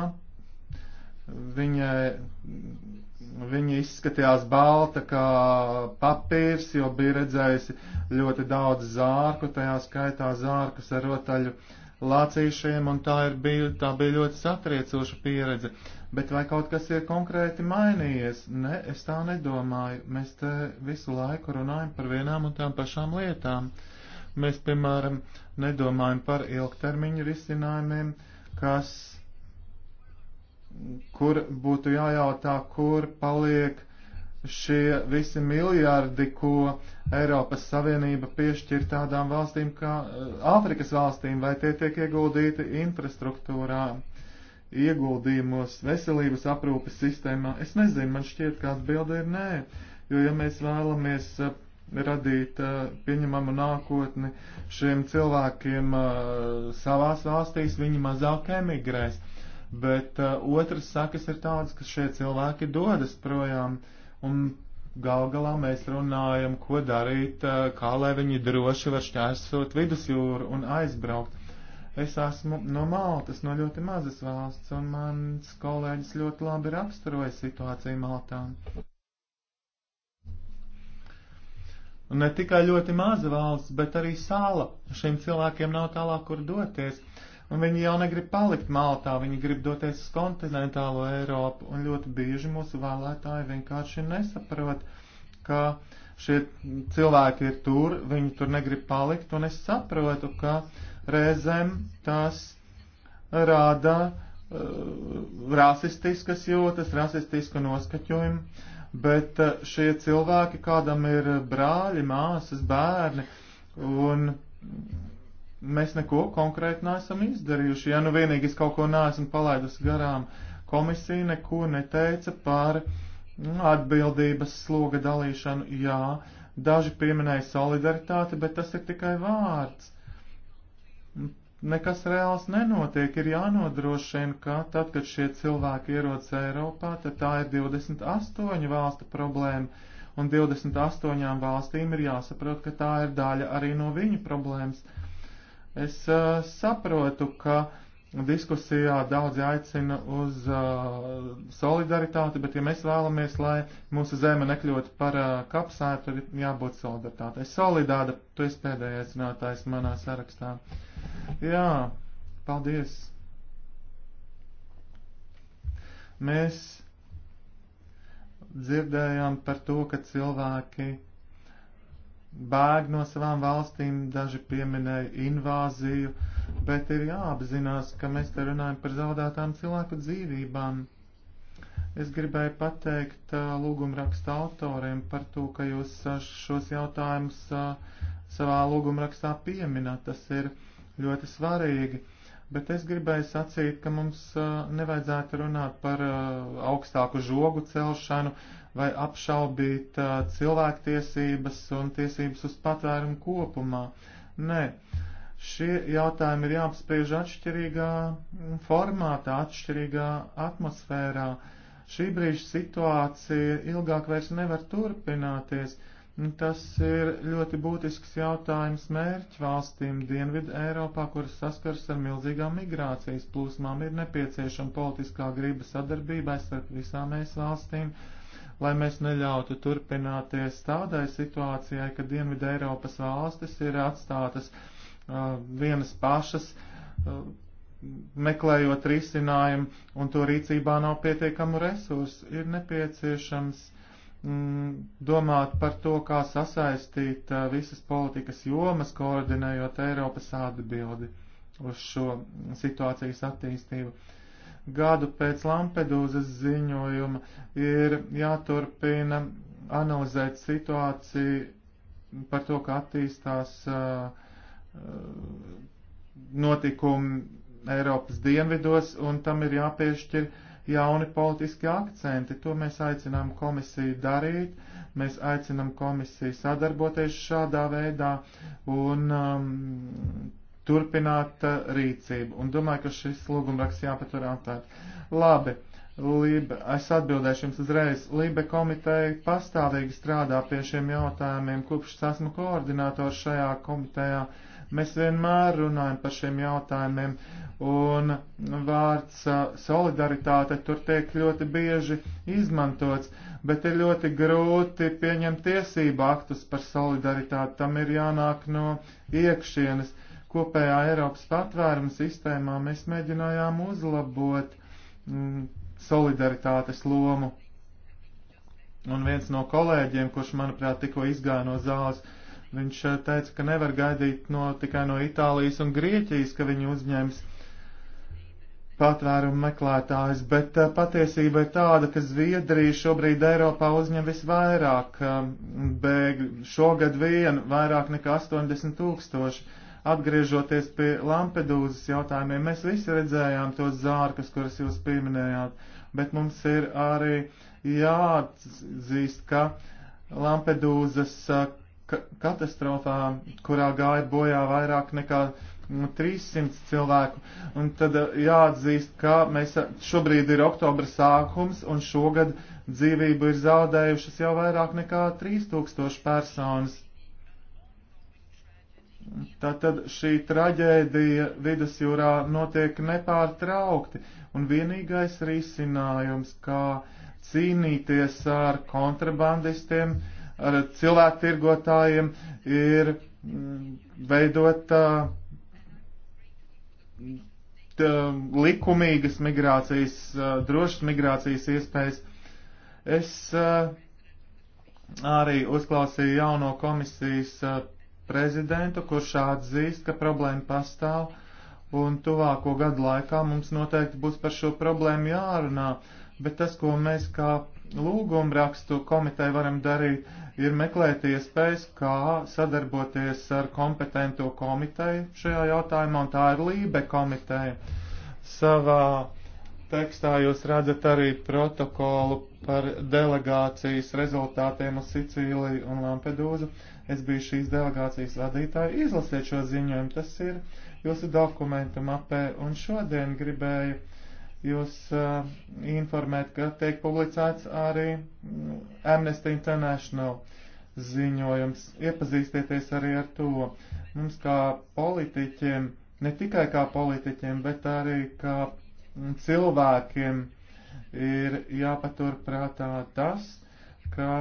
Viņai, viņa izskatījās balta kā papīrs, jo bija redzējusi ļoti daudz zārku, tajā skaitā zārkus ar rotaļu lācīšiem, un tā, ir, bija, tā bija ļoti satriecoša pieredze. Bet vai kaut kas ir konkrēti mainījies? Nē, es tā nedomāju. Mēs te visu laiku runājam par vienām un tām pašām lietām. Mēs, piemēram, nedomājam par ilgtermiņu risinājumiem, kas kur būtu jājautā, kur paliek šie visi miljardi, ko Eiropas Savienība piešķir tādām valstīm kā eh, Āfrikas valstīm, vai tie tiek ieguldīti infrastruktūrā, ieguldījumos, veselības aprūpes sistēmā. Es nezinu, man šķiet, ka atbilde ir nē, jo ja mēs vēlamies eh, radīt eh, pieņemamu nākotni šiem cilvēkiem savās valstīs, viņi mazāk emigrēs bet uh, otras sakas ir tādas, ka šie cilvēki dodas projām. Un gal galā mēs runājam, ko darīt, uh, kā lai viņi droši var šķērsot vidusjūru un aizbraukt. Es esmu no Maltas, no ļoti mazas valsts, un mans kolēģis ļoti labi raksturoja situāciju Maltā. Un ne tikai ļoti maza valsts, bet arī sala. Šiem cilvēkiem nav tālāk, kur doties. Un viņi jau negrib palikt Maltā, viņi grib doties uz kontinentālo Eiropu, un ļoti bieži mūsu vēlētāji vienkārši nesaprot, ka šie cilvēki ir tur, viņi tur negrib palikt, un es saprotu, ka reizēm tas rada uh, rasistiskas jūtas, rasistisku noskaņojumu, bet uh, šie cilvēki kādam ir brāļi, māsas, bērni, un Mēs neko konkrēti neesam izdarījuši. Ja nu vienīgi es kaut ko neesmu palaidusi garām, komisija neko neteica par nu, atbildības sloga dalīšanu. Jā, daži pieminēja solidaritāti, bet tas ir tikai vārds. Nekas reāls nenotiek. Ir jānodrošina, ka tad, kad šie cilvēki ierodas Eiropā, tad tā ir 28 valstu problēma un 28 valstīm ir jāsaprot, ka tā ir daļa arī no viņu problēmas. Es uh, saprotu, ka diskusijā daudzi aicina uz uh, solidaritāti, bet ja mēs vēlamies, lai mūsu zeme nekļūtu par uh, kapsētu, tad jābūt solidaritātei. Solidāda, tu esi pēdējais zinātājs manā sarakstā. Jā, paldies. Mēs dzirdējām par to, ka cilvēki bēg no savām valstīm, daži pieminēja invāziju, bet ir jāapzinās, ka mēs te runājam par zaudētām cilvēku dzīvībām. Es gribēju pateikt lūgumraksta autoriem par to, ka jūs šos jautājumus savā lūgumrakstā pieminat. Tas ir ļoti svarīgi. Bet es gribēju sacīt, ka mums nevajadzētu runāt par augstāku žogu celšanu, vai apšaubīt uh, cilvēktiesības un tiesības uz patvērumu kopumā. Nē, šie jautājumi ir jāapspriež atšķirīgā formātā, atšķirīgā atmosfērā. Šī brīža situācija ilgāk vairs nevar turpināties. Tas ir ļoti būtisks jautājums mērķu valstīm Dienvidu Eiropā, kuras saskars ar milzīgām migrācijas plūsmām. Ir nepieciešama politiskā griba sadarbībai starp visām mēs valstīm, lai mēs neļautu turpināties tādai situācijai, ka Dienvidu Eiropas valstis ir atstātas uh, vienas pašas, uh, meklējot risinājumu, un to rīcībā nav pietiekamu resursu. Ir nepieciešams mm, domāt par to, kā sasaistīt uh, visas politikas jomas, koordinējot Eiropas atbildi uz šo situācijas attīstību. Uh, gadu pēc Lampedūzas ziņojuma ir jāturpina analizēt situāciju par to, kā attīstās uh, notikumi Eiropas dienvidos, un tam ir jāpiešķir jauni politiski akcenti. To mēs aicinām komisiju darīt, mēs aicinām komisiju sadarboties šādā veidā, un um, turpināt uh, rīcību. Un domāju, ka šis lūgumraksts jāpatur atvērt. Labi. Libe, es atbildēšu jums uzreiz. Libe komiteja pastāvīgi strādā pie šiem jautājumiem, kopš es esmu koordinators šajā komitejā. Mēs vienmēr runājam par šiem jautājumiem, un vārds uh, solidaritāte tur tiek ļoti bieži izmantots, bet ir ļoti grūti pieņemt tiesību aktus par solidaritāti. Tam ir jānāk no iekšienes kopējā Eiropas patvēruma sistēmā mēs mēģinājām uzlabot mm, solidaritātes lomu. Un viens no kolēģiem, kurš, manuprāt, tikko izgāja no zāles, viņš eh, teica, ka nevar gaidīt no, tikai no Itālijas un Grieķijas, ka viņi uzņems patvērumu meklētājus, bet eh, patiesība ir tāda, ka Zviedrija šobrīd Eiropā uzņem visvairāk eh, bēgļu, šogad vien vairāk nekā 80 tūkstoši Atgriežoties pie Lampedūzas jautājumiem, mēs visi redzējām tos zārkas, kuras jūs pieminējāt, bet mums ir arī jāatzīst, ka Lampedūzas katastrofā, kurā gāja bojā vairāk nekā 300 cilvēku. Un tad jāatzīst, ka mēs šobrīd ir oktobra sākums, un šogad dzīvību ir zaudējušas jau vairāk nekā 3000 personas. Tātad šī traģēdija vidusjūrā notiek nepārtraukti, un vienīgais risinājums, kā cīnīties ar kontrabandistiem, ar cilvēktirgotājiem, ir mm, veidot tā, tā, likumīgas migrācijas, drošas migrācijas iespējas. Es arī uzklausīju jauno komisijas prezidentu, kurš atzīst, ka problēma pastāv, un tuvāko gadu laikā mums noteikti būs par šo problēmu jārunā, bet tas, ko mēs kā lūgumrakstu komiteja varam darīt, ir meklēt iespējas, kā sadarboties ar kompetento komiteju šajā jautājumā, un tā ir Lībe komiteja. Savā tekstā jūs redzat arī protokolu par delegācijas rezultātiem uz Sicīliju un Lampedūzu. Uh, Es biju šīs delegācijas vadītāja. Izlasiet šo ziņojumu, tas ir jūsu dokumentu mapē. Un šodien gribēju jūs uh, informēt, ka tiek publicēts arī mm, Amnesty International ziņojums. Iepazīstieties arī ar to. Mums kā politiķiem, ne tikai kā politiķiem, bet arī kā mm, cilvēkiem ir jāpatur prātā tas, ka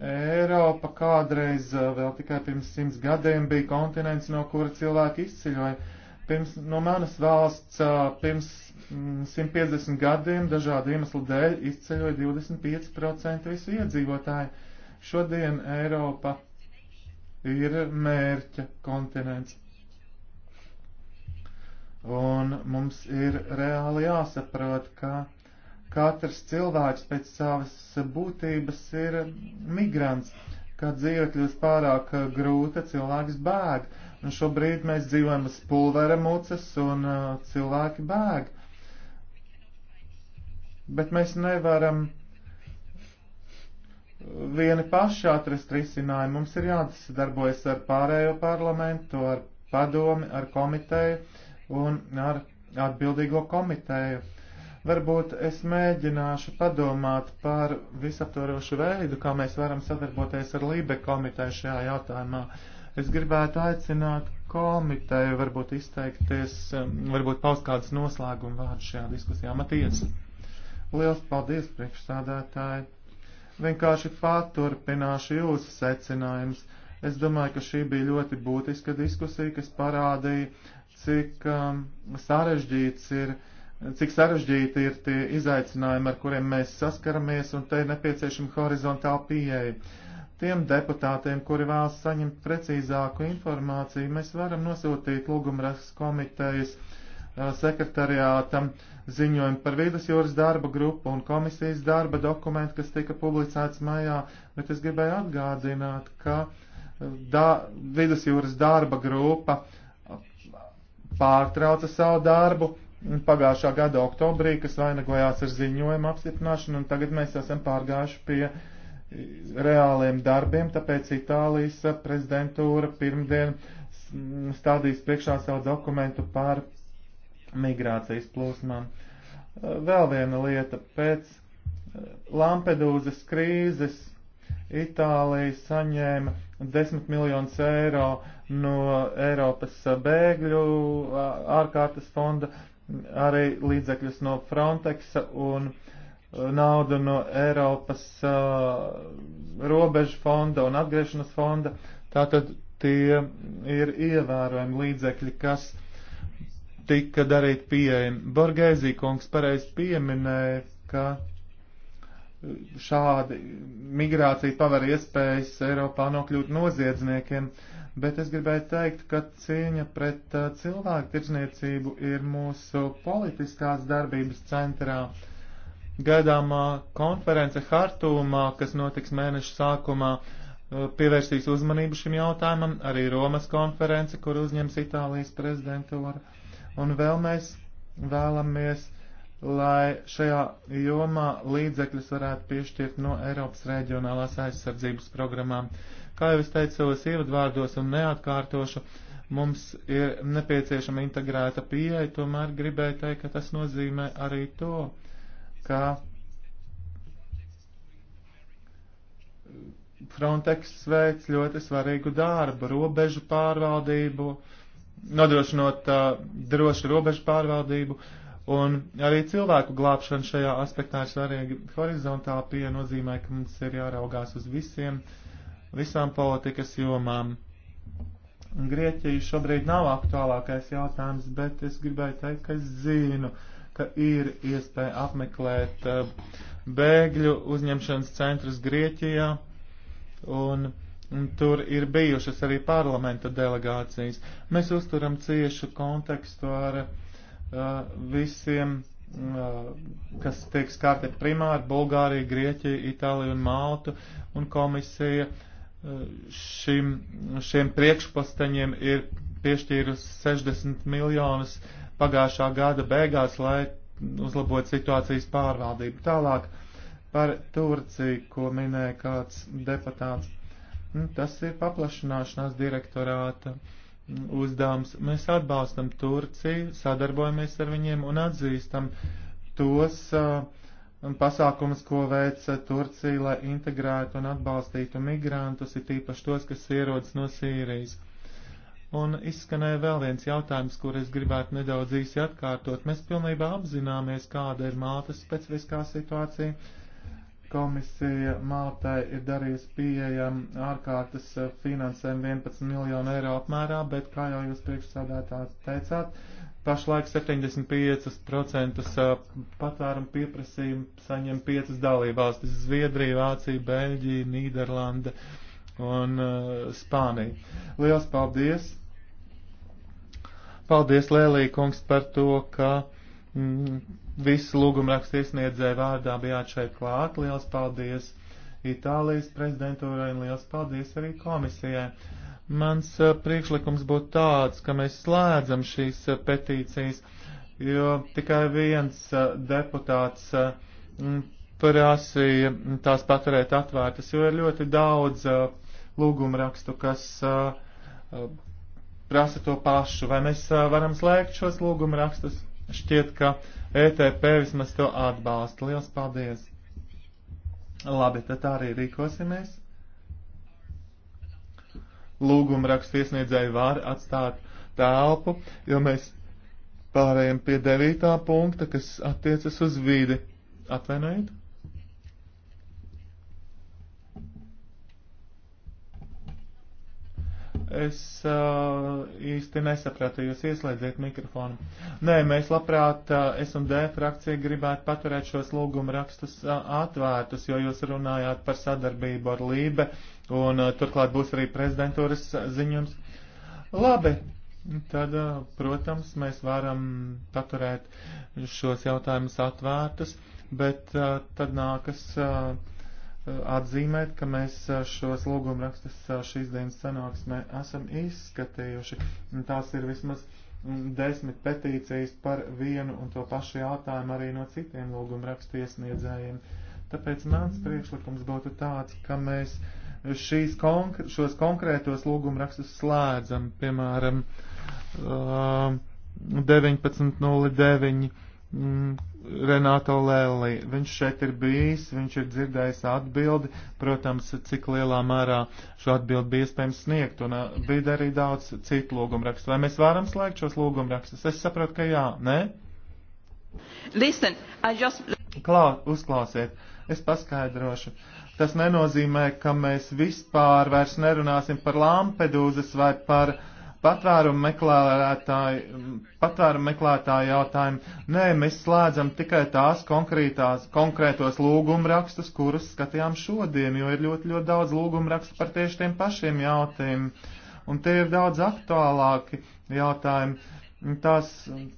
Eiropa kādreiz eh, vēl tikai pirms simts gadiem bija kontinents, no kura cilvēki izceļoja. Pirms, no manas valsts eh, pirms 150 mm, gadiem dažādu iemeslu dēļ izceļoja 25% visu iedzīvotāju. Šodien Eiropa ir mērķa kontinents. Un mums ir reāli jāsaprot, ka katrs cilvēks pēc savas būtības ir migrants. Kad dzīve kļūst pārāk grūta, cilvēks bēg. Un nu, šobrīd mēs dzīvojam uz pulvera mucas un uh, cilvēki bēg. Bet mēs nevaram vieni paši atrast risinājumu. Mums ir jāsadarbojas ar pārējo parlamentu, ar padomi, ar komiteju un ar atbildīgo komiteju. Uh, Varbūt es mēģināšu padomāt par visaptvarošu veidu, kā mēs varam sadarboties ar Lībe komiteju šajā jautājumā. Es gribētu aicināt komiteju varbūt izteikties, um, varbūt paust kādas noslēguma vārdus šajā diskusijā. Maties, liels paldies priekšsādātāji. Vienkārši paturpināšu jūsu secinājumus. Es domāju, ka šī bija ļoti būtiska diskusija, kas parādīja, cik um, sarežģīts ir uh, cik sarežģīti ir tie izaicinājumi, ar kuriem mēs saskaramies, un te ir nepieciešama horizontāla pieeja. Tiem deputātiem, kuri vēlas saņemt precīzāku informāciju, mēs varam nosūtīt lūgumrakstu komitejas sekretariātam ziņojumu par vīdas jūras darba grupu un komisijas darba dokumentu, kas tika publicēts maijā, bet es gribēju atgādināt, ka da, vidusjūras darba grupa pārtrauca savu darbu pagājušā gada oktobrī, kas vainagojās ar ziņojumu apstiprināšanu, un tagad mēs esam pārgājuši pie e, reāliem darbiem, tāpēc Itālijas prezidentūra pirmdien stādīs priekšā savu dokumentu par migrācijas plūsmām. E, vēl viena lieta. Pēc e, Lampedūzas krīzes Itālija saņēma 10 miljonus eiro no Eiropas bēgļu ārkārtas fonda, arī līdzekļus no Frontexa un uh, naudu no Eiropas uh, robežu fonda un atgriešanas fonda. Tātad tie ir ievērojami līdzekļi, kas tika darīt pieejami. Borgēzī kungs pareizi pieminēja, ka šādi migrācija paver iespējas Eiropā nokļūt noziedzniekiem, bet es gribēju teikt, ka cīņa pret uh, cilvēku tirzniecību ir mūsu politiskās darbības centrā. Gaidāmā konference Hartūmā, kas notiks mēneša sākumā, uh, pievērsīs uzmanību šim jautājumam, arī Romas konference, kur uzņems Itālijas prezidentūra. Un vēl mēs vēlamies uh, lai šajā jomā līdzekļus varētu piešķirt no Eiropas reģionālās aizsardzības programmām. Kā jau es teicu savos ievadvārdos un neatkārtošu, mums ir nepieciešama integrēta pieeja, tomēr gribēju teikt, ka tas nozīmē arī to, ka Frontex veic ļoti svarīgu darbu, robežu pārvaldību, nodrošinot uh, drošu robežu pārvaldību, uh, Un arī cilvēku glābšana šajā aspektā ir svarīga. Horizontāla pieeja nozīmē, ka mums ir jāraugās uz visiem, visām politikas jomām. Grieķija šobrīd nav aktuālākais jautājums, bet es gribēju teikt, ka es zinu, ka ir iespēja apmeklēt eh, bēgļu uzņemšanas centrus Grieķijā. Un Un tur ir bijušas arī parlamenta delegācijas. Mēs uzturam ciešu kontekstu ar uh, Eh, visiem, eh, kas tiek skārti primāri Bulgārija, Grieķija, Itālija un Maltu, un komisija eh, šim, šiem priekšposteņiem ir piešķīrusi 60 miljonus pagājušā gada beigās, lai uzlabot situācijas pārvaldību. Tālāk par Turciju, ko minēja kāds deputāts. Nu, tas ir paplašināšanās direktorāta uh, uzdevums. Mēs atbalstam Turciju, sadarbojamies ar viņiem un atzīstam tos uh, pasākumus, ko veic uh, Turcija, lai integrētu un atbalstītu migrantus, ir tīpaši tos, kas ierodas no Sīrijas. Un izskanēja vēl viens jautājums, kur es gribētu nedaudz īsi atkārtot. Mēs pilnībā apzināmies, kāda ir Maltas specifiskā situācija Komisija Maltai ir darījusi pieejam ārkārtas eh, finansēm 11 miljonu eiro apmērā, bet, kā jau jūs priekšsādātājs teicāt, pašlaik 75% eh, patvērumu pieprasījumu saņem 5 dalībvalstis - Zviedrija, Vācija, Beļģija, Nīderlanda un uh, Spānija. Lielas paldies! Paldies, Lēlī kungs, par to, ka mm, Visi lūgumraksta iesniedzēja vārdā bijāt šeit klāt. Liels paldies Itālijas prezidentūrai un liels paldies arī komisijai. Mans eh, priekšlikums būtu tāds, ka mēs slēdzam šīs eh, petīcijas, jo tikai viens eh, deputāts prasīja tās paturēt atvērtas, jo ir ļoti daudz lūgumrakstu, kas prasa to pašu. Vai mēs varam slēgt šos lūgumrakstus? Šķiet, ka ETP vismaz to atbalsta. Liels paldies! Labi, tad tā arī rīkosimies. Lūguma rakstu iesniedzēju var atstāt telpu, jo mēs pārējiem pie devītā punkta, kas attiecas uz vīdi. Atvainojiet! Es uh, īsti nesapratu, jūs ieslēdziet mikrofonu. Nē, mēs labprāt uh, S&D frakcija gribētu paturēt šos lūguma rakstus uh, atvērtus, jo jūs runājāt par sadarbību ar Lībe, un uh, turklāt būs arī prezidentūras ziņums. Labi, tad, uh, protams, mēs varam paturēt šos jautājumus atvērtus, bet uh, tad nākas. Uh, atzīmēt, ka mēs šos lūgumrakstus šīs dienas sanāksmē esam izskatījuši. Tās ir vismaz desmit petīcijas par vienu un to pašu jautājumu arī no citiem lūgumrakstu iesniedzējiem. Tāpēc mans priekšlikums būtu tāds, ka mēs šīs konk šos konkrētos lūgumrakstus slēdzam, piemēram, uh, 19.09 mm, Renato Lelli. Viņš šeit ir bijis, viņš ir dzirdējis atbildi, protams, cik lielā mērā šo atbildi bija iespējams sniegt, un bija arī daudz citu lūgumrakstu. Vai mēs varam slēgt šos lūgumrakstus? Es saprotu, ka jā, nē? Listen, I just... Klā, uzklāsiet, es paskaidrošu. Tas nenozīmē, ka mēs vispār vairs nerunāsim par Lampedūzas vai par uh, patvērumu meklētāju, patvērumu meklētāju jautājumu. Nē, mēs slēdzam tikai tās konkrētos lūgumrakstus, kurus skatījām šodien, jo ir ļoti, ļoti daudz lūgumrakstu par tieši tiem pašiem jautājumiem. Un tie ir daudz aktuālāki jautājumi. Tās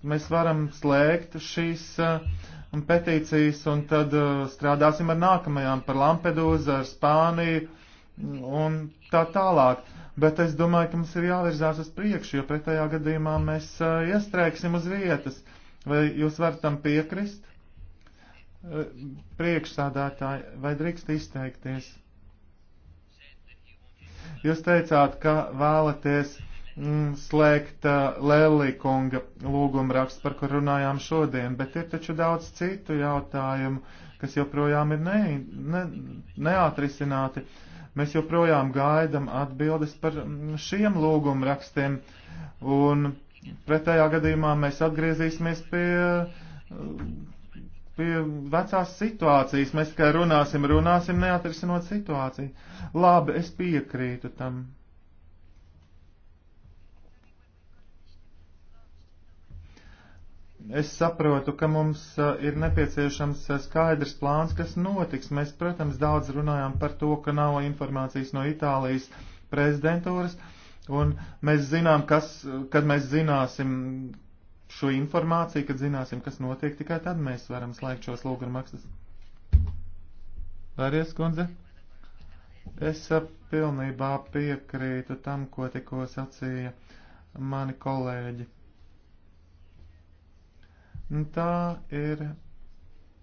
mēs varam slēgt šīs uh, petīcijas un tad uh, strādāsim ar nākamajām par Lampedūzu, ar Spāniju un tā tālāk bet es domāju, ka mums ir jāvirzās uz priekšu, jo pretējā gadījumā mēs uh, iestrēgsim uz vietas. Vai jūs varat tam piekrist? Uh, priekšsādātāji, vai drīkst izteikties? Jūs teicāt, ka vēlaties mm, slēgt uh, eh, Lēlīkunga lūguma raksts, par kur runājām šodien, bet ir taču daudz citu jautājumu, kas joprojām ir ne, ne, neatrisināti. Uh, Mēs joprojām gaidam atbildes par šiem lūgumrakstiem, un pretējā gadījumā mēs atgriezīsimies pie, pie vecās situācijas. Mēs tikai runāsim, runāsim, neatrisinot situāciju. Labi, es piekrītu tam. Es saprotu, ka mums ir nepieciešams skaidrs plāns, kas notiks. Mēs, protams, daudz runājām par to, ka nav informācijas no Itālijas prezidentūras, un mēs zinām, kas, kad mēs zināsim šo informāciju, kad zināsim, kas notiek, tikai tad mēs varam slēgt šos lūgurmaksas. Lērijas kundze, es pilnībā piekrītu tam, ko tikko sacīja mani kolēģi. Un nu, tā ir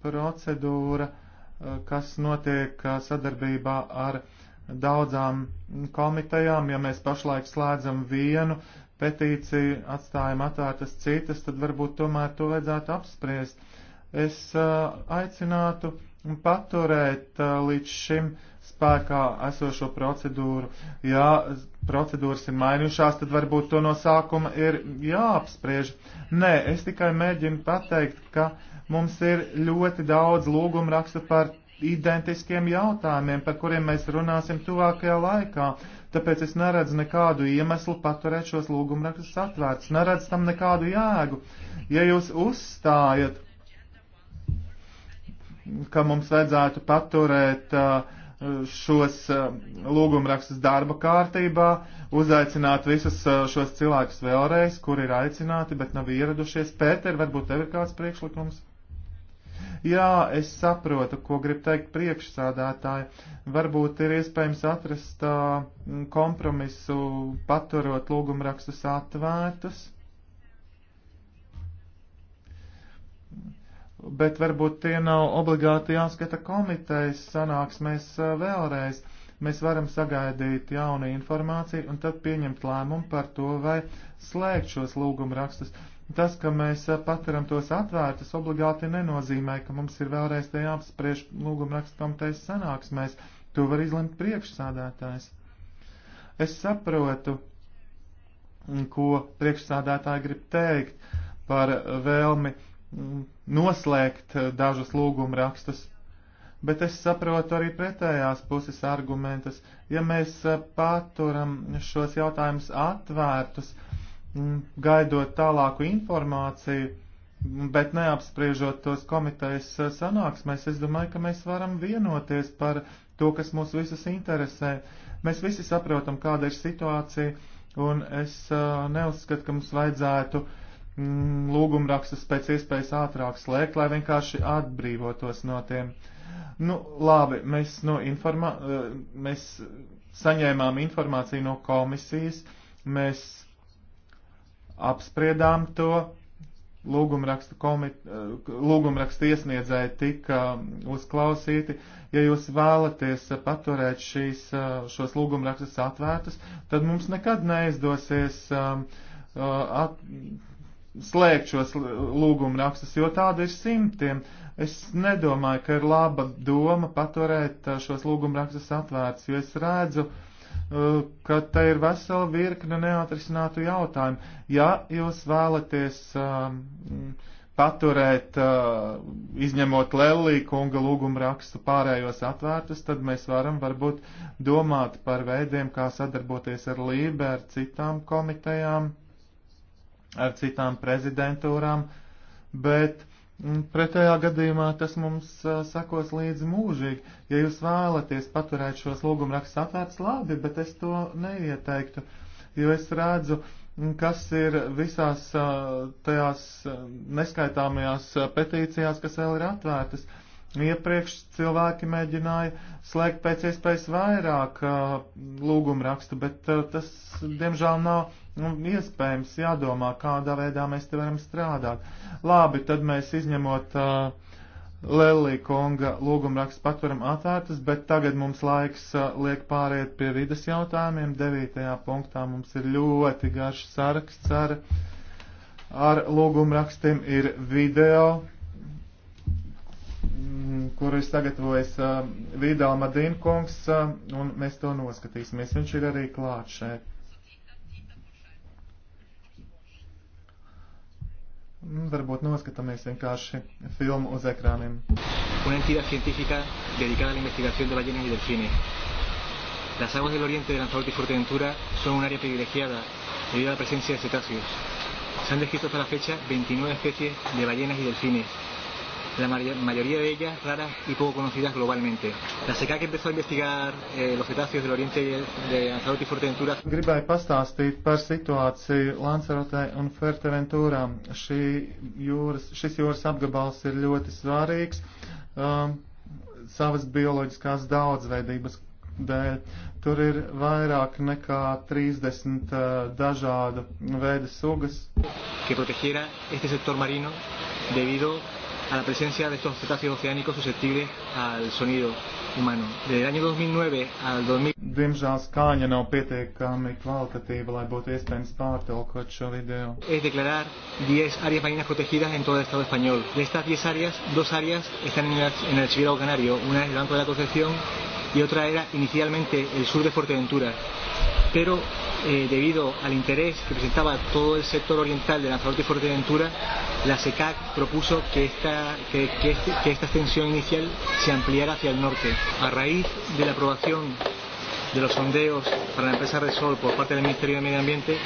procedūra, eh, kas notiek eh, sadarbībā ar daudzām komitejām. Ja mēs pašlaik slēdzam vienu petīciju, atstājam atvērtas citas, tad varbūt tomēr to vajadzētu apspriest. Es eh, aicinātu paturēt līdz šim uh, spēkā esošo procedūru. Ja procedūras ir mainījušās, tad varbūt to no sākuma ir jāapspriež. Nē, es tikai mēģinu pateikt, ka mums ir ļoti daudz lūgumu rakstu par identiskiem jautājumiem, par kuriem mēs runāsim tuvākajā laikā. Tāpēc es neredzu nekādu iemeslu paturēt šos lūgumrakstus atvērtus, neredzu tam nekādu jēgu. Ja jūs uzstājat, ka mums vajadzētu paturēt uh, šos eh, lūgumrakstus darba kārtībā, uzaicināt visus eh, šos cilvēkus vēlreiz, kur ir aicināti, bet nav ieradušies. Pēter, varbūt tev ir kāds priekšlikums? Jā, es saprotu, ko grib teikt priekšsādātāji. Varbūt ir iespējams atrast eh, kompromisu, paturot lūgumrakstus atvērtus bet varbūt tie nav obligāti jāskata komitejas sanāksmēs vēlreiz. Mēs varam sagaidīt jaunu informāciju un tad pieņemt lēmumu par to, vai slēgt šos lūgumu rakstus. Tas, ka mēs paturam tos atvērtus, obligāti nenozīmē, ka mums ir vēlreiz tie jāapspriež lūgumu rakstu komitejas sanāksmēs. To var izlemt priekšsādātājs. Es saprotu, ko priekšsādātāji grib teikt par vēlmi noslēgt eh, dažus lūgumu rakstus, bet es saprotu arī pretējās puses argumentus. Ja mēs eh, paturam šos jautājumus atvērtus, mm, gaidot tālāku informāciju, mm, bet neapspriežot tos komitejas eh, sanāksmēs, es domāju, ka mēs varam vienoties par to, kas mūs visus interesē. Mēs visi saprotam, kāda ir situācija, un es neuzskatu, ka mums vajadzētu uh, Mm, lūgumrakstus pēc iespējas ātrāk slēgt, lai vienkārši atbrīvotos no tiem. Nu, labi, mēs, no informā eh, mēs saņēmām informāciju no komisijas, mēs apspriedām to, lūgumrakstu, komit, eh, lūgumrakstu iesniedzēji tika mm, uzklausīti. Ja jūs vēlaties eh, paturēt šīs, šos lūgumrakstus atvērtus, tad mums nekad neizdosies at, slēgt šos lūgumu rakstus, jo tāda ir simtiem. Es nedomāju, ka ir laba doma paturēt šos lūgumu rakstus atvērts, jo es redzu, ka te ir vesela virkne neatrisinātu jautājumu. Ja jūs vēlaties paturēt, izņemot Lellī kunga lūgumu rakstu pārējos atvērtus, tad mēs varam varbūt domāt par veidiem, kā sadarboties ar Lībe, ar citām komitejām ar citām prezidentūrām, bet mm, pretējā gadījumā tas mums sakos līdzi mūžīgi. Ja jūs vēlaties paturēt šos lūgumrakstus atvērts, labi, bet es to neieteiktu, jo es redzu, mm, kas ir visās tajās neskaitāmajās petīcijās, kas vēl ir atvērtas. Iepriekš cilvēki mēģināja slēgt pēc iespējas vairāk lūgumrakstu, bet tas, diemžēl, nav Nu, iespējams, jādomā, kādā veidā mēs te varam strādāt. Labi, tad mēs izņemot uh, Lelī Konga lūgumrakstu patvaram atvērtas, bet tagad mums laiks uh, liek pāriet pie vidas jautājumiem. Devītajā punktā mums ir ļoti garš saraksts ar, ar lūgumrakstiem. Ir video, mm, kuru ir sagatavojis uh, Vidāla Madīnkungs, uh, un mēs to noskatīsimies. Viņš ir arī klāt šeit. Nu, varbūt noskatāmies vienkārši filmu uz ekrāniem. Una entidad científica dedicada a la investigación de ballenas y delfines. Las aguas del oriente de Lanzarote y Fuerteventura son un área privilegiada debido a la presencia de cetáceos. Se han descrito hasta la fecha 29 especies de ballenas y delfines, la mayoría de ellas raras y poco conocidas globalmente. La SECA que empezó a investigar eh, los cetáceos del oriente de Lanzarote y Fuerteventura. Gribēju pastāstīt par situāciju Lanzarotē un Fuerteventurā. Šī jūras, šis jūras apgabals ir ļoti svarīgs um, savas bioloģiskās daudzveidības dēļ. Tur ir vairāk nekā 30 uh, dažādu veidu sugas. Que protegiera este sector marino debido a la presencia de estos cetáceos oceánicos susceptibles al sonido humano. Desde el año 2009 al 2000. Diemžēl skaņa nav pietiekami kvalitatīva, lai būtu iespējams pārtulkot šo video. Es declarar 10 áreas marinas protegidas en todo el estado español. De estas 10 áreas, dos áreas están en el, en el archipiélago canario. Una es el Banco de la Concepción y otra era inicialmente el sur de Fuerteventura. Pero eh, debido al interés que presentaba todo el sector oriental de Lanzarote y Fuerteventura, la SECAC propuso que esta, que, que, este, que esta extensión inicial se ampliara hacia el norte. A raíz de la aprobación de los sondeos para la empresa Resol por parte del Ministerio de Medio Ambiente,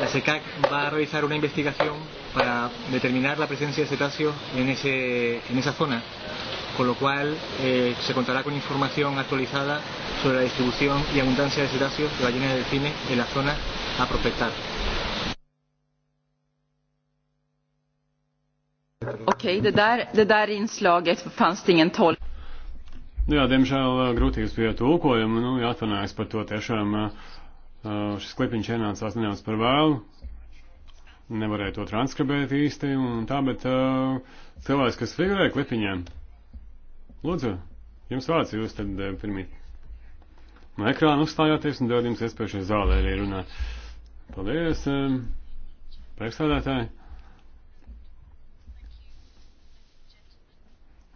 la SECAC va a realizar una investigación para determinar la presencia de cetáceos en, ese, en esa zona con lo cual eh, se contará con información actualizada sobre la distribución y abundancia de cetáceos y ballenas de delfines en la zona a prospectar. Okej, okay, det, där, det där inslaget fanns det ingen tolk. Nu, Jā, diemžēl eh, grūtības bija tulkojuma, nu, jāatvainojas par to tiešām. Eh, eh, šis klipiņš ienācās nedaudz par vēlu, nevarēja to transkribēt īsti, un tā, bet cilvēks, kas figurēja klipiņiem, Lūdzu, jums vārds, jūs tad eh, pirmie no ekrāna uzstājāties un dod jums iespēju šajā zālē arī runāt. Paldies, eh, priekšstādātāji.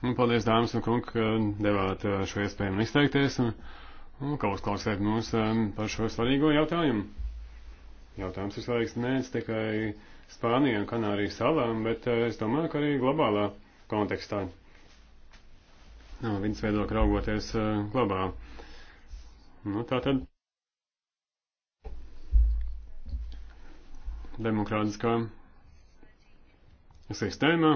Un nu, paldies, dāmas un kungi, ka devāt eh, šo iespēju man izteikties un, un ka uzklausēt mūs par šo svarīgo jautājumu. Jautājums ir svarīgs ne tikai Spānijai un Kanārijas salām, bet es domāju, ka arī globālā kontekstā no viņas viedokļa raugoties glabā. Nu, tā tad demokrātiskā sistēmā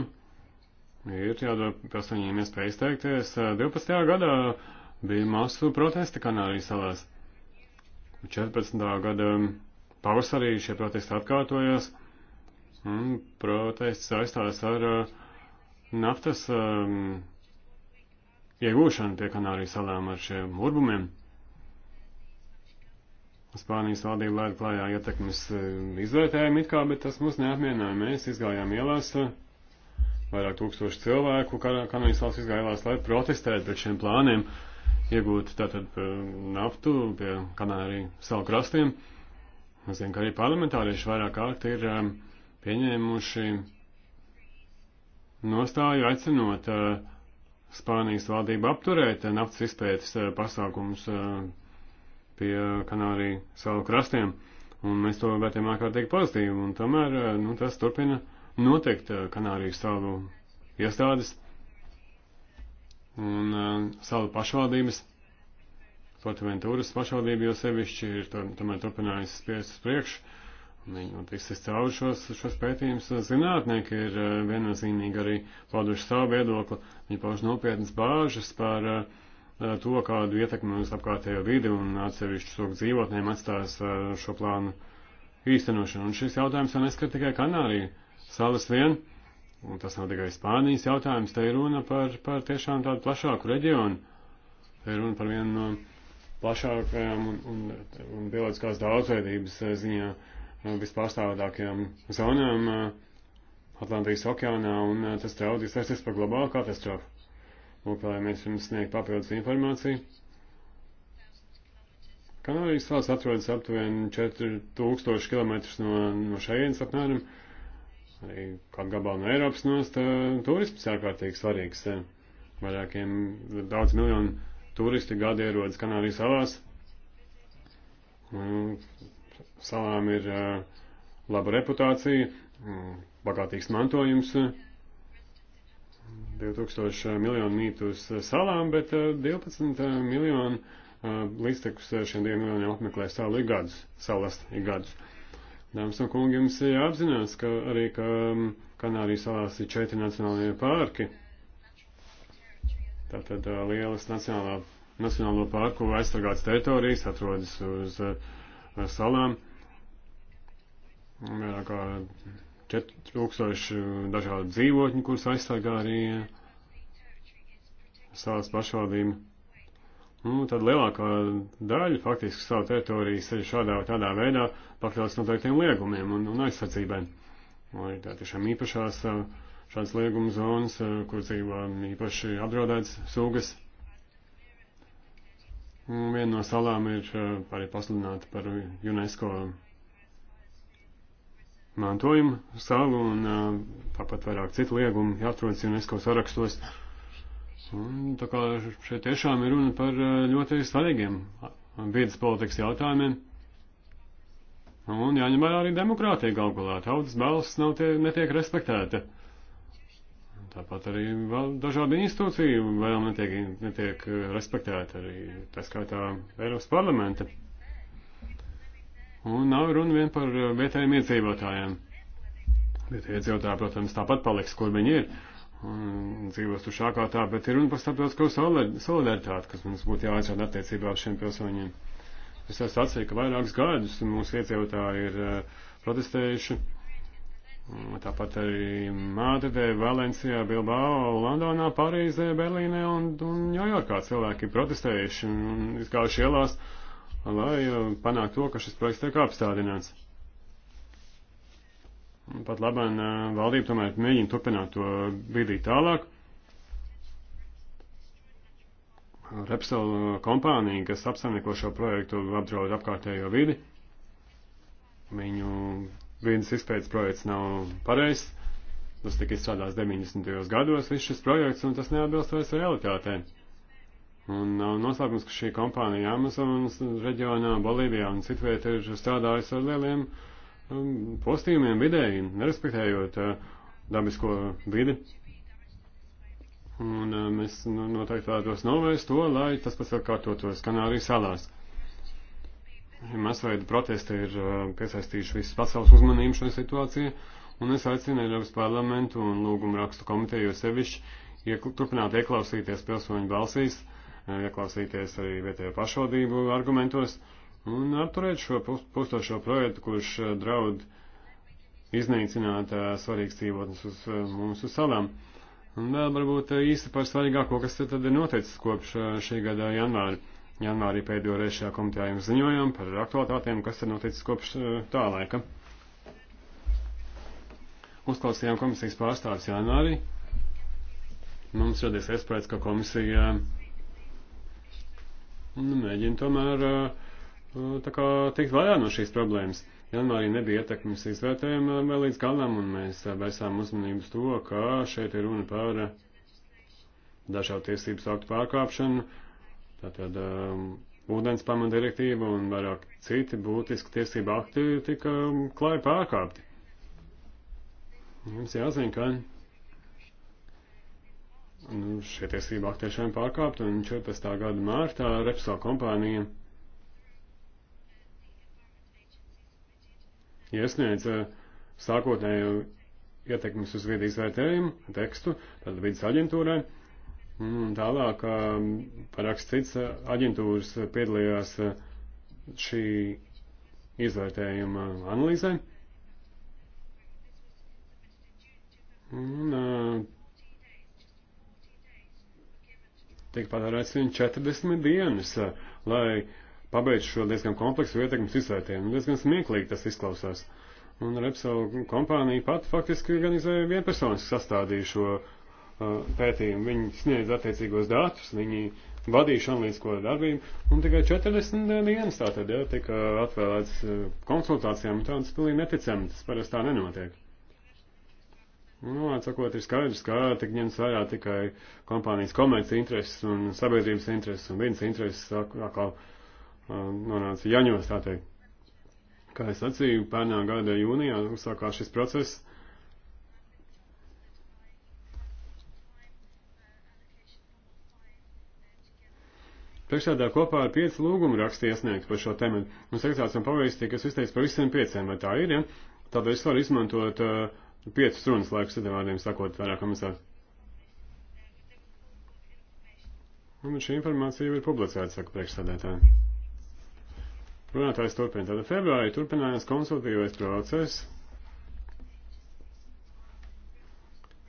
ir jādod pilsoņiem iespēja izteikties. 12. gadā bija masu protesti Kanārijas salās. 14. gada pavasarī šie protesti atkārtojās. Protests saistās ar naftas um, iegūšanu pie Kanārijas salām ar šiem urbumiem. Spānijas valdība laida klājā ietekmes e, izvērtējumu it kā, bet tas mūs neapmienāja. Mēs izgājām ielās, e, vairāk tūkstoši cilvēku Kanādas valsts izgāja ielās, lai protestētu pret šiem plāniem, iegūt tātad e, naftu pie Kanāriju salu krastiem. Mēs zinām, ka arī parlamentārieši vairāk kārt ir pieņēmuši nostāju aicinot uh, Spānijas valdība apturēt naftas izpētes eh, pasākumus eh, pie Kanāriju salu krastiem, un mēs to vērtējam ārkārtīgi pozitīvi, un tomēr eh, nu, tas turpina notikt Kanāriju salu iestādes un salu pašvaldības. Portuventūras pašvaldība jau sevišķi ir tomēr turpinājusi spiest uz priekšu Viņi tiksies cauri šos, šos pētījumus. Zinātnieki ir viennozīmīgi arī pauduši savu viedokli. Viņi pauž nopietnas bāžas par to, kādu ietekmi uz apkārtējo vidi un atsevišķu soku dzīvotnēm atstās šo plānu īstenošanu. Un šis jautājums jau neskar tikai Kanāriju salas vien. Un tas nav tikai Spānijas jautājums, te ir runa par, par tiešām tādu plašāku reģionu. Te ir runa par vienu no plašākajām un, un, un bioloģiskās daudzveidības ziņā Uh, vispārstāvādākajām zonām uh, Atlantijas okeānā, un uh, tas draud izvērsties par globālu katastrofu. Lūk, lai mēs jums sniegt papildus informāciju. Kanārijas salas atrodas aptuveni 4000 km no, no šejienes apmēram, arī kādu gabalu no Eiropas nost, turisms ārkārtīgi svarīgs. Vairākiem daudz miljonu turisti gadi ierodas Kanārijas salās. Un salām ir laba reputācija, bagātīgs mantojums, 2000 miljonu mītu uz salām, bet 12 miljonu līdztekus šiem 2 miljoniem apmeklē salu ik gadus, salas ik gadus. Dāmas un kungi, jums jāapzinās, ka arī ka Kanārijas salās ir četri nacionālie pārki. Tātad lielas nacionālā, nacionālo pārku aizsargātas teritorijas atrodas uz uh, salām. Vairāk kā 4000 dažādu dzīvotņu, kurus aizsargā arī salas pašvaldība. Nu, tad lielākā daļa faktiski savu teritoriju ceļ šādā vai tādā veidā pakļauts noteiktiem liegumiem un, un aizsardzībai. Un ir tā tiešām īpašās šādas lieguma zonas, kur dzīvo īpaši apdraudētas sugas. Viena no salām ir eh, arī pasludināta par UNESCO mantojumu salu un eh, tāpat vairāk citu liegumu jāatrodas UNESCO sarakstos. Un tā kā šeit tiešām ir runa par eh, ļoti svarīgiem vidas politikas jautājumiem. Un jāņem vērā arī demokrātija galgulā. Tautas balss nav tie, netiek respektēta. Uh, Tāpat arī dažādi institūcija vēl netiek, netiek respektēta arī, tā skaitā, Eiropas parlamenta. Un nav runa vien par vietējiem iedzīvotājiem. Vietējie iedzīvotāji, protams, tāpat paliks, kur viņi ir. Un dzīvos tur šākā tā, bet ir runa par starptautisko solidaritāti, kas mums būtu jāatrod attiecībā uz šiem pilsoņiem. Es esmu atsīju, ka vairākus gadus mūsu iedzīvotāji ir eh, protestējuši Tāpat arī Mādridē, Valencijā, Bilbao, Londonā, Parīzē, Berlīnē un, un Ņujorkā cilvēki protestējuši un izgājuši ielās, lai uh, panāktu to, ka šis projekts tiek apstādināts. Pat labāk uh, valdība tomēr mēģina turpināt to bīdīt tālāk. Repsol kompānija, kas apsaimnieko šo projektu, apdraud apkārtējo vidi. Viņu viens izpētes projekts nav pareizs, tas tika izstrādāts 90. gados, viss šis projekts, un tas neatbilst vairs realitātē. Un nav noslēpums, ka šī kompānija Amazonas reģionā, Bolīvijā un citviet ir strādājusi ar lieliem um, postījumiem vidēji, nerespektējot uh, dabisko vidi. Un uh, mēs nu, noteikti vēlētos novērst to, lai tas pats atkārtotos Kanārijas salās. Masveida protesti ir uh, piesaistījuši visas pasaules uzmanību šo situāciju, un es aicinu Eiropas parlamentu un lūgumu rakstu komiteju sevišķi iekl turpināt ieklausīties pilsoņu balsīs, uh, ieklausīties arī vietējo pašvaldību argumentos un apturēt šo pustošo projektu, kurš uh, draud iznīcināt svarīgas dzīvotnes uz mūsu salām. Un vēl varbūt īsti par svarīgāko, kas tad ir noticis kopš šī gada janvāra. Janvārī pēdējo reizi šajā komitejā jums ziņojām par aktualitātēm, kas ir noticis kopš eh, tā laika. Uzklausījām komisijas pārstāvis janvārī. Mums radies iespējas, ka komisija nu, mēģina tomēr eh, eh, tā kā tikt vaļā no šīs problēmas. Janvārī nebija ietekmes izvērtējuma vēl līdz galam, un mēs vērsām uzmanību uz to, ka šeit ir runa par dažādu tiesības aktu pārkāpšanu, Tātad um, ūdens pamatdirektīva un vairāk citi būtiski tiesība akti tika um, klāja pārkāpti. Jums jāzina, ka nu, šie tiesība akti tiešām pārkāpti un 14. gada mārtā Repsol kompānija iesniedza sākotnēju ietekmes uz vidi izvērtējumu tekstu, tad vidas aģentūrai Un mm, tālāk paraks cits aģentūras piedalījās šī izvērtējuma analīzē. Un tiek patērēts viņa 40 dienas, lai pabeigtu šo diezgan kompleksu ietekmes izvērtējumu. Diezgan smieklīgi tas izklausās. Un Repsol kompānija pat faktiski organizēja vienpersonisku sastādīju šo uh, Uh, pētījumu. Viņi sniedz attiecīgos datus, viņi vadīja analītisko darbību, un tikai 40 dienas tātad, jā, tika atvēlēts uh, konsultācijām, un tādas pilnīgi neticami, tas parasti tā nenotiek. Nu, atsakot, ir skaidrs, ka tik ņems vērā tikai kompānijas komerci intereses un sabiedrības intereses un viens intereses atkal uh, nonāca jaņos, tā teikt. Kā es sacīju, pērnā gada jūnijā uzsākās šis process Priekšādā kopā ir pieci lūgumi raksti iesniegti par šo tēmu. Mums sekretārs un pavēstīja, kas izteiks par visiem pieciem, vai tā ir, ja? Tādēļ es varu izmantot uh, piecus runas laikus, tad vārdiem sakot, vairāk komisārs. Un nu, šī informācija jau ir publicēta, saka priekšsādētāji. Runātājs turpina. Tātad februārī turpinājās konsultīvais process.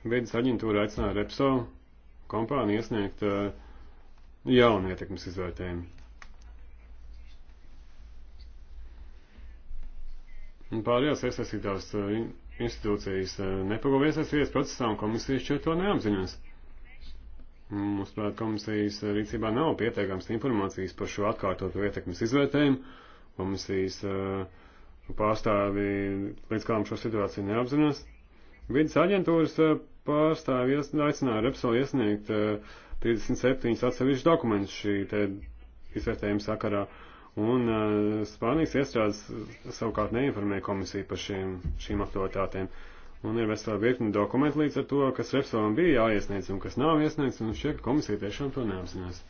Vides aģentūra aicināja Repso kompāniju iesniegt uh, jaunu ietekmes izvērtējumu. Pārējās iesaistītās eh, institūcijas eh, nepagūv iesaistīties procesā un komisijas šķiet to neapziņas. Mums, prāt, komisijas eh, rīcībā nav pietiekams informācijas par šo atkārtotu ietekmes izvērtējumu. Komisijas pārstāvi līdz kādam šo situāciju neapzinās. Vides aģentūras pārstāvi ies, aicināja Repsolu iesniegt uh, 37 atsevišķus dokumentus šī te izvērtējuma sakarā, un uh, Spānijas iestrādes savukārt neinformē komisiju par šiem, šīm aktualitātēm. Un ir vesela virkni dokumentu līdz ar to, kas Repsolam bija jāiesniedz un kas nav iesniegts, un šķiet, ka komisija tiešām to neapzinās.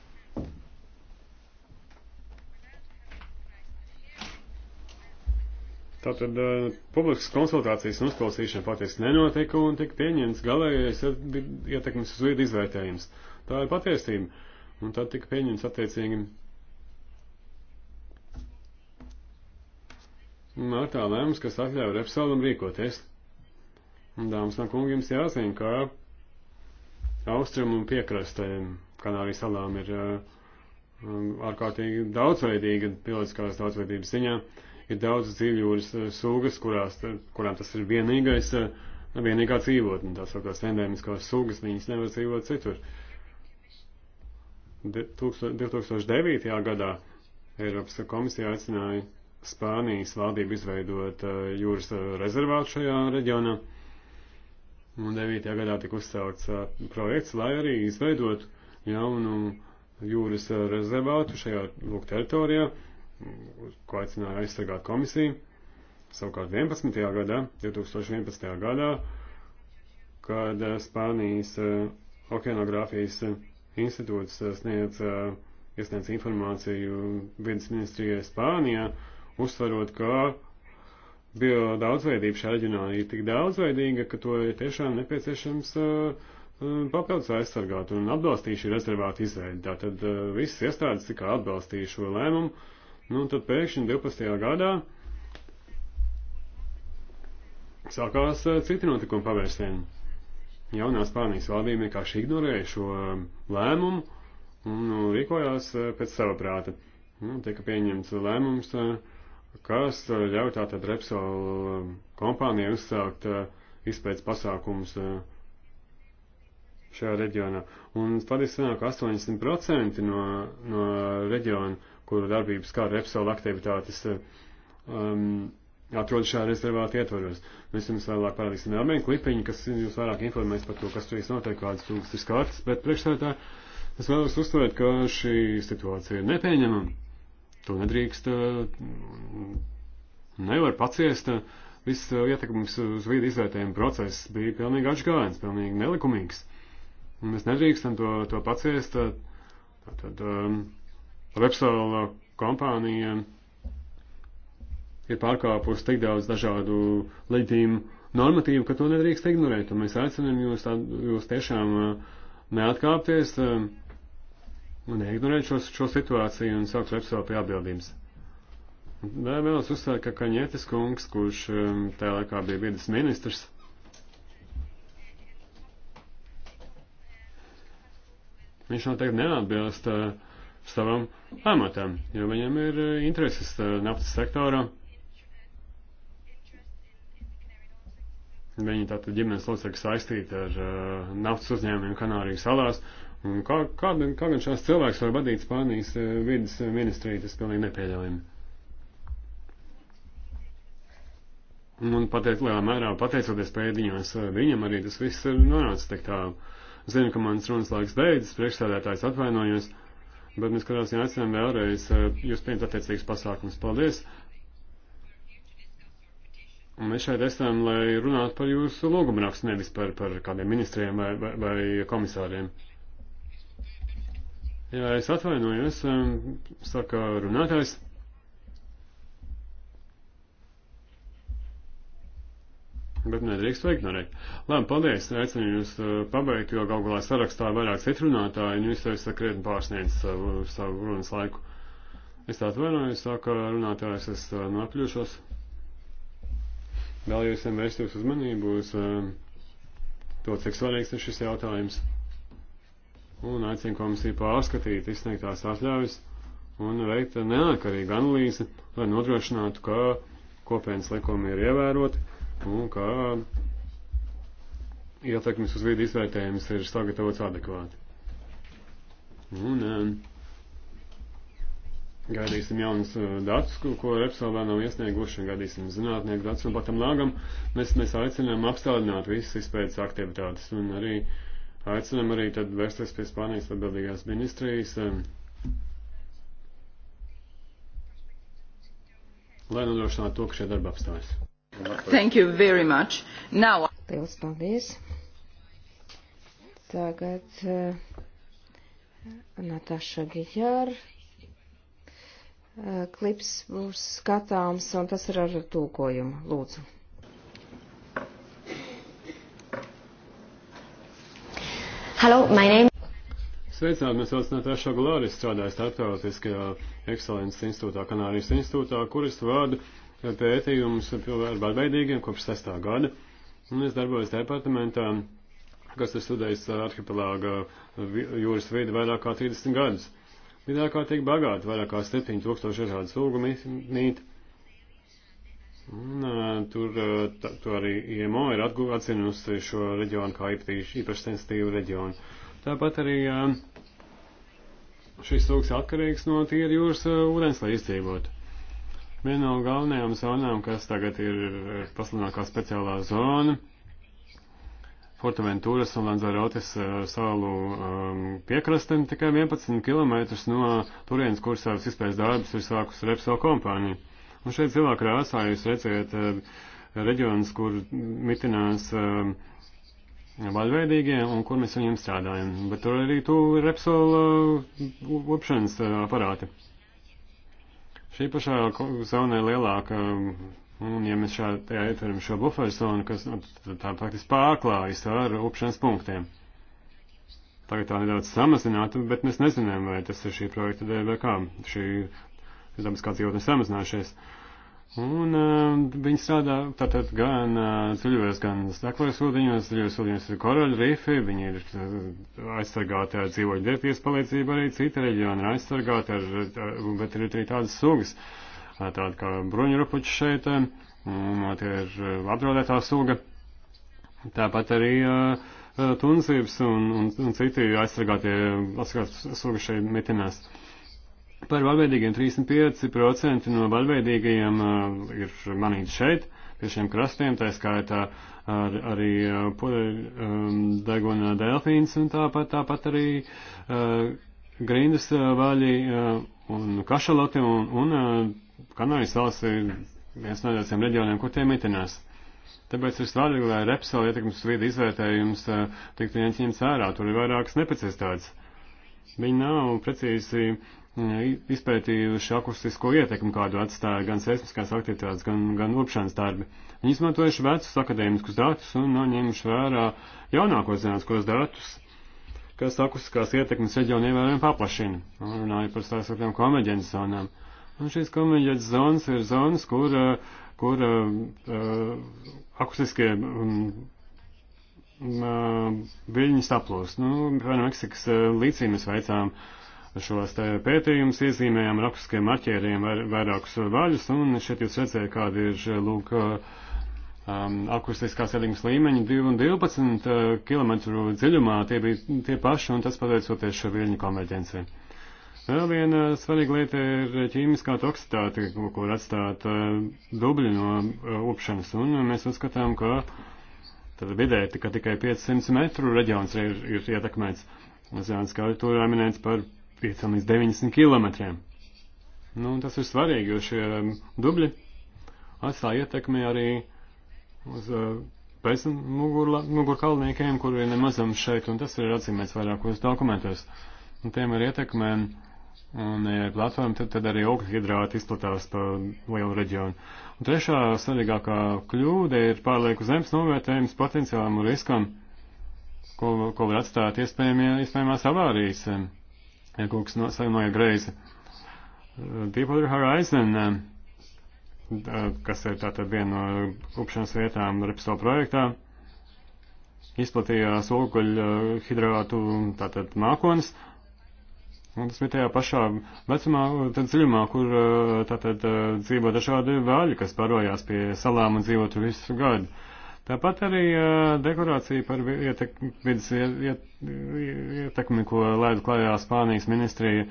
Tātad uh, publiskas konsultācijas un uzklausīšana faktiski nenotika un tika pieņemts galējais ietekmes uz vidu izvērtējums. Tā ir patiesība. Un tad tika pieņemts attiecīgi mārtā lēmums, kas atļauj Repsolam rīkoties. Un, dāmas un kungi, jums jāzina, ka austrum un piekrastēm Kanārijas salām ir uh, ārkārtīgi daudzveidīga pilotiskās daudzveidības ziņā. Uh, ir daudz dzīvjūras eh, sugas, kurās, kurām tas ir vienīgais, eh, vienīgā dzīvotne. Tās sakās endēmiskās sugas, viņas nevar dzīvot citur. 2009. gadā Eiropas komisija aicināja Spānijas valdību izveidot eh, jūras rezervātu šajā reģionā. Un 9. gadā tika uzsākts projekts, lai arī izveidotu jaunu jūras rezervātu šajā lūk teritorijā, ko aicināja aizsargāt komisija. Savukārt 11. gadā, 2011. gadā, kad eh, Spānijas eh, okeanogrāfijas eh, institūts sniedz, iesniedz informāciju vidas ministrijai Spānijā, uzsverot, ka bio daudzveidība šajā reģionā ir tik daudzveidīga, ka to ir tiešām nepieciešams uh, papildus aizsargāt un atbalstīšu rezervātu izveidi. Tātad visas iestādes tikai atbalstīja šo lēmumu, Nu, tad pēkšņi 12. gadā sākās eh, citi notikumi pavērsieni. Jaunā Spānijas valdība vienkārši ignorēja šo eh, lēmumu un nu, rīkojās eh, pēc sava prāta. Nu, tika pieņemts lēmums, kas ļauj tātad Repsol kompānijai uzsākt izpēc pasākumus šajā reģionā. Un pat ir sanāk 80% no, no reģiona kuru darbības kā repsola aktivitātes eh, um, atrodas šajā rezervāta ietvaros. Mēs jums vēlāk parādīsim vēl klipiņu, kas jūs vairāk informēs par to, kas tur īsti notiek, kādas tūkstas ir skārtas, bet priekšstādā es vēlos uzsvērt, ka šī situācija ir nepieņemama. To nedrīkst, eh, nevar paciest. Viss eh, ietekmums uz vīdu izvērtējumu process bija pilnīgi atšķirīgs, pilnīgi nelikumīgs. Un mēs nedrīkstam to, to paciest. Tad, tad, um, Vepsala kompānija ir pārkāpusi tik daudz dažādu leģitīmu normatīvu, ka to nedrīkst ignorēt. Un mēs aicinām jūs, tā, jūs tiešām uh, neatkāpties uh, un neignorēt šo, šo situāciju un saukt Vepsala pie atbildības. Vēl vēlos uzsvērt, ka Kaņietis kungs, kurš um, tajā laikā bija vidas ministrs, viņš noteikti neatbilst uh, savam amatam, jo viņam ir e, intereses e, naftas sektorā. Viņi tātad ģimenes locekļi saistīti ar uh, naftas uzņēmumiem Kanārijas salās. Un kā, kā, kā gan šāds cilvēks var vadīt Spānijas uh, vidas ministriju, tas pilnīgi nepieļaujami. Un pateic, lielā mērā pateicoties pēdiņās uh, viņam arī tas viss ir nonācis tik tālu. Zinu, ka mans runas laiks beidzas, priekšstādētājs atvainojos. Uh, Bet mēs katrā ziņā aicinām vēlreiz eh, jūs pieņemt attiecīgus pasākumus. Paldies! Un mēs šeit esam, lai runātu par jūsu lūgumu rakstu, nevis par, par kādiem ministriem vai, vai, vai komisāriem. Jā, es atvainojos, eh, saka runātājs. bet nedrīkst to ignorēt. Labi, paldies, aicinu jūs uh, pabeigt, jo gal galā sarakstā vairāk citu runātāju, un nu, jūs jau esat krietni pārsniedzis savu, savu runas laiku. Es tā atvainojos, saka runātājs, es uh, nokļūšos. Vēlējos vien vērst jūsu uzmanību uz uh, to, cik svarīgs ir šis jautājums. Un aicinu komisiju pārskatīt izsniegtās atļaujas un veikt neatkarīgu analīzi, lai nodrošinātu, ka kopienas likumi ir ievēroti un ka ietekmes uz vidi izvērtējums ir sagatavots adekvāti. Un um, gaidīsim jaunas uh, eh, datus, ko, ko Repsolvē nav iesnieguši, un gaidīsim zinātnieku datus, un patam lāgam mēs, mēs aicinām apstādināt visas izpētes aktivitātes, un arī aicinām arī tad vērsties pie Spānijas atbildīgās ministrijas, um, lai nodrošinātu to, ka šie darba apstājas. Thank you very much. Now... Pils, paldies. Tagad uh, eh, Natāša Gijāra uh, klips būs skatāms, un tas ir ar tūkojumu. Lūdzu. Hello, my name. Sveicināti, mēs saucam Natāša Gulāri, strādāju starptautiskajā ekscelences institūtā, Kanārijas institūtā, kuras vārdu pētījumus ar bārbeidīgiem kopš 6. gada, un es darbojos departamentā, kas ir studējis arhipelāga jūras vidi vairāk kā 30 gadus. Vidā kā tiek bagāti, vairāk kā 7000 dažādas lūgu mīt. Un, tur tā, to arī IMO ir atzinusi šo reģionu kā īpaši, īpaši sensitīvu reģionu. Tāpat arī šis lūgs atkarīgs no tīra jūras ūdens, lai izdzīvotu. Viena no galvenajām zonām, kas tagad ir eh, pasludinātā speciālā zona, Fortaventūras un Lanzarotes eh, salu um, piekrastem tikai 11 km no turienes, kur savas izpējas darbus ir sākus Repsol kompānija. Un šeit zilā krāsā jūs redzat uh, eh, reģionus, kur mitinās uh, vaļveidīgie un kur mēs viņiem strādājam. Bet tur arī tu Repsol uh, upšanas uh, aparāti. Uh, Šī pašā zonā ir lielāka, un ja mēs šādā ietveram šo buferu zonu, kas nu, tā praktiski pārklājas ar upšanas punktiem. Tagad tā nedaudz samazinātu, bet mēs nezinām, vai tas ir šī projekta dēļ vai kā. Šī, es domāju, kāds jau ir samazinājušies. Uh, Un uh, viņi strādā tātad gan uh, eh, ceļos, gan staklos ūdeņos, ceļos ūdeņos ir koroļu rifi, viņi ir eh, aizsargāti ar dzīvoļu dēties palīdzību, arī citi reģioni ir aizsargāti, ar, ar, bet ir arī tādas sugas, tāda kā bruņurupuči šeit, un tie ir apdraudētā suga. Tāpat arī uh, tunzības un, un, un citi aizsargātie, aizsargātie suga šeit metinās. Uh, Par vaļveidīgiem 35% no vaļveidīgajiem uh, ir manīti šeit, pie šiem krastiem, tā skaitā ar, arī uh, um, deguna delfīns un tāpat, tāpat arī uh, grindas uh, vaļi uh, un kašaloti un, un uh, Kanājas salas ir viens no tādiem reģioniem, kur tie mitinās. Tāpēc ir svarīgi, lai Repsol ietekmes vidi izvērtējums uh, tiktu ieņemts vērā, tur ir vairākas nepacistādes. Viņi nav precīzi izpētījuši akustisko ietekmi, kādu atstāja gan seismiskās aktivitātes, gan, gan lupšanas darbi. Viņi izmantojuši vecus akadēmiskus datus un noņēmuši vērā jaunākos zinātniskos datus, kas akustiskās ietekmes reģionu ievērojami paplašina. Runāju par stāstotām komēģenes zonām. Un šīs komēģenes zonas ir zonas, kur, kur uh, akustiskie um, viļņi saplūst. Nu, piemēram, Meksikas līcī mēs veicām uh, šos eh, pētījumus, iezīmējām rakstiskiem marķieriem vairākus vaļus, un šeit jūs redzējāt, kāda ir eh, lūk eh, um, akustiskās ietekmes līmeņi 2 un 12 km dziļumā, tie bija tie paši, un tas pateicoties šo viļņu konverģencei. Vēl viena svarīga lieta ir ķīmiskā toksitāte, ko, ko var atstāt dubļi no upšanas, un mēs uzskatām, ka tad vidē tikai, tikai 500 metru reģions ir, ir ietekmēts. Zēns kā tur minēts par 5 līdz 90 km. Nu, tas ir svarīgi, jo šie um, dubļi atstāja ietekmi arī uz uh, pēc mugurkalniekiem, mugur kuri nemazam šeit, un tas ir atzīmēts vairākos dokumentos. Un tiem ir ietekmē, un ja ir platforma, tad, tad arī ogļhidrāti izplatās pa lielu reģionu. Un trešā svarīgākā kļūda ir pārlieku zemes novērtējums potenciālam riskam, ko, ko var atstāt iespējamās avārijas. Um, ja kaut kas sarunāja greizi. Deepwater Horizon, eh, eh, kas ir tātad viena no upšanas vietām Repso projektā, izplatījās ogļu eh, hidrātu tātad mākonis, un tas bija tajā pašā vecumā, tad dziļumā, kur tātad dzīvo dažādi vēļi, kas parojās pie salām un dzīvo tur visu gadu. Tāpat arī deklarācija par vidas ietekmi, ko lēd klājā Spānijas ministrija,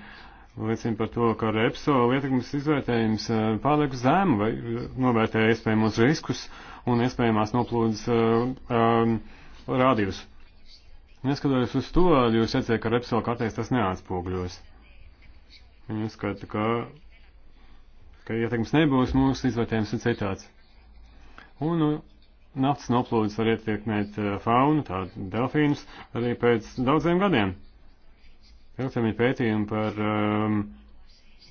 liecina par to, ka Repsol ietekmes izvērtējums pārliek zemu vai novērtē iespējamos riskus un iespējamās noplūdes rādījus. Neskatoties uz to, jūs redzat, ka Repsol kartēs tas neatspogļos. Viņi uzskata, ka, ka ietekmes nebūs, mūsu izvērtējums ir citāds. Un, nu, Naftas noplūdes var ietekmēt eh, faunu, tā delfīnus, arī pēc daudziem gadiem. Ilgtermiņa pētījumi par um,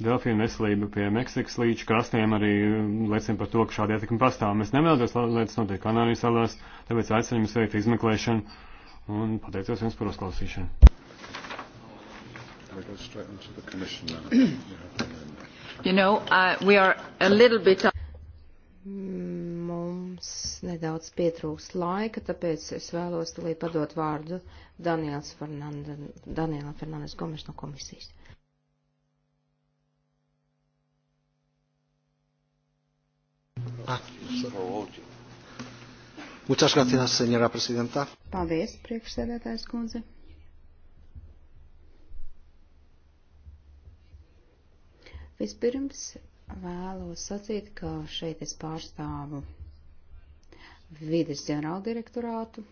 delfīnu veselību pie Meksikas līča krastiem arī liecina par to, ka šāda ietekme pastāv. Mēs nevēlamies, lai lietas notiek Kanārijas salās, tāpēc aicinām jūs veikt izmeklēšanu un pateicos jums par uzklausīšanu. You know, uh, we are a little bit mums nedaudz pietrūks laika, tāpēc es vēlos tulīt padot vārdu Daniels Fernanda, Daniela Fernandes Gomes no komisijas. Ah, Muchas gracias, señora presidenta. Paldies, priekšsēdētājs kundze. Vispirms vēlos sacīt, ka šeit es pārstāvu vides ģenerāldirektorātu.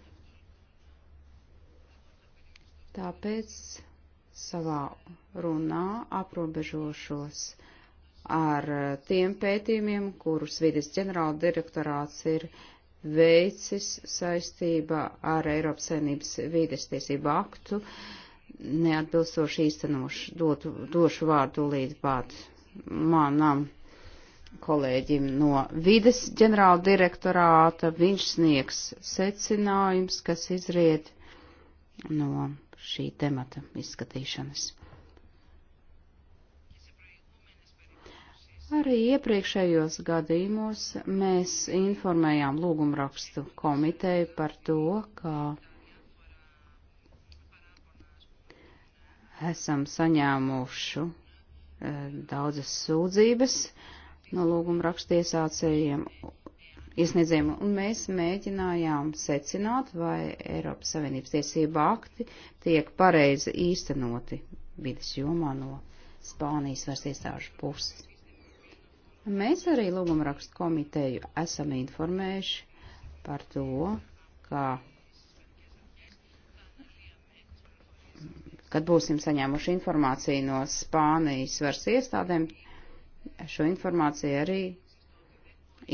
Tāpēc savā runā aprobežošos ar tiem pētījumiem, kurus vides ģenerāldirektorāts ir veicis saistībā ar Eiropas saimnības vides tiesību aktu, neatbilstoši īstenošu, dotu, došu vārdu līdz pat manam kolēģim no vides ģenerāla direktorāta. Viņš sniegs secinājums, kas izriet no šī temata izskatīšanas. Arī iepriekšējos gadījumos mēs informējām lūgumrakstu komiteju par to, ka esam saņēmuši eh, daudzas sūdzības, uh, no lūguma rakstiesācējiem iesniedzējiem, un mēs mēģinājām secināt, vai Eiropas Savienības tiesība akti tiek pareizi īstenoti vidas jomā no Spānijas varas iestāžu puses. Mēs arī lūgumrakstu komiteju esam informējuši par to, ka, kad būsim saņēmuši informāciju no Spānijas varas iestādēm, šo informāciju arī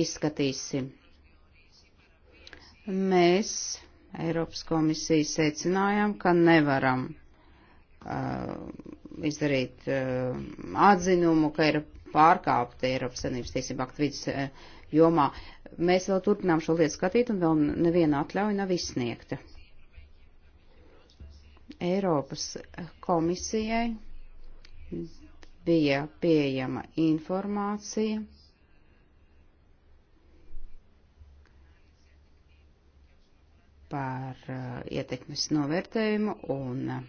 izskatīsim. Mēs Eiropas komisija secinājām, ka nevaram uh, izdarīt uh, atzinumu, ka ir pārkāpta Eiropas Savienības tiesība aktu vidas uh, jomā. Mēs vēl turpinām šo lietu skatīt un vēl neviena atļauja nav izsniegta. Eiropas komisijai bija pieejama informācija. par uh, ietekmes novērtējumu un uh,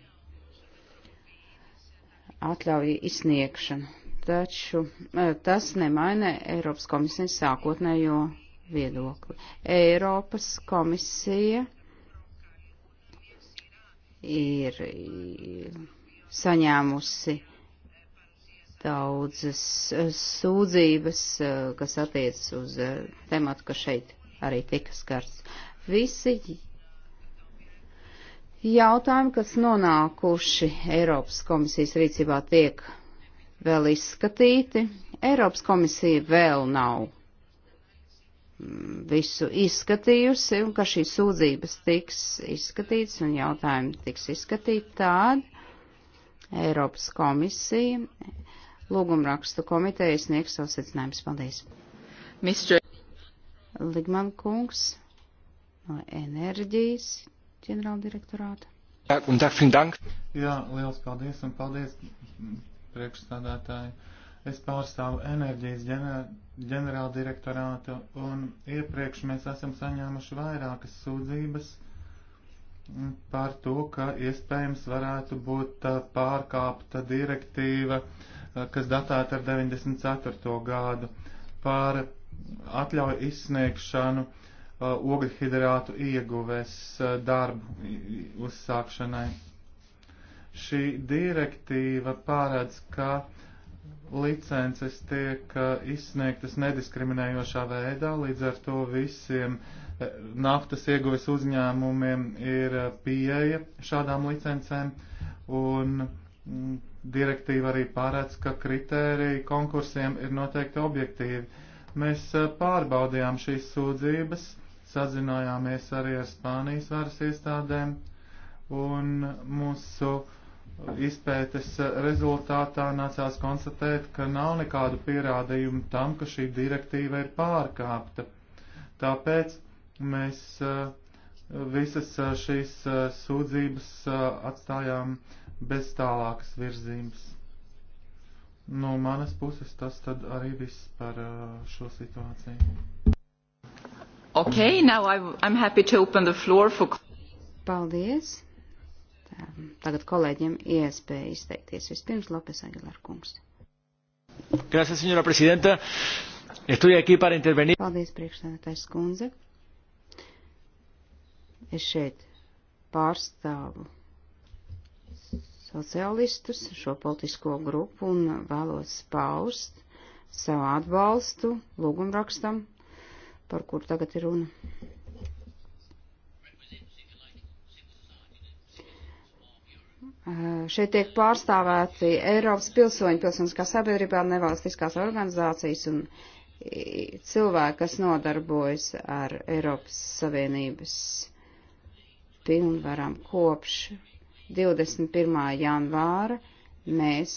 atļauju izsniegšanu. Taču uh, tas nemaina Eiropas komisijas sākotnējo viedokli. Eiropas komisija ir saņēmusi daudzas eh, sūdzības, eh, kas attiecas uz eh, tematu, kas šeit arī tika skarts. Visi jautājumi, kas nonākuši Eiropas komisijas rīcībā, tiek vēl izskatīti. Eiropas komisija vēl nav mm, visu izskatījusi, un ka šīs sūdzības tiks izskatītas un jautājumi tiks izskatīti tādi. Eiropas komisija lūgumrakstu komiteja sniegs savus secinājumus. Paldies! Mr. Ligman kungs no enerģijas ģenerāldirektorāta. Jā, liels paldies un paldies priekšstādātāji. Es pārstāvu enerģijas ģenerāldirektorātu un iepriekš mēs esam saņēmuši vairākas sūdzības par to, ka iespējams varētu būt pārkāpta direktīva Eh, kas datēta ar 94. gadu, par atļauju izsniegšanu eh, ogļhidrātu ieguves eh, darbu uzsākšanai. Šī direktīva pārēdz, ka licences tiek izsniegtas nediskriminējošā veidā, līdz ar to visiem naftas ieguves uzņēmumiem ir pieeja šādām licencēm, un mm, direktīva arī pārēc, ka kritēriji konkursiem ir noteikti objektīvi. Mēs eh, pārbaudījām šīs sūdzības, sazinājāmies arī ar Spānijas varas iestādēm, un mūsu izpētes rezultātā nācās konstatēt, ka nav nekādu pierādījumu tam, ka šī direktīva ir pārkāpta. Tāpēc mēs eh, visas eh, šīs sūdzības atstājām uh, bez tālākas virzības. No manas puses tas tad arī viss par uh, šo situāciju. Okay, now I'm happy to open the floor for... Paldies. Tā, tagad kolēģiem iespēja izteikties. Vispirms Lopes Aguilar kungs. Gracias, señora presidenta. Estoy aquí para intervenir. Paldies, priekšsēdētājs kundze. Es šeit pārstāvu sociālistus, šo politisko grupu un vēlos paust savu atbalstu lūgumrakstam, par kur tagad ir runa. Šeit tiek pārstāvēti Eiropas pilsoņi, pilsoniskā sabiedrībā, nevalstiskās organizācijas un cilvēki, kas nodarbojas ar Eiropas Savienības pilnvarām kopš 21. janvāra mēs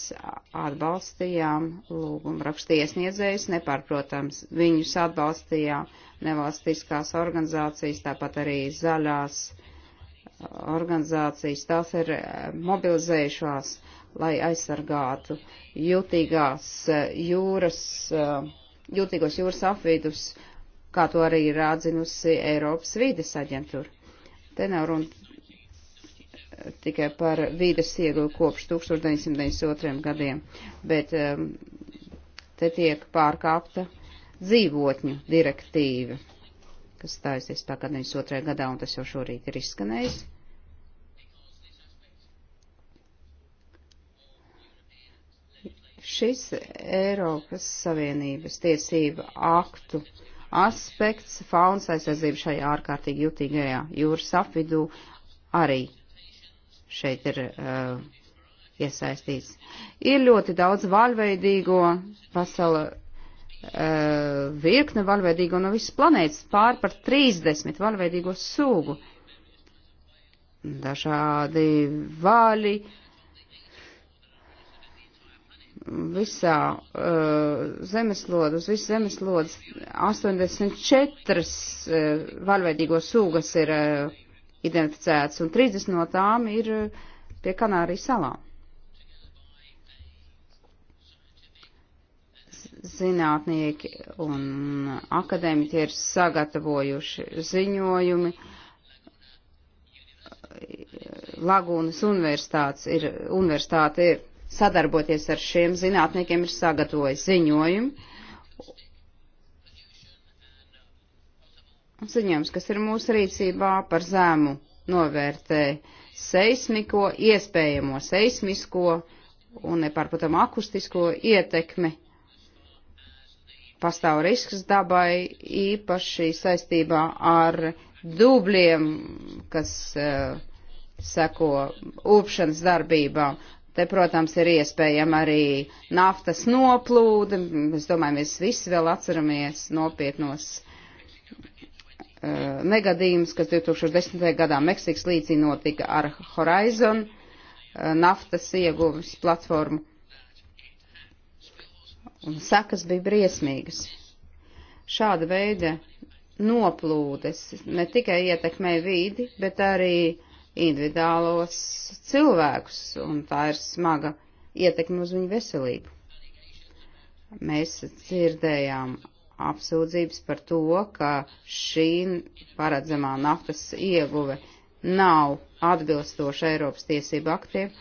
atbalstījām lūgumu rakstu iesniedzējus, nepārprotams, viņus atbalstījām nevalstiskās organizācijas, tāpat arī zaļās organizācijas, tās ir eh, mobilizējušās, lai aizsargātu jūtīgās eh, jūras, eh, jūtīgos jūras apvidus, kā to arī ir atzinusi Eiropas vides aģentūra. Te nav runa tikai par vīdes iegulu kopš 1992. gadiem, bet um, te tiek pārkāpta dzīvotņu direktīva, kas stājusies spēkā 92. gadā, un tas jau šorīt ir izskanējis. Šis Eiropas Savienības tiesība aktu aspekts faunas aizsardzību šajā ārkārtīgi jutīgajā jūras apvidū arī šeit ir uh, iesaistīts. Ir ļoti daudz vaļveidīgo, pasaules uh, virkne vaļveidīgo no visas planētas, pār par 30 vaļveidīgo sugu. Dažādi vaļi visā uh, zemeslodes, uz visu zemeslodes 84 uh, vaļveidīgo sugas ir uh, identificētas, un 30 no tām ir eh, pie Kanārijas salām. Zinātnieki un akadēmiķi ir sagatavojuši ziņojumi. Lagūnas universitātes ir, universitāte ir sadarboties ar šiem zinātniekiem ir sagatavojis ziņojumi ziņojums, kas ir mūsu rīcībā par zēmu novērtē seismiko, iespējamo seismisko un nepārprotam akustisko ietekmi. Pastāv risks dabai īpaši saistībā ar dubļiem, kas uh, seko upšanas darbībām. Te, protams, ir iespējama arī naftas noplūde. Es domāju, mēs visi vēl atceramies nopietnos uh, Eh, negadījums, kas 2010. gadā Meksikas līdzī notika ar Horizon eh, naftas ieguves platformu. Un sekas bija briesmīgas. Šāda veida noplūdes ne tikai ietekmē vīdi, bet arī individuālos cilvēkus, un tā ir smaga ietekme uz viņu veselību. Mēs dzirdējām apsūdzības par to, ka šī paredzamā naftas ieguve nav atbilstoša Eiropas tiesību aktiem,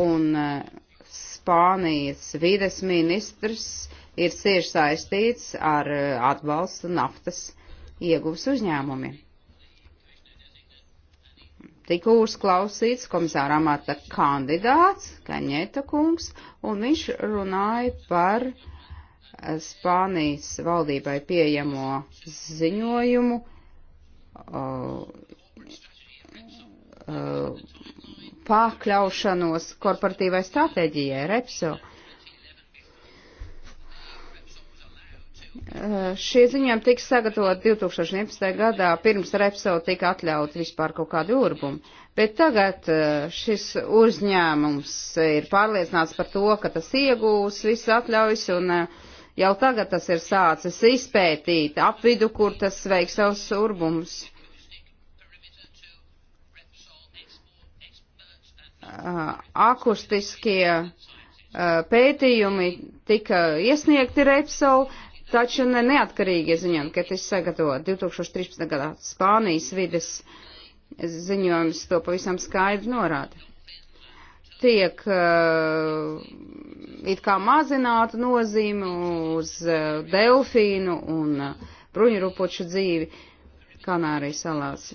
un eh, Spānijas vides ministrs ir cieši saistīts ar eh, atbalstu naftas ieguvas uzņēmumiem. Tikko uzklausīts komisāra amata kandidāts, Kaņeta kungs, un viņš runāja par uh, Spānijas valdībai pieejamo ziņojumu pārkļaušanos korporatīvai stratēģijai Repso. E, šie ziņojumi tika sagatavot 2011. gadā, pirms Repso tika atļauts vispār kaut kādu urbumu. Bet tagad e, šis uzņēmums ir pārliecināts par to, ka tas iegūs visas atļaujas un uh, Jau tagad tas ir sācis izpētīt apvidu, kur tas veiks savus urbumus. Akustiskie pētījumi tika iesniegti Repsol, taču ne neatkarīgi ziņojumi, ka tas sagatavo 2013. gadā Spānijas vides ziņojums to pavisam skaidri norāda tiek eh, it kā mazināta nozīme uz eh, delfīnu un eh, bruņurupuču dzīvi Kanārijas salās.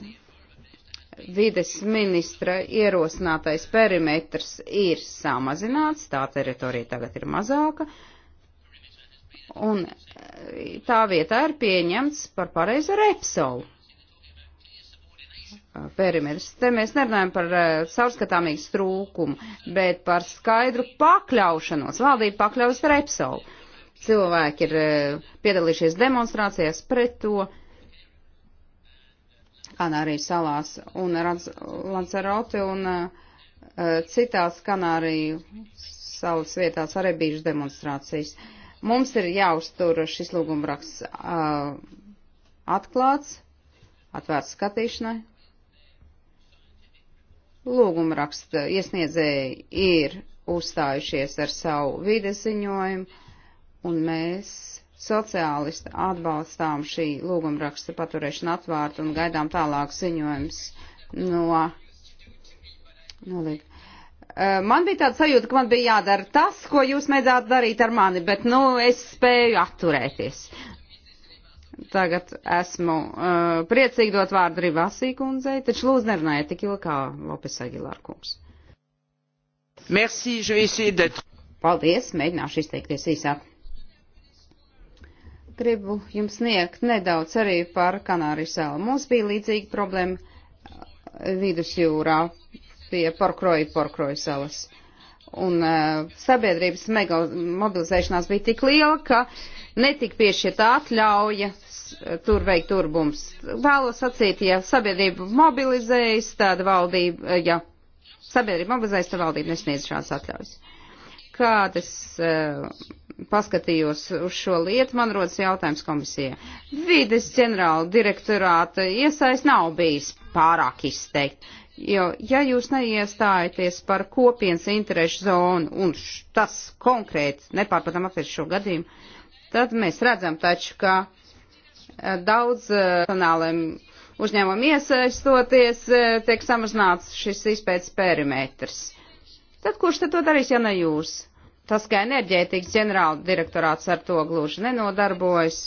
Vides ministra ierosinātais perimetrs ir samazināts, tā teritorija tagad ir mazāka, un tā vietā ir pieņemts par pareizu repsolu perimetrs. Te mēs nerunājam par uh, eh, caurskatāmīgas trūkumu, bet par skaidru pakļaušanos. Valdība pakļaujas Repsolu. Cilvēki ir uh, piedalījušies demonstrācijās pret to. Kanārijas salās un Lanzarote un uh, citās Kanāriju salas vietās arī bijušas demonstrācijas. Mums ir jāuztur šis lūgumraksts uh, atklāts, atvērts skatīšanai, Lūguma raksta iesniedzēji ir uzstājušies ar savu vides ziņojumu, un mēs sociālisti atbalstām šī lūguma raksta paturēšanu atvārtu un gaidām tālāk ziņojums no. no liek. Man bija tāda sajūta, ka man bija jādara tas, ko jūs mēdzāt darīt ar mani, bet, nu, es spēju atturēties. Tagad esmu uh, priecīgi dot vārdu Rivasī kundzei, taču lūdzu nerunājiet tik ilgi kā Lopes Agilār kungs. Merci, je vais essayer d'être. Paldies, mēģināšu izteikties īsāk. Gribu jums sniegt nedaudz arī par Kanāriju salu. Mums bija līdzīga problēma uh, vidusjūrā pie Porkroja, Porkroja salas. Uh, un uh, sabiedrības mobilizēšanās bija tik liela, ka netika piešķirta atļauja tur veikt turbums. Vēlos sacīt, ja sabiedrība mobilizējas, tad valdība, uh, ja sabiedrība mobilizējas, tad valdība nesniedz šādas atļaujas. Kad es uh, paskatījos uz šo lietu, man rodas jautājums komisijai. Vides ģenerāla direktorāta iesaist nav bijis pārāk izteikti Jo, ja jūs neiestājaties par kopienas interešu zonu, un š, tas konkrēti nepārprotam attiec šo gadījumu, tad mēs redzam taču, ka e, daudz e, nacionālajiem uzņēmumiem iesaistoties, e, tiek samazināts šis izpētes perimetrs. Tad kurš tad to darīs, ja ne jūs? Tas, ka enerģētikas ģenerāla direktorāts ar to gluži nenodarbojas,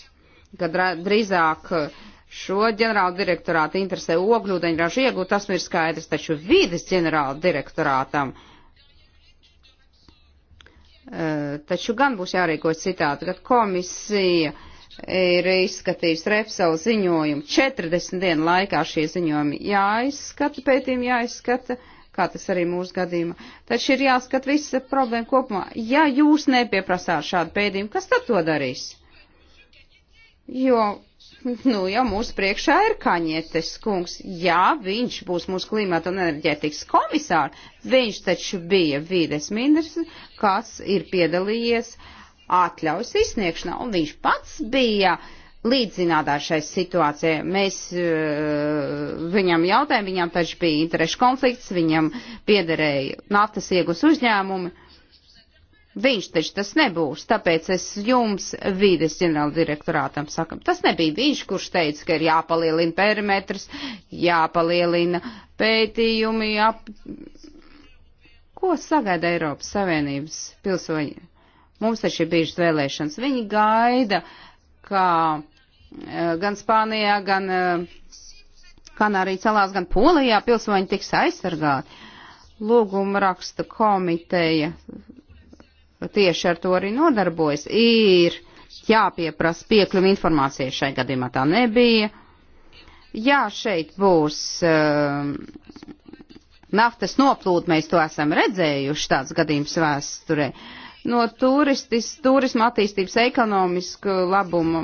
kad drīzāk uh, Šo ģenerāla direktorāta interesē ogļūdeņražu iegūt, tas nu ir skaidrs, taču vides ģenerāla direktorātam e, taču gan būs jārīkojas citādi, kad komisija ir izskatījusi Repsela ziņojumu 40 dienu laikā šie ziņojumi jāizskata, pētījumi jāizskata, kā tas arī mūsu gadījumā. Taču ir jāskat visa problēma kopumā. Ja jūs nepieprasāt šādu pētījumu, kas tad to darīs? Jo Nu, jau mūsu priekšā ir Kaņietes kungs. Jā, viņš būs mūsu klimata un enerģētikas komisārs. Viņš taču bija vīdes ministrs, kas ir piedalījies atļaus izsniegšanā, un viņš pats bija līdzinātā šai situācijai. Mēs uh, viņam jautājām, viņam taču bija interešu konflikts, viņam piederēja naftas iegus uzņēmumi Viņš taču tas nebūs, tāpēc es jums vīdes ģenerāla direktorātam sakam, tas nebija viņš, kurš teica, ka ir jāpalielina perimetrs, jāpalielina pētījumi, ap... Ko sagaida Eiropas Savienības pilsoņi? Mums taču ir bijušas vēlēšanas. Viņi gaida, ka eh, gan Spānijā, gan eh, Kanārijas salās, gan Polijā pilsoņi tiks aizsargāti. Lūguma raksta komiteja tieši ar to arī nodarbojas, ir jāpieprasa piekļuvi informācijai. Šai gadījumā tā nebija. Jā, šeit būs uh, naftas noplūde, mēs to esam redzējuši, tāds gadījums vēsturē. No turistis, turisma attīstības ekonomisku labumu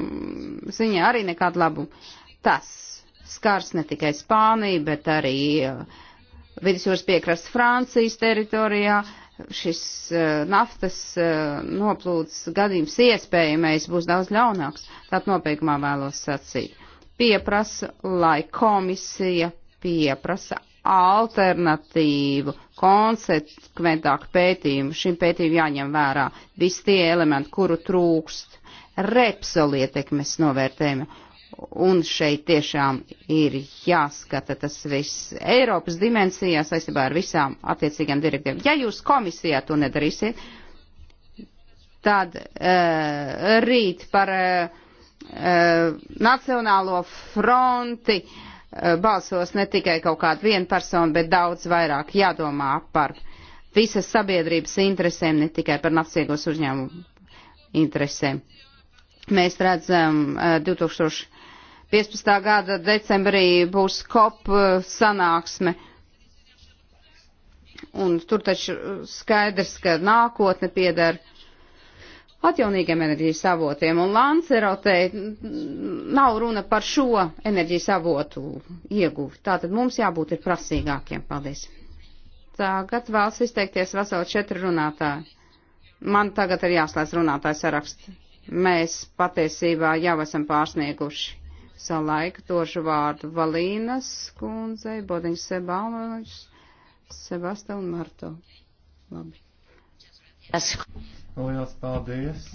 ziņā arī nekādu labumu. Tas skars ne tikai Spāniju, bet arī uh, vidusjūras piekrasts Francijas teritorijā. Uh, šis eh, naftas eh, noplūdes gadījums iespējamais būs daudz ļaunāks, tad nobeigumā vēlos sacīt. Pieprasa, lai komisija pieprasa alternatīvu, konsekventāku pētījumu. Šim pētījumam jāņem vērā visi tie elementi, kuru trūkst repsoli ietekmes novērtējuma Un šeit tiešām ir jāskata tas viss Eiropas dimensijā saistībā ar visām attiecīgām direktīvām. Ja jūs komisijā to nedarīsiet, tad uh, rīt par uh, uh, Nacionālo fronti uh, balsos ne tikai kaut kāda viena persona, bet daudz vairāk jādomā par visas sabiedrības interesēm, ne tikai par naftsiegos uzņēmumu interesēm. Mēs redzam uh, 2000. 15. gada decembrī būs COP eh, sanāksme. Un tur taču eh, skaidrs, ka nākotne piedara atjaunīgiem enerģijas avotiem, un Lancerotē nav runa par šo enerģijas avotu ieguvi. Tātad mums jābūt ir prasīgākiem. Paldies. Tagad vēlas izteikties veseli četri runātāji. Man tagad ir jāslēdz runātājs saraksts. Mēs patiesībā jau esam pārsnieguši savu laiku došu vārdu Valīnas kundzei, Bodiņš Sebaunovičs, Sebastel Marto. Labi. Lielas paldies!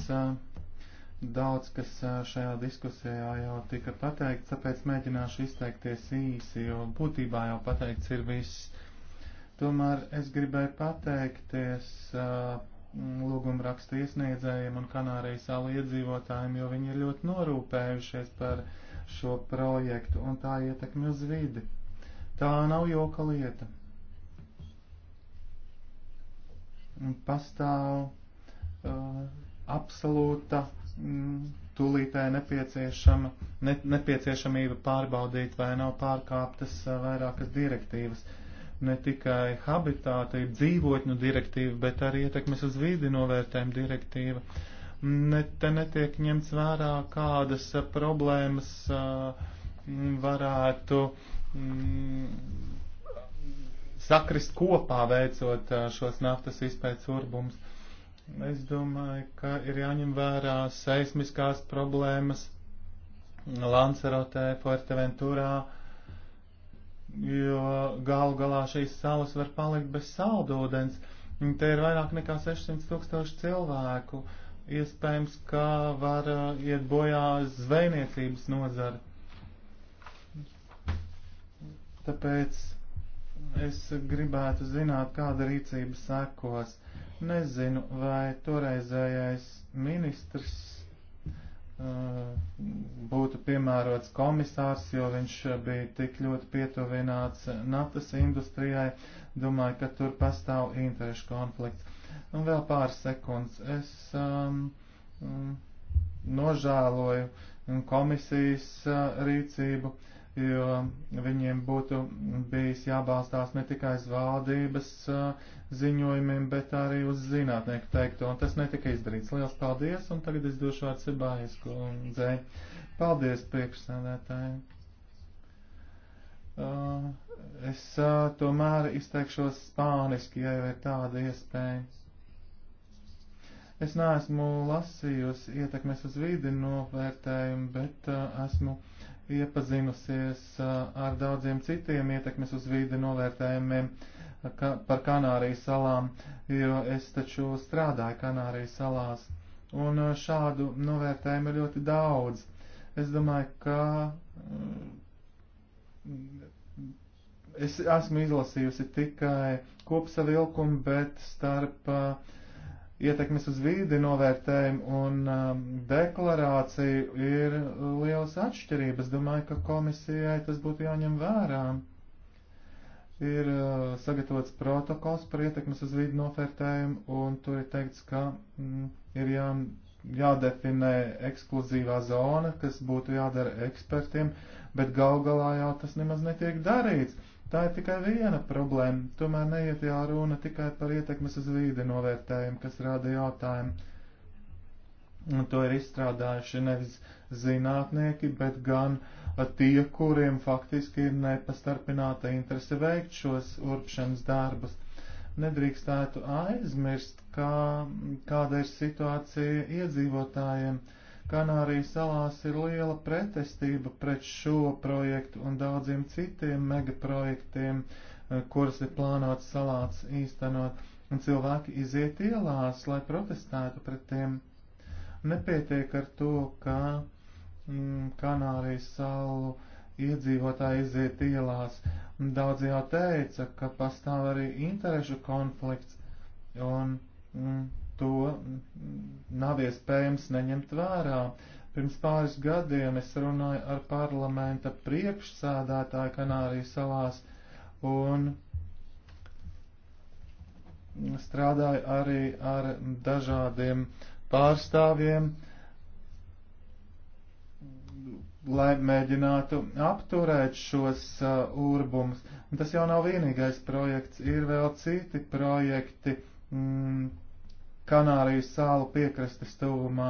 Daudz, kas eh, šajā diskusijā jau tika pateikts, tāpēc mēģināšu izteikties īsi, jo būtībā jau pateikts ir viss. Tomēr es gribēju pateikties eh, lūguma raksta iesniedzējiem un Kanārijas salu iedzīvotājiem, jo viņi ir ļoti norūpējušies par šo projektu un tā ietekmi uz vidi. Tā nav joka lieta. Pastāv uh, absolūta mm, tūlītēji nepieciešama, ne, nepieciešamība pārbaudīt, vai nav pārkāptas uh, vairākas direktīvas. Ne tikai habitāta ir dzīvotņu direktīva, bet arī ietekmes uz vīdi novērtējuma direktīva. Uh, ne, te netiek ņemts vērā, kādas eh, problēmas eh, varētu mm, sakrist kopā veicot eh, šos naftas izpētes urbumus. Es domāju, ka ir jāņem vērā seismiskās problēmas Lancerotē, Fuerteventurā, jo galu galā šīs salas var palikt bez saldūdens. Te ir vairāk nekā 600 tūkstoši cilvēku. Uh, iespējams, ka var uh, iet bojā zvejniecības nozara. Tāpēc es gribētu zināt, kāda rīcība sekos. Nezinu, vai toreizējais ministrs uh, būtu piemērots komisārs, jo viņš bija tik ļoti pietuvināts naftas industrijai. Domāju, ka tur pastāv interešu konflikts Un vēl pāris sekundes. Es um, mm, nožēloju mm, komisijas uh, rīcību, jo viņiem būtu bijis jābalstās ne tikai uz valdības uh, ziņojumiem, bet arī uz zinātnieku teikto. Un tas netika izdarīts. Liels paldies, un tagad es došu vārdu Sebājas kundzei. Paldies priekšsēdētājiem! Uh, es uh, tomēr izteikšos spāniski, ja jau ir tāda iespēja. Es neesmu lasījusi ietekmes uz vīdi novērtējumu, bet uh, esmu iepazinusies uh, ar daudziem citiem ietekmes uz vīdi novērtējumiem uh, ka, par Kanārijas salām, jo es taču strādāju Kanārijas salās. Un uh, šādu novērtējumu ir ļoti daudz. Es domāju, ka. Uh, Es esmu izlasījusi tikai kopsavilkumu, bet starp uh, ietekmes uz vīdi novērtējumu un um, deklarāciju ir lielas atšķirības. Domāju, ka komisijai tas būtu jāņem vērā. Ir uh, sagatavots protokols par ietekmes uz vīdi novērtējumu, un tur ir teikts, ka mm, ir jā, jādefinē ekskluzīvā zona, kas būtu jādara ekspertiem, bet gal galā jau tas nemaz netiek darīts Tā ir tikai viena problēma, tomēr neiet jau runa tikai par ietekmes uz vīdi novērtējumu, kas rada jautājumu. Un to ir izstrādājuši nevis zinātnieki, bet gan tie, kuriem faktiski ir nepastarpināta interese veikt šos urpšanas darbus. Nedrīkstētu aizmirst, kā, kāda ir situācija iedzīvotājiem. Uh, Kanārijas salās ir liela pretestība pret šo projektu un daudziem citiem megaprojektiem, eh, kuras ir plānots salāts īstenot, un cilvēki iziet ielās, lai protestētu pret tiem. Nepietiek ar to, ka mm, Kanārijas salu iedzīvotāji iziet ielās. Daudz jau teica, ka pastāv arī interešu konflikts, un mm, to nav iespējams neņemt vērā. Pirms pāris gadiem es runāju ar parlamenta priekšsādātāju Kanārijas salās un strādāju arī ar dažādiem pārstāvjiem, lai mēģinātu apturēt šos uh, urbumus. Un tas jau nav vienīgais projekts, ir vēl citi projekti. Mm, Kanārijas sālu piekrastes tuvumā.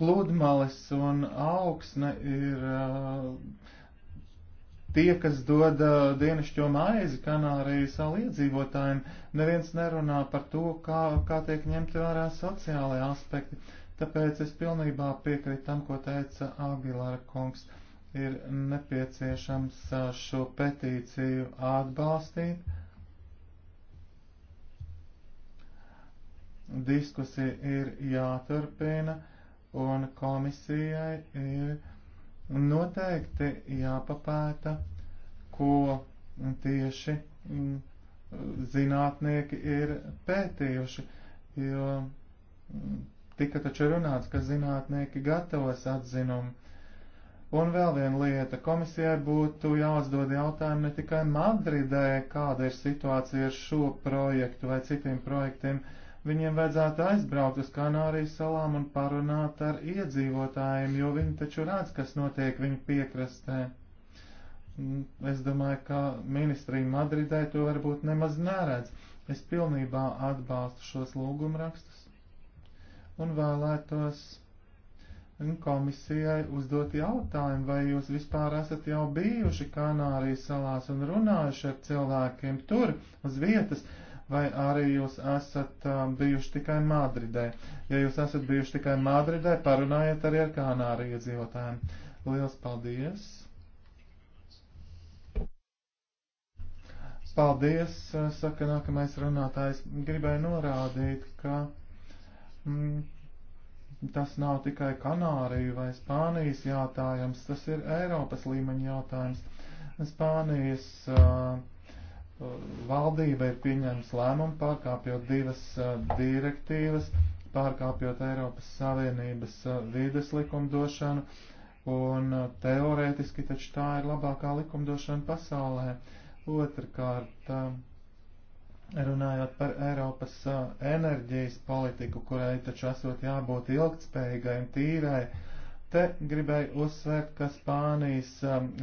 Pludmales un augsne ir uh, tie, kas dod uh, dienasčo maizi Kanārijas salu iedzīvotājiem. Neviens nerunā par to, kā, kā tiek ņemti vērā sociālai aspekti. Tāpēc es pilnībā piekrītu tam, ko teica Agilāra kungs. Uh, ir nepieciešams šo petīciju atbalstīt. Diskusija ir jāturpina un komisijai ir noteikti jāpapēta, ko tieši mm, zinātnieki ir pētījuši, jo mm, tika taču runāts, ka zinātnieki gatavos atzinumu Un vēl viena lieta, komisijai būtu jāuzdod jautājumu ne tikai Madridē, kāda ir situācija ar šo projektu vai citiem projektiem. Viņiem vajadzētu aizbraukt uz Kanārijas salām un parunāt ar iedzīvotājiem, jo viņi taču redz, kas notiek viņu piekrastē. Mm, es domāju, ka ministrija Madridē to varbūt nemaz neredz. Es pilnībā atbalstu šos lūgumrakstus un vēlētos komisijai uzdot jautājumu, vai jūs vispār esat jau bijuši Kanārijas salās un runājuši ar cilvēkiem tur uz vietas, vai arī jūs esat um, bijuši tikai Madridē. Ja jūs esat bijuši tikai Madridē, parunājiet arī ar Kanārijas iedzīvotājiem. Liels paldies! Paldies, uh, saka nākamais runātājs. Gribēju norādīt, ka. Mm, tas nav tikai Kanāriju vai Spānijas jautājums, tas ir Eiropas līmeņa jautājums. Spānijas uh, valdība ir pieņēmusi lēmumu pārkāpjot divas uh, direktīvas, pārkāpjot Eiropas Savienības uh, vides likumdošanu, un uh, teorētiski taču tā ir labākā likumdošana pasaulē. Otrakārt, uh, Runājot par Eiropas enerģijas politiku, kurai taču esot jābūt ilgtspējīgai un tīrai, te gribēju uzsvērt, ka Spānijas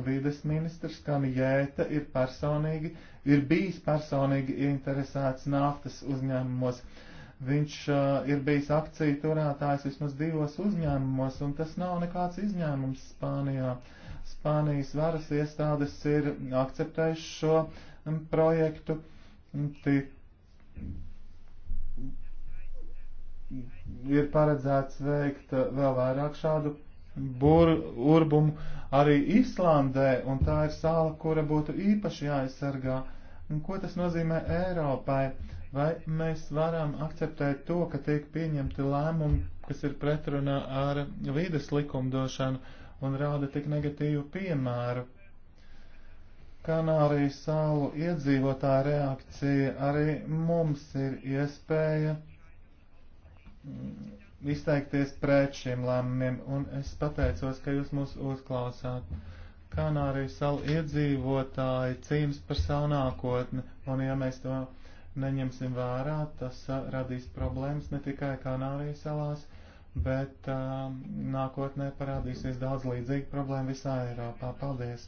vides ministrs Kamijēta ir personīgi, ir bijis personīgi interesēts naftas uzņēmumos. Viņš uh, ir bijis akciju turētājs vismaz divos uzņēmumos, un tas nav nekāds izņēmums Spānijā. Spānijas varas iestādes ir akceptējuši šo projektu. Uh, ir paredzēts veikt vēl vairāk šādu bur, urbumu arī Islandē, un tā ir sāla, kura būtu īpaši jāaizsargā. Un ko tas nozīmē Eiropai? Vai mēs varam akceptēt to, ka tiek pieņemti lēmumi, kas ir pretrunā ar vīdes likumdošanu un rāda tik negatīvu piemēru? Kanārijas salu iedzīvotāja reakcija arī mums ir iespēja mm, izteikties pret šiem lēmumiem, un es pateicos, ka jūs mūs uzklausāt. Kanārijas salu iedzīvotāji cīnas par savu nākotni, un ja mēs to neņemsim vērā, tas uh, radīs problēmas ne tikai Kanārijas salās, bet uh, nākotnē parādīsies daudz līdzīgu problēmu visā Eiropā. Paldies!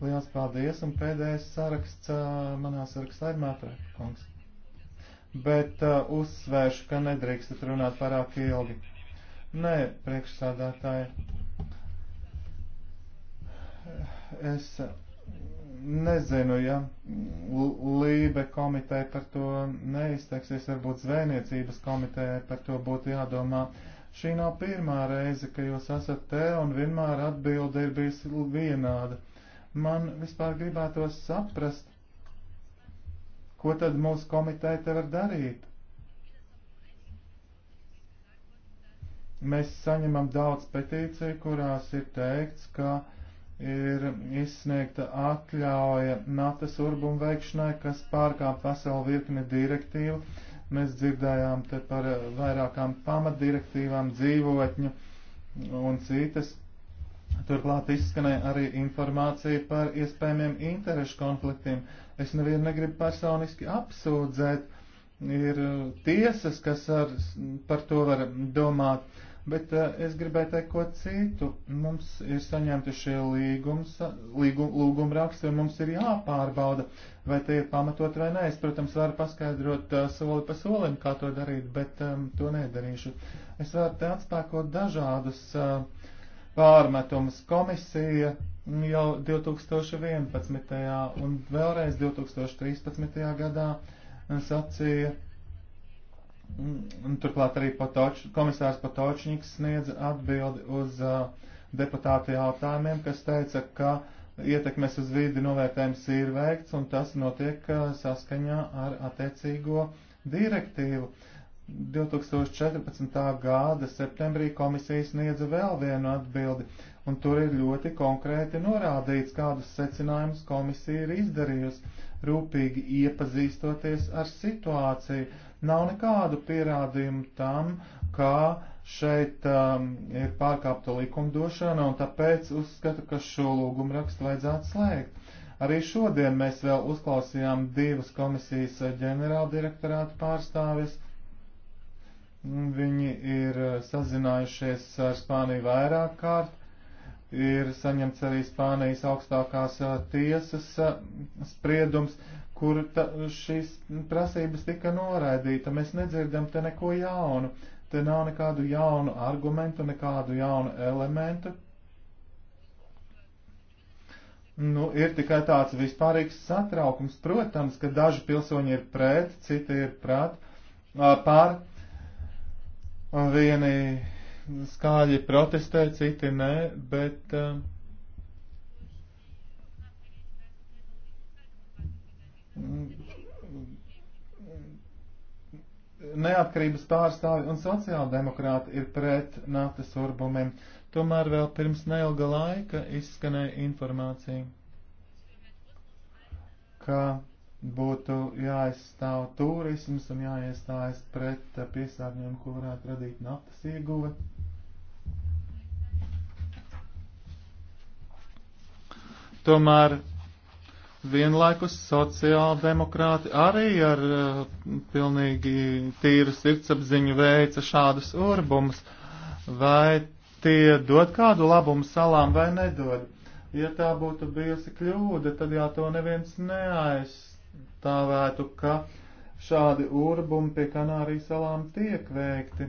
Liels paldies, un pēdējais saraksts manā sarakstā ir Mātrē, kungs. Bet uh, uzsvēršu, ka nedrīkstat runāt pārāk ilgi. Nē, priekšsādātāji. Es nezinu, ja Lībe komiteja par to neizteiksies, varbūt zvejniecības komitejai par to būtu jādomā. Šī nav pirmā reize, ka jūs esat te un vienmēr atbilde ir bijusi vienāda. Man vispār gribētos saprast, ko tad mūsu komiteja te var darīt. Mēs saņemam daudz petīciju, kurās ir teikts, ka ir izsniegta atļauja natas urbumu veikšanai, kas pārkāp veselu virkni direktīvu. Mēs dzirdējām te par vairākām pamatdirektīvām, dzīvotņu un citas. Turklāt izskanēja arī informācija par iespējamiem interešu konfliktiem. Es nevienu negribu personiski apsūdzēt, ir uh, tiesas, kas ar, par to var domāt, bet uh, es gribēju teikt ko citu. Mums ir saņemti šie līgums, līgum, lūguma raksti un mums ir jāpārbauda, vai tie ir pamatot vai nē. Es, protams, varu paskaidrot uh, soli pa solim, kā to darīt, bet um, to nedarīšu. Es varu te atspēkot dažādus. Uh, pārmetums komisija jau 2011. un vēlreiz 2013. gadā sacīja, un turklāt arī Patoč, komisārs Patočņiks sniedza atbildi uz uh, deputātu jautājumiem, kas teica, ka ietekmes uz vīdi novērtējums ir veikts un tas notiek uh, saskaņā ar attiecīgo direktīvu. Uh, 2014. gada septembrī komisija sniedza vēl vienu atbildi, un tur ir ļoti konkrēti norādīts, kādus secinājumus komisija ir izdarījusi, rūpīgi iepazīstoties ar situāciju. Nav nekādu pierādījumu tam, kā šeit um, ir pārkāpta likumdošana, un tāpēc uzskatu, ka šo lūgumu rakstu vajadzētu slēgt. Arī šodien mēs vēl uzklausījām divas komisijas ģenerāldirektorātu pārstāvis Viņi ir eh, sazinājušies ar Spāniju vairāk kārt. Ir saņemts arī Spānijas augstākās eh, tiesas eh, spriedums, kur ta, šīs prasības tika noraidīta. Mēs nedzirdam te neko jaunu. Te nav nekādu jaunu argumentu, nekādu jaunu elementu. Nu, ir tikai tāds vispārīgs satraukums. Protams, ka daži pilsoņi ir pret, citi ir prat, pār. Vieni skaļi protestē, citi nē, bet. Eh, neatkarības pārstāvi un sociāldemokrāti ir pret naftas urbumiem. Tomēr vēl pirms neilga laika izskanēja informācija, ka būtu jāizstāv turisms un jāiestājas pret eh, piesārņojumu, ko varētu radīt naftas ieguve. Tomēr vienlaikus sociāldemokrāti arī ar uh, pilnīgi tīru sirdsapziņu veica šādus urbumus. Vai tie dod kādu labumu salām vai nedod? Ja tā būtu bijusi kļūda, tad jau to neviens neaiz konstatētu, ka šādi urbumi pie Kanārijas salām tiek veikti.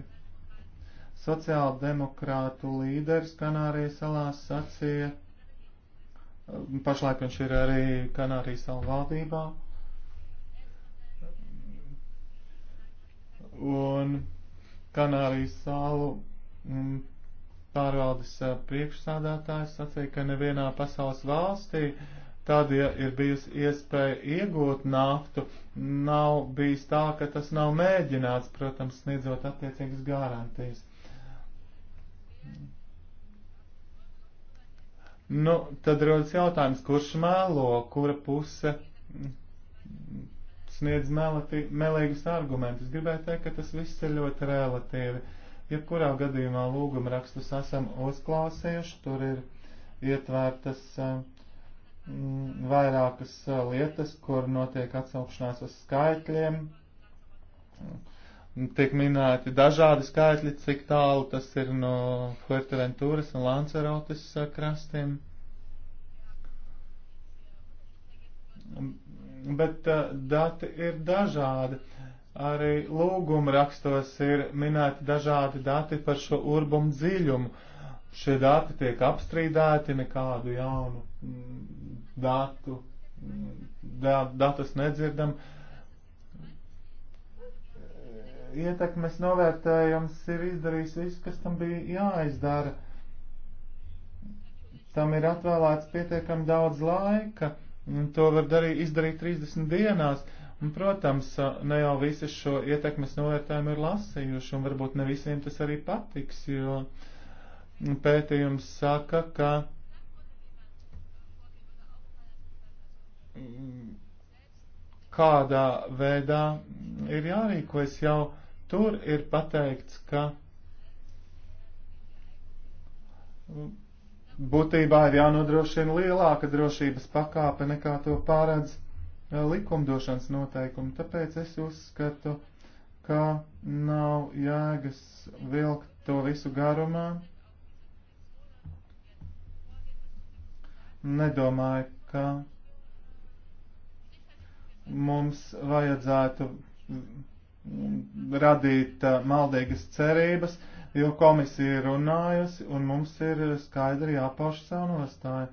Sociāldemokrātu līderis Kanārijas salās sacīja, um, pašlaik viņš ir arī Kanārijas salu valdībā, un Kanārijas salu mm, pārvaldes uh, priekšsādātājs sacīja, ka nevienā pasaules valstī uh, Tad, ja ir bijusi iespēja iegūt naftu, nav bijis tā, ka tas nav mēģināts, protams, sniedzot attiecīgas garantijas. Nu, tad rodas jautājums, kurš mēlo, kura puse sniedz melati, melīgus argumentus. Gribēju teikt, ka tas viss ir ļoti relatīvi. Jebkurā gadījumā lūguma rakstus esam uzklausījuši, tur ir ietvērtas uh, Mm, vairākas lietas, kur notiek atsaukšanās uz skaitļiem. Mm, tiek minēti dažādi skaitļi, cik tālu tas ir no Fuerteventūras un Lancerotes krastiem. Mm, bet dati ir dažādi. Arī lūguma rakstos ir minēti dažādi dati par šo urbumu dziļumu šie dati tiek apstrīdēti, nekādu jaunu mm, datu, mm, datus nedzirdam. Ietekmes novērtējums ir izdarījis viss, kas tam bija jāizdara. Tam ir atvēlēts pietiekami daudz laika, un to var darīt, izdarīt 30 dienās. Un, protams, ne jau visi šo ietekmes novērtējumu ir lasījuši, un varbūt ne visiem tas arī patiks, jo uh, pētījums saka, ka kādā veidā ir jārīkojas jau tur ir pateikts, ka būtībā ir jānodrošina lielāka drošības pakāpe nekā to pārēdz eh, likumdošanas noteikumi. Tāpēc es uzskatu, ka nav jēgas vilkt to visu garumā nedomāju, ka mums vajadzētu radīt uh, maldīgas cerības, jo komisija ir runājusi un mums ir skaidri jāpauž savu nostāju.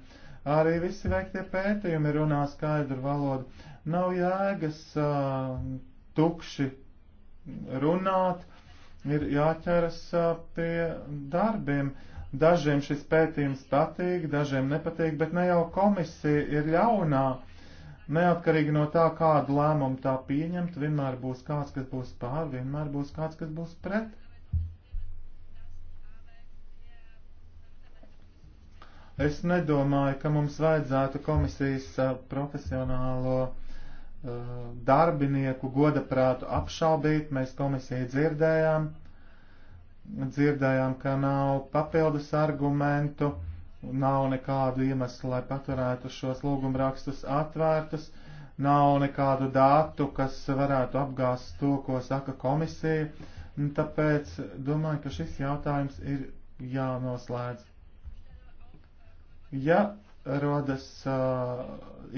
Arī visi veiktie pētījumi runā skaidru valodu. Nav jēgas uh, tukši runāt, ir jāķeras uh, pie darbiem. Uh, Dažiem šis pētījums patīk, dažiem nepatīk, bet ne jau komisija ir ļaunā. Neatkarīgi no tā, kādu lēmumu tā pieņemt, vienmēr būs kāds, kas būs pār, vienmēr būs kāds, kas būs pret. Es nedomāju, ka mums vajadzētu komisijas profesionālo darbinieku godaprātu apšaubīt. Mēs komisiju dzirdējām dzirdējām, ka nav papildus argumentu, nav nekādu iemeslu, lai paturētu šos lūgumrakstus atvērtus, nav nekādu datu, kas varētu apgāst to, ko saka komisija. Tāpēc domāju, ka šis jautājums ir jānoslēdz. Ja rodas uh,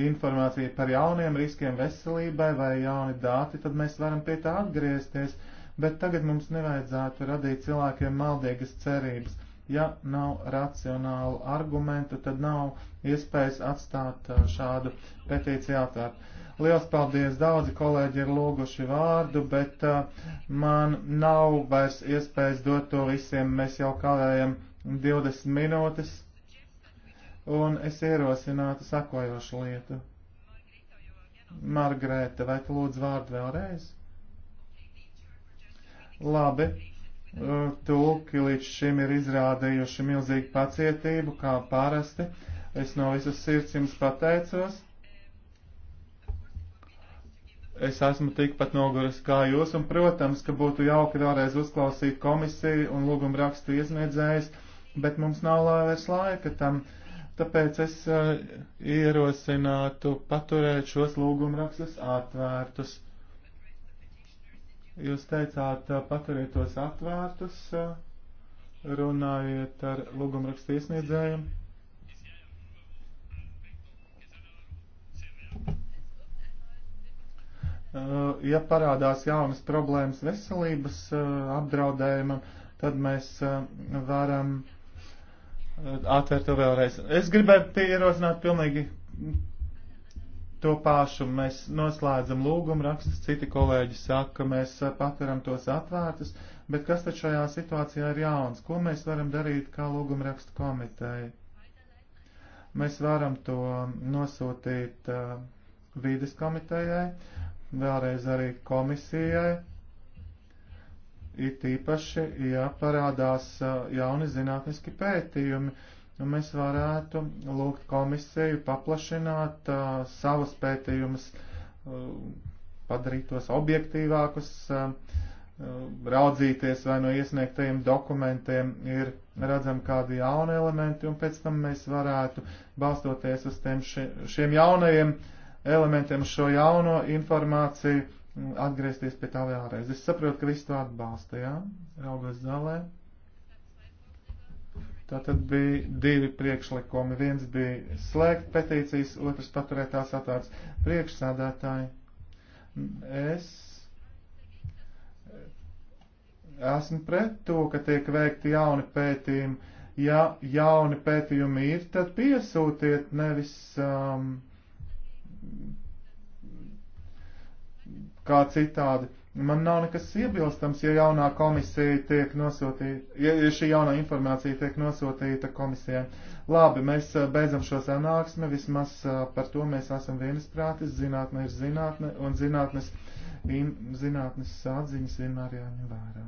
informācija par jauniem riskiem veselībai vai jauni dati, tad mēs varam pie tā atgriezties. Uh, Bet tagad mums nevajadzētu radīt cilvēkiem maldīgas cerības. Ja nav racionāla argumenta, tad nav iespējas atstāt šādu petīciju atvērtu. Liels paldies! Daudzi kolēģi ir lūguši vārdu, bet uh, man nav vairs iespējas dot to visiem. Mēs jau kavējam 20 minūtes, un es ierosinātu sakojošu lietu. Margrēta, vai tu lūdzu vārdu vēlreiz? Labi, tulki līdz šim ir izrādījuši milzīgu pacietību, kā parasti. Es no visas sirds jums pateicos. Es esmu tikpat noguris kā jūs, un, protams, ka būtu jauki vēlreiz uzklausīt komisiju un lūgumu rakstu iesniedzējus, bet mums nav vairs laika tam. Tāpēc es uh, ierosinātu paturēt šos lūgumu rakstus atvērtus. Jūs teicāt, paturiet tos atvērtus, runājiet ar lūgumrakstu iesniedzējiem. Ja parādās jaunas problēmas veselības apdraudējumam, tad mēs varam atvērt to vēlreiz. Es gribētu ierosināt pilnīgi To pašu mēs noslēdzam lūgumu rakstus, citi kolēģi saka, ka mēs eh, paturam tos atvērtus, bet kas tad šajā situācijā ir jauns? Ko mēs varam darīt kā lūgumu rakstu komiteja? Mēs varam to nosūtīt uh, vīdes komitejai, vēlreiz arī komisijai, it īpaši, ja parādās uh, jauni zinātniski pētījumi. Uh, un nu, mēs varētu lūgt komisiju paplašināt uh, savus pētījumus, uh, padarīt tos objektīvākus, uh, raudzīties vai no iesniegtajiem dokumentiem ir redzami kādi jauni elementi, un pēc tam mēs varētu, balstoties uz tiem ši, šiem jaunajiem elementiem, šo jauno informāciju, atgriezties pie tā vēlreiz. Es saprotu, ka visu to atbalsta, jā, ja? raugos zālē. Tātad bija divi priekšlikumi. Viens bija slēgt petīcijas, otrs paturēt tās atvērts. Priekšsādātāji, es esmu pret to, ka tiek veikti jauni pētījumi. Ja jauni pētījumi ir, tad piesūtiet nevis um, kā citādi Man nav nekas iebilstams, ja jaunā komisija tiek nosūtīta, ja šī jaunā informācija tiek nosūtīta komisijai. Labi, mēs eh, beidzam šo sanāksmi, vismaz eh, par to mēs esam vienisprātis, zinātne ir zinātne, un zinātnes, in, zinātnes atziņas vienmēr jāņem vērā.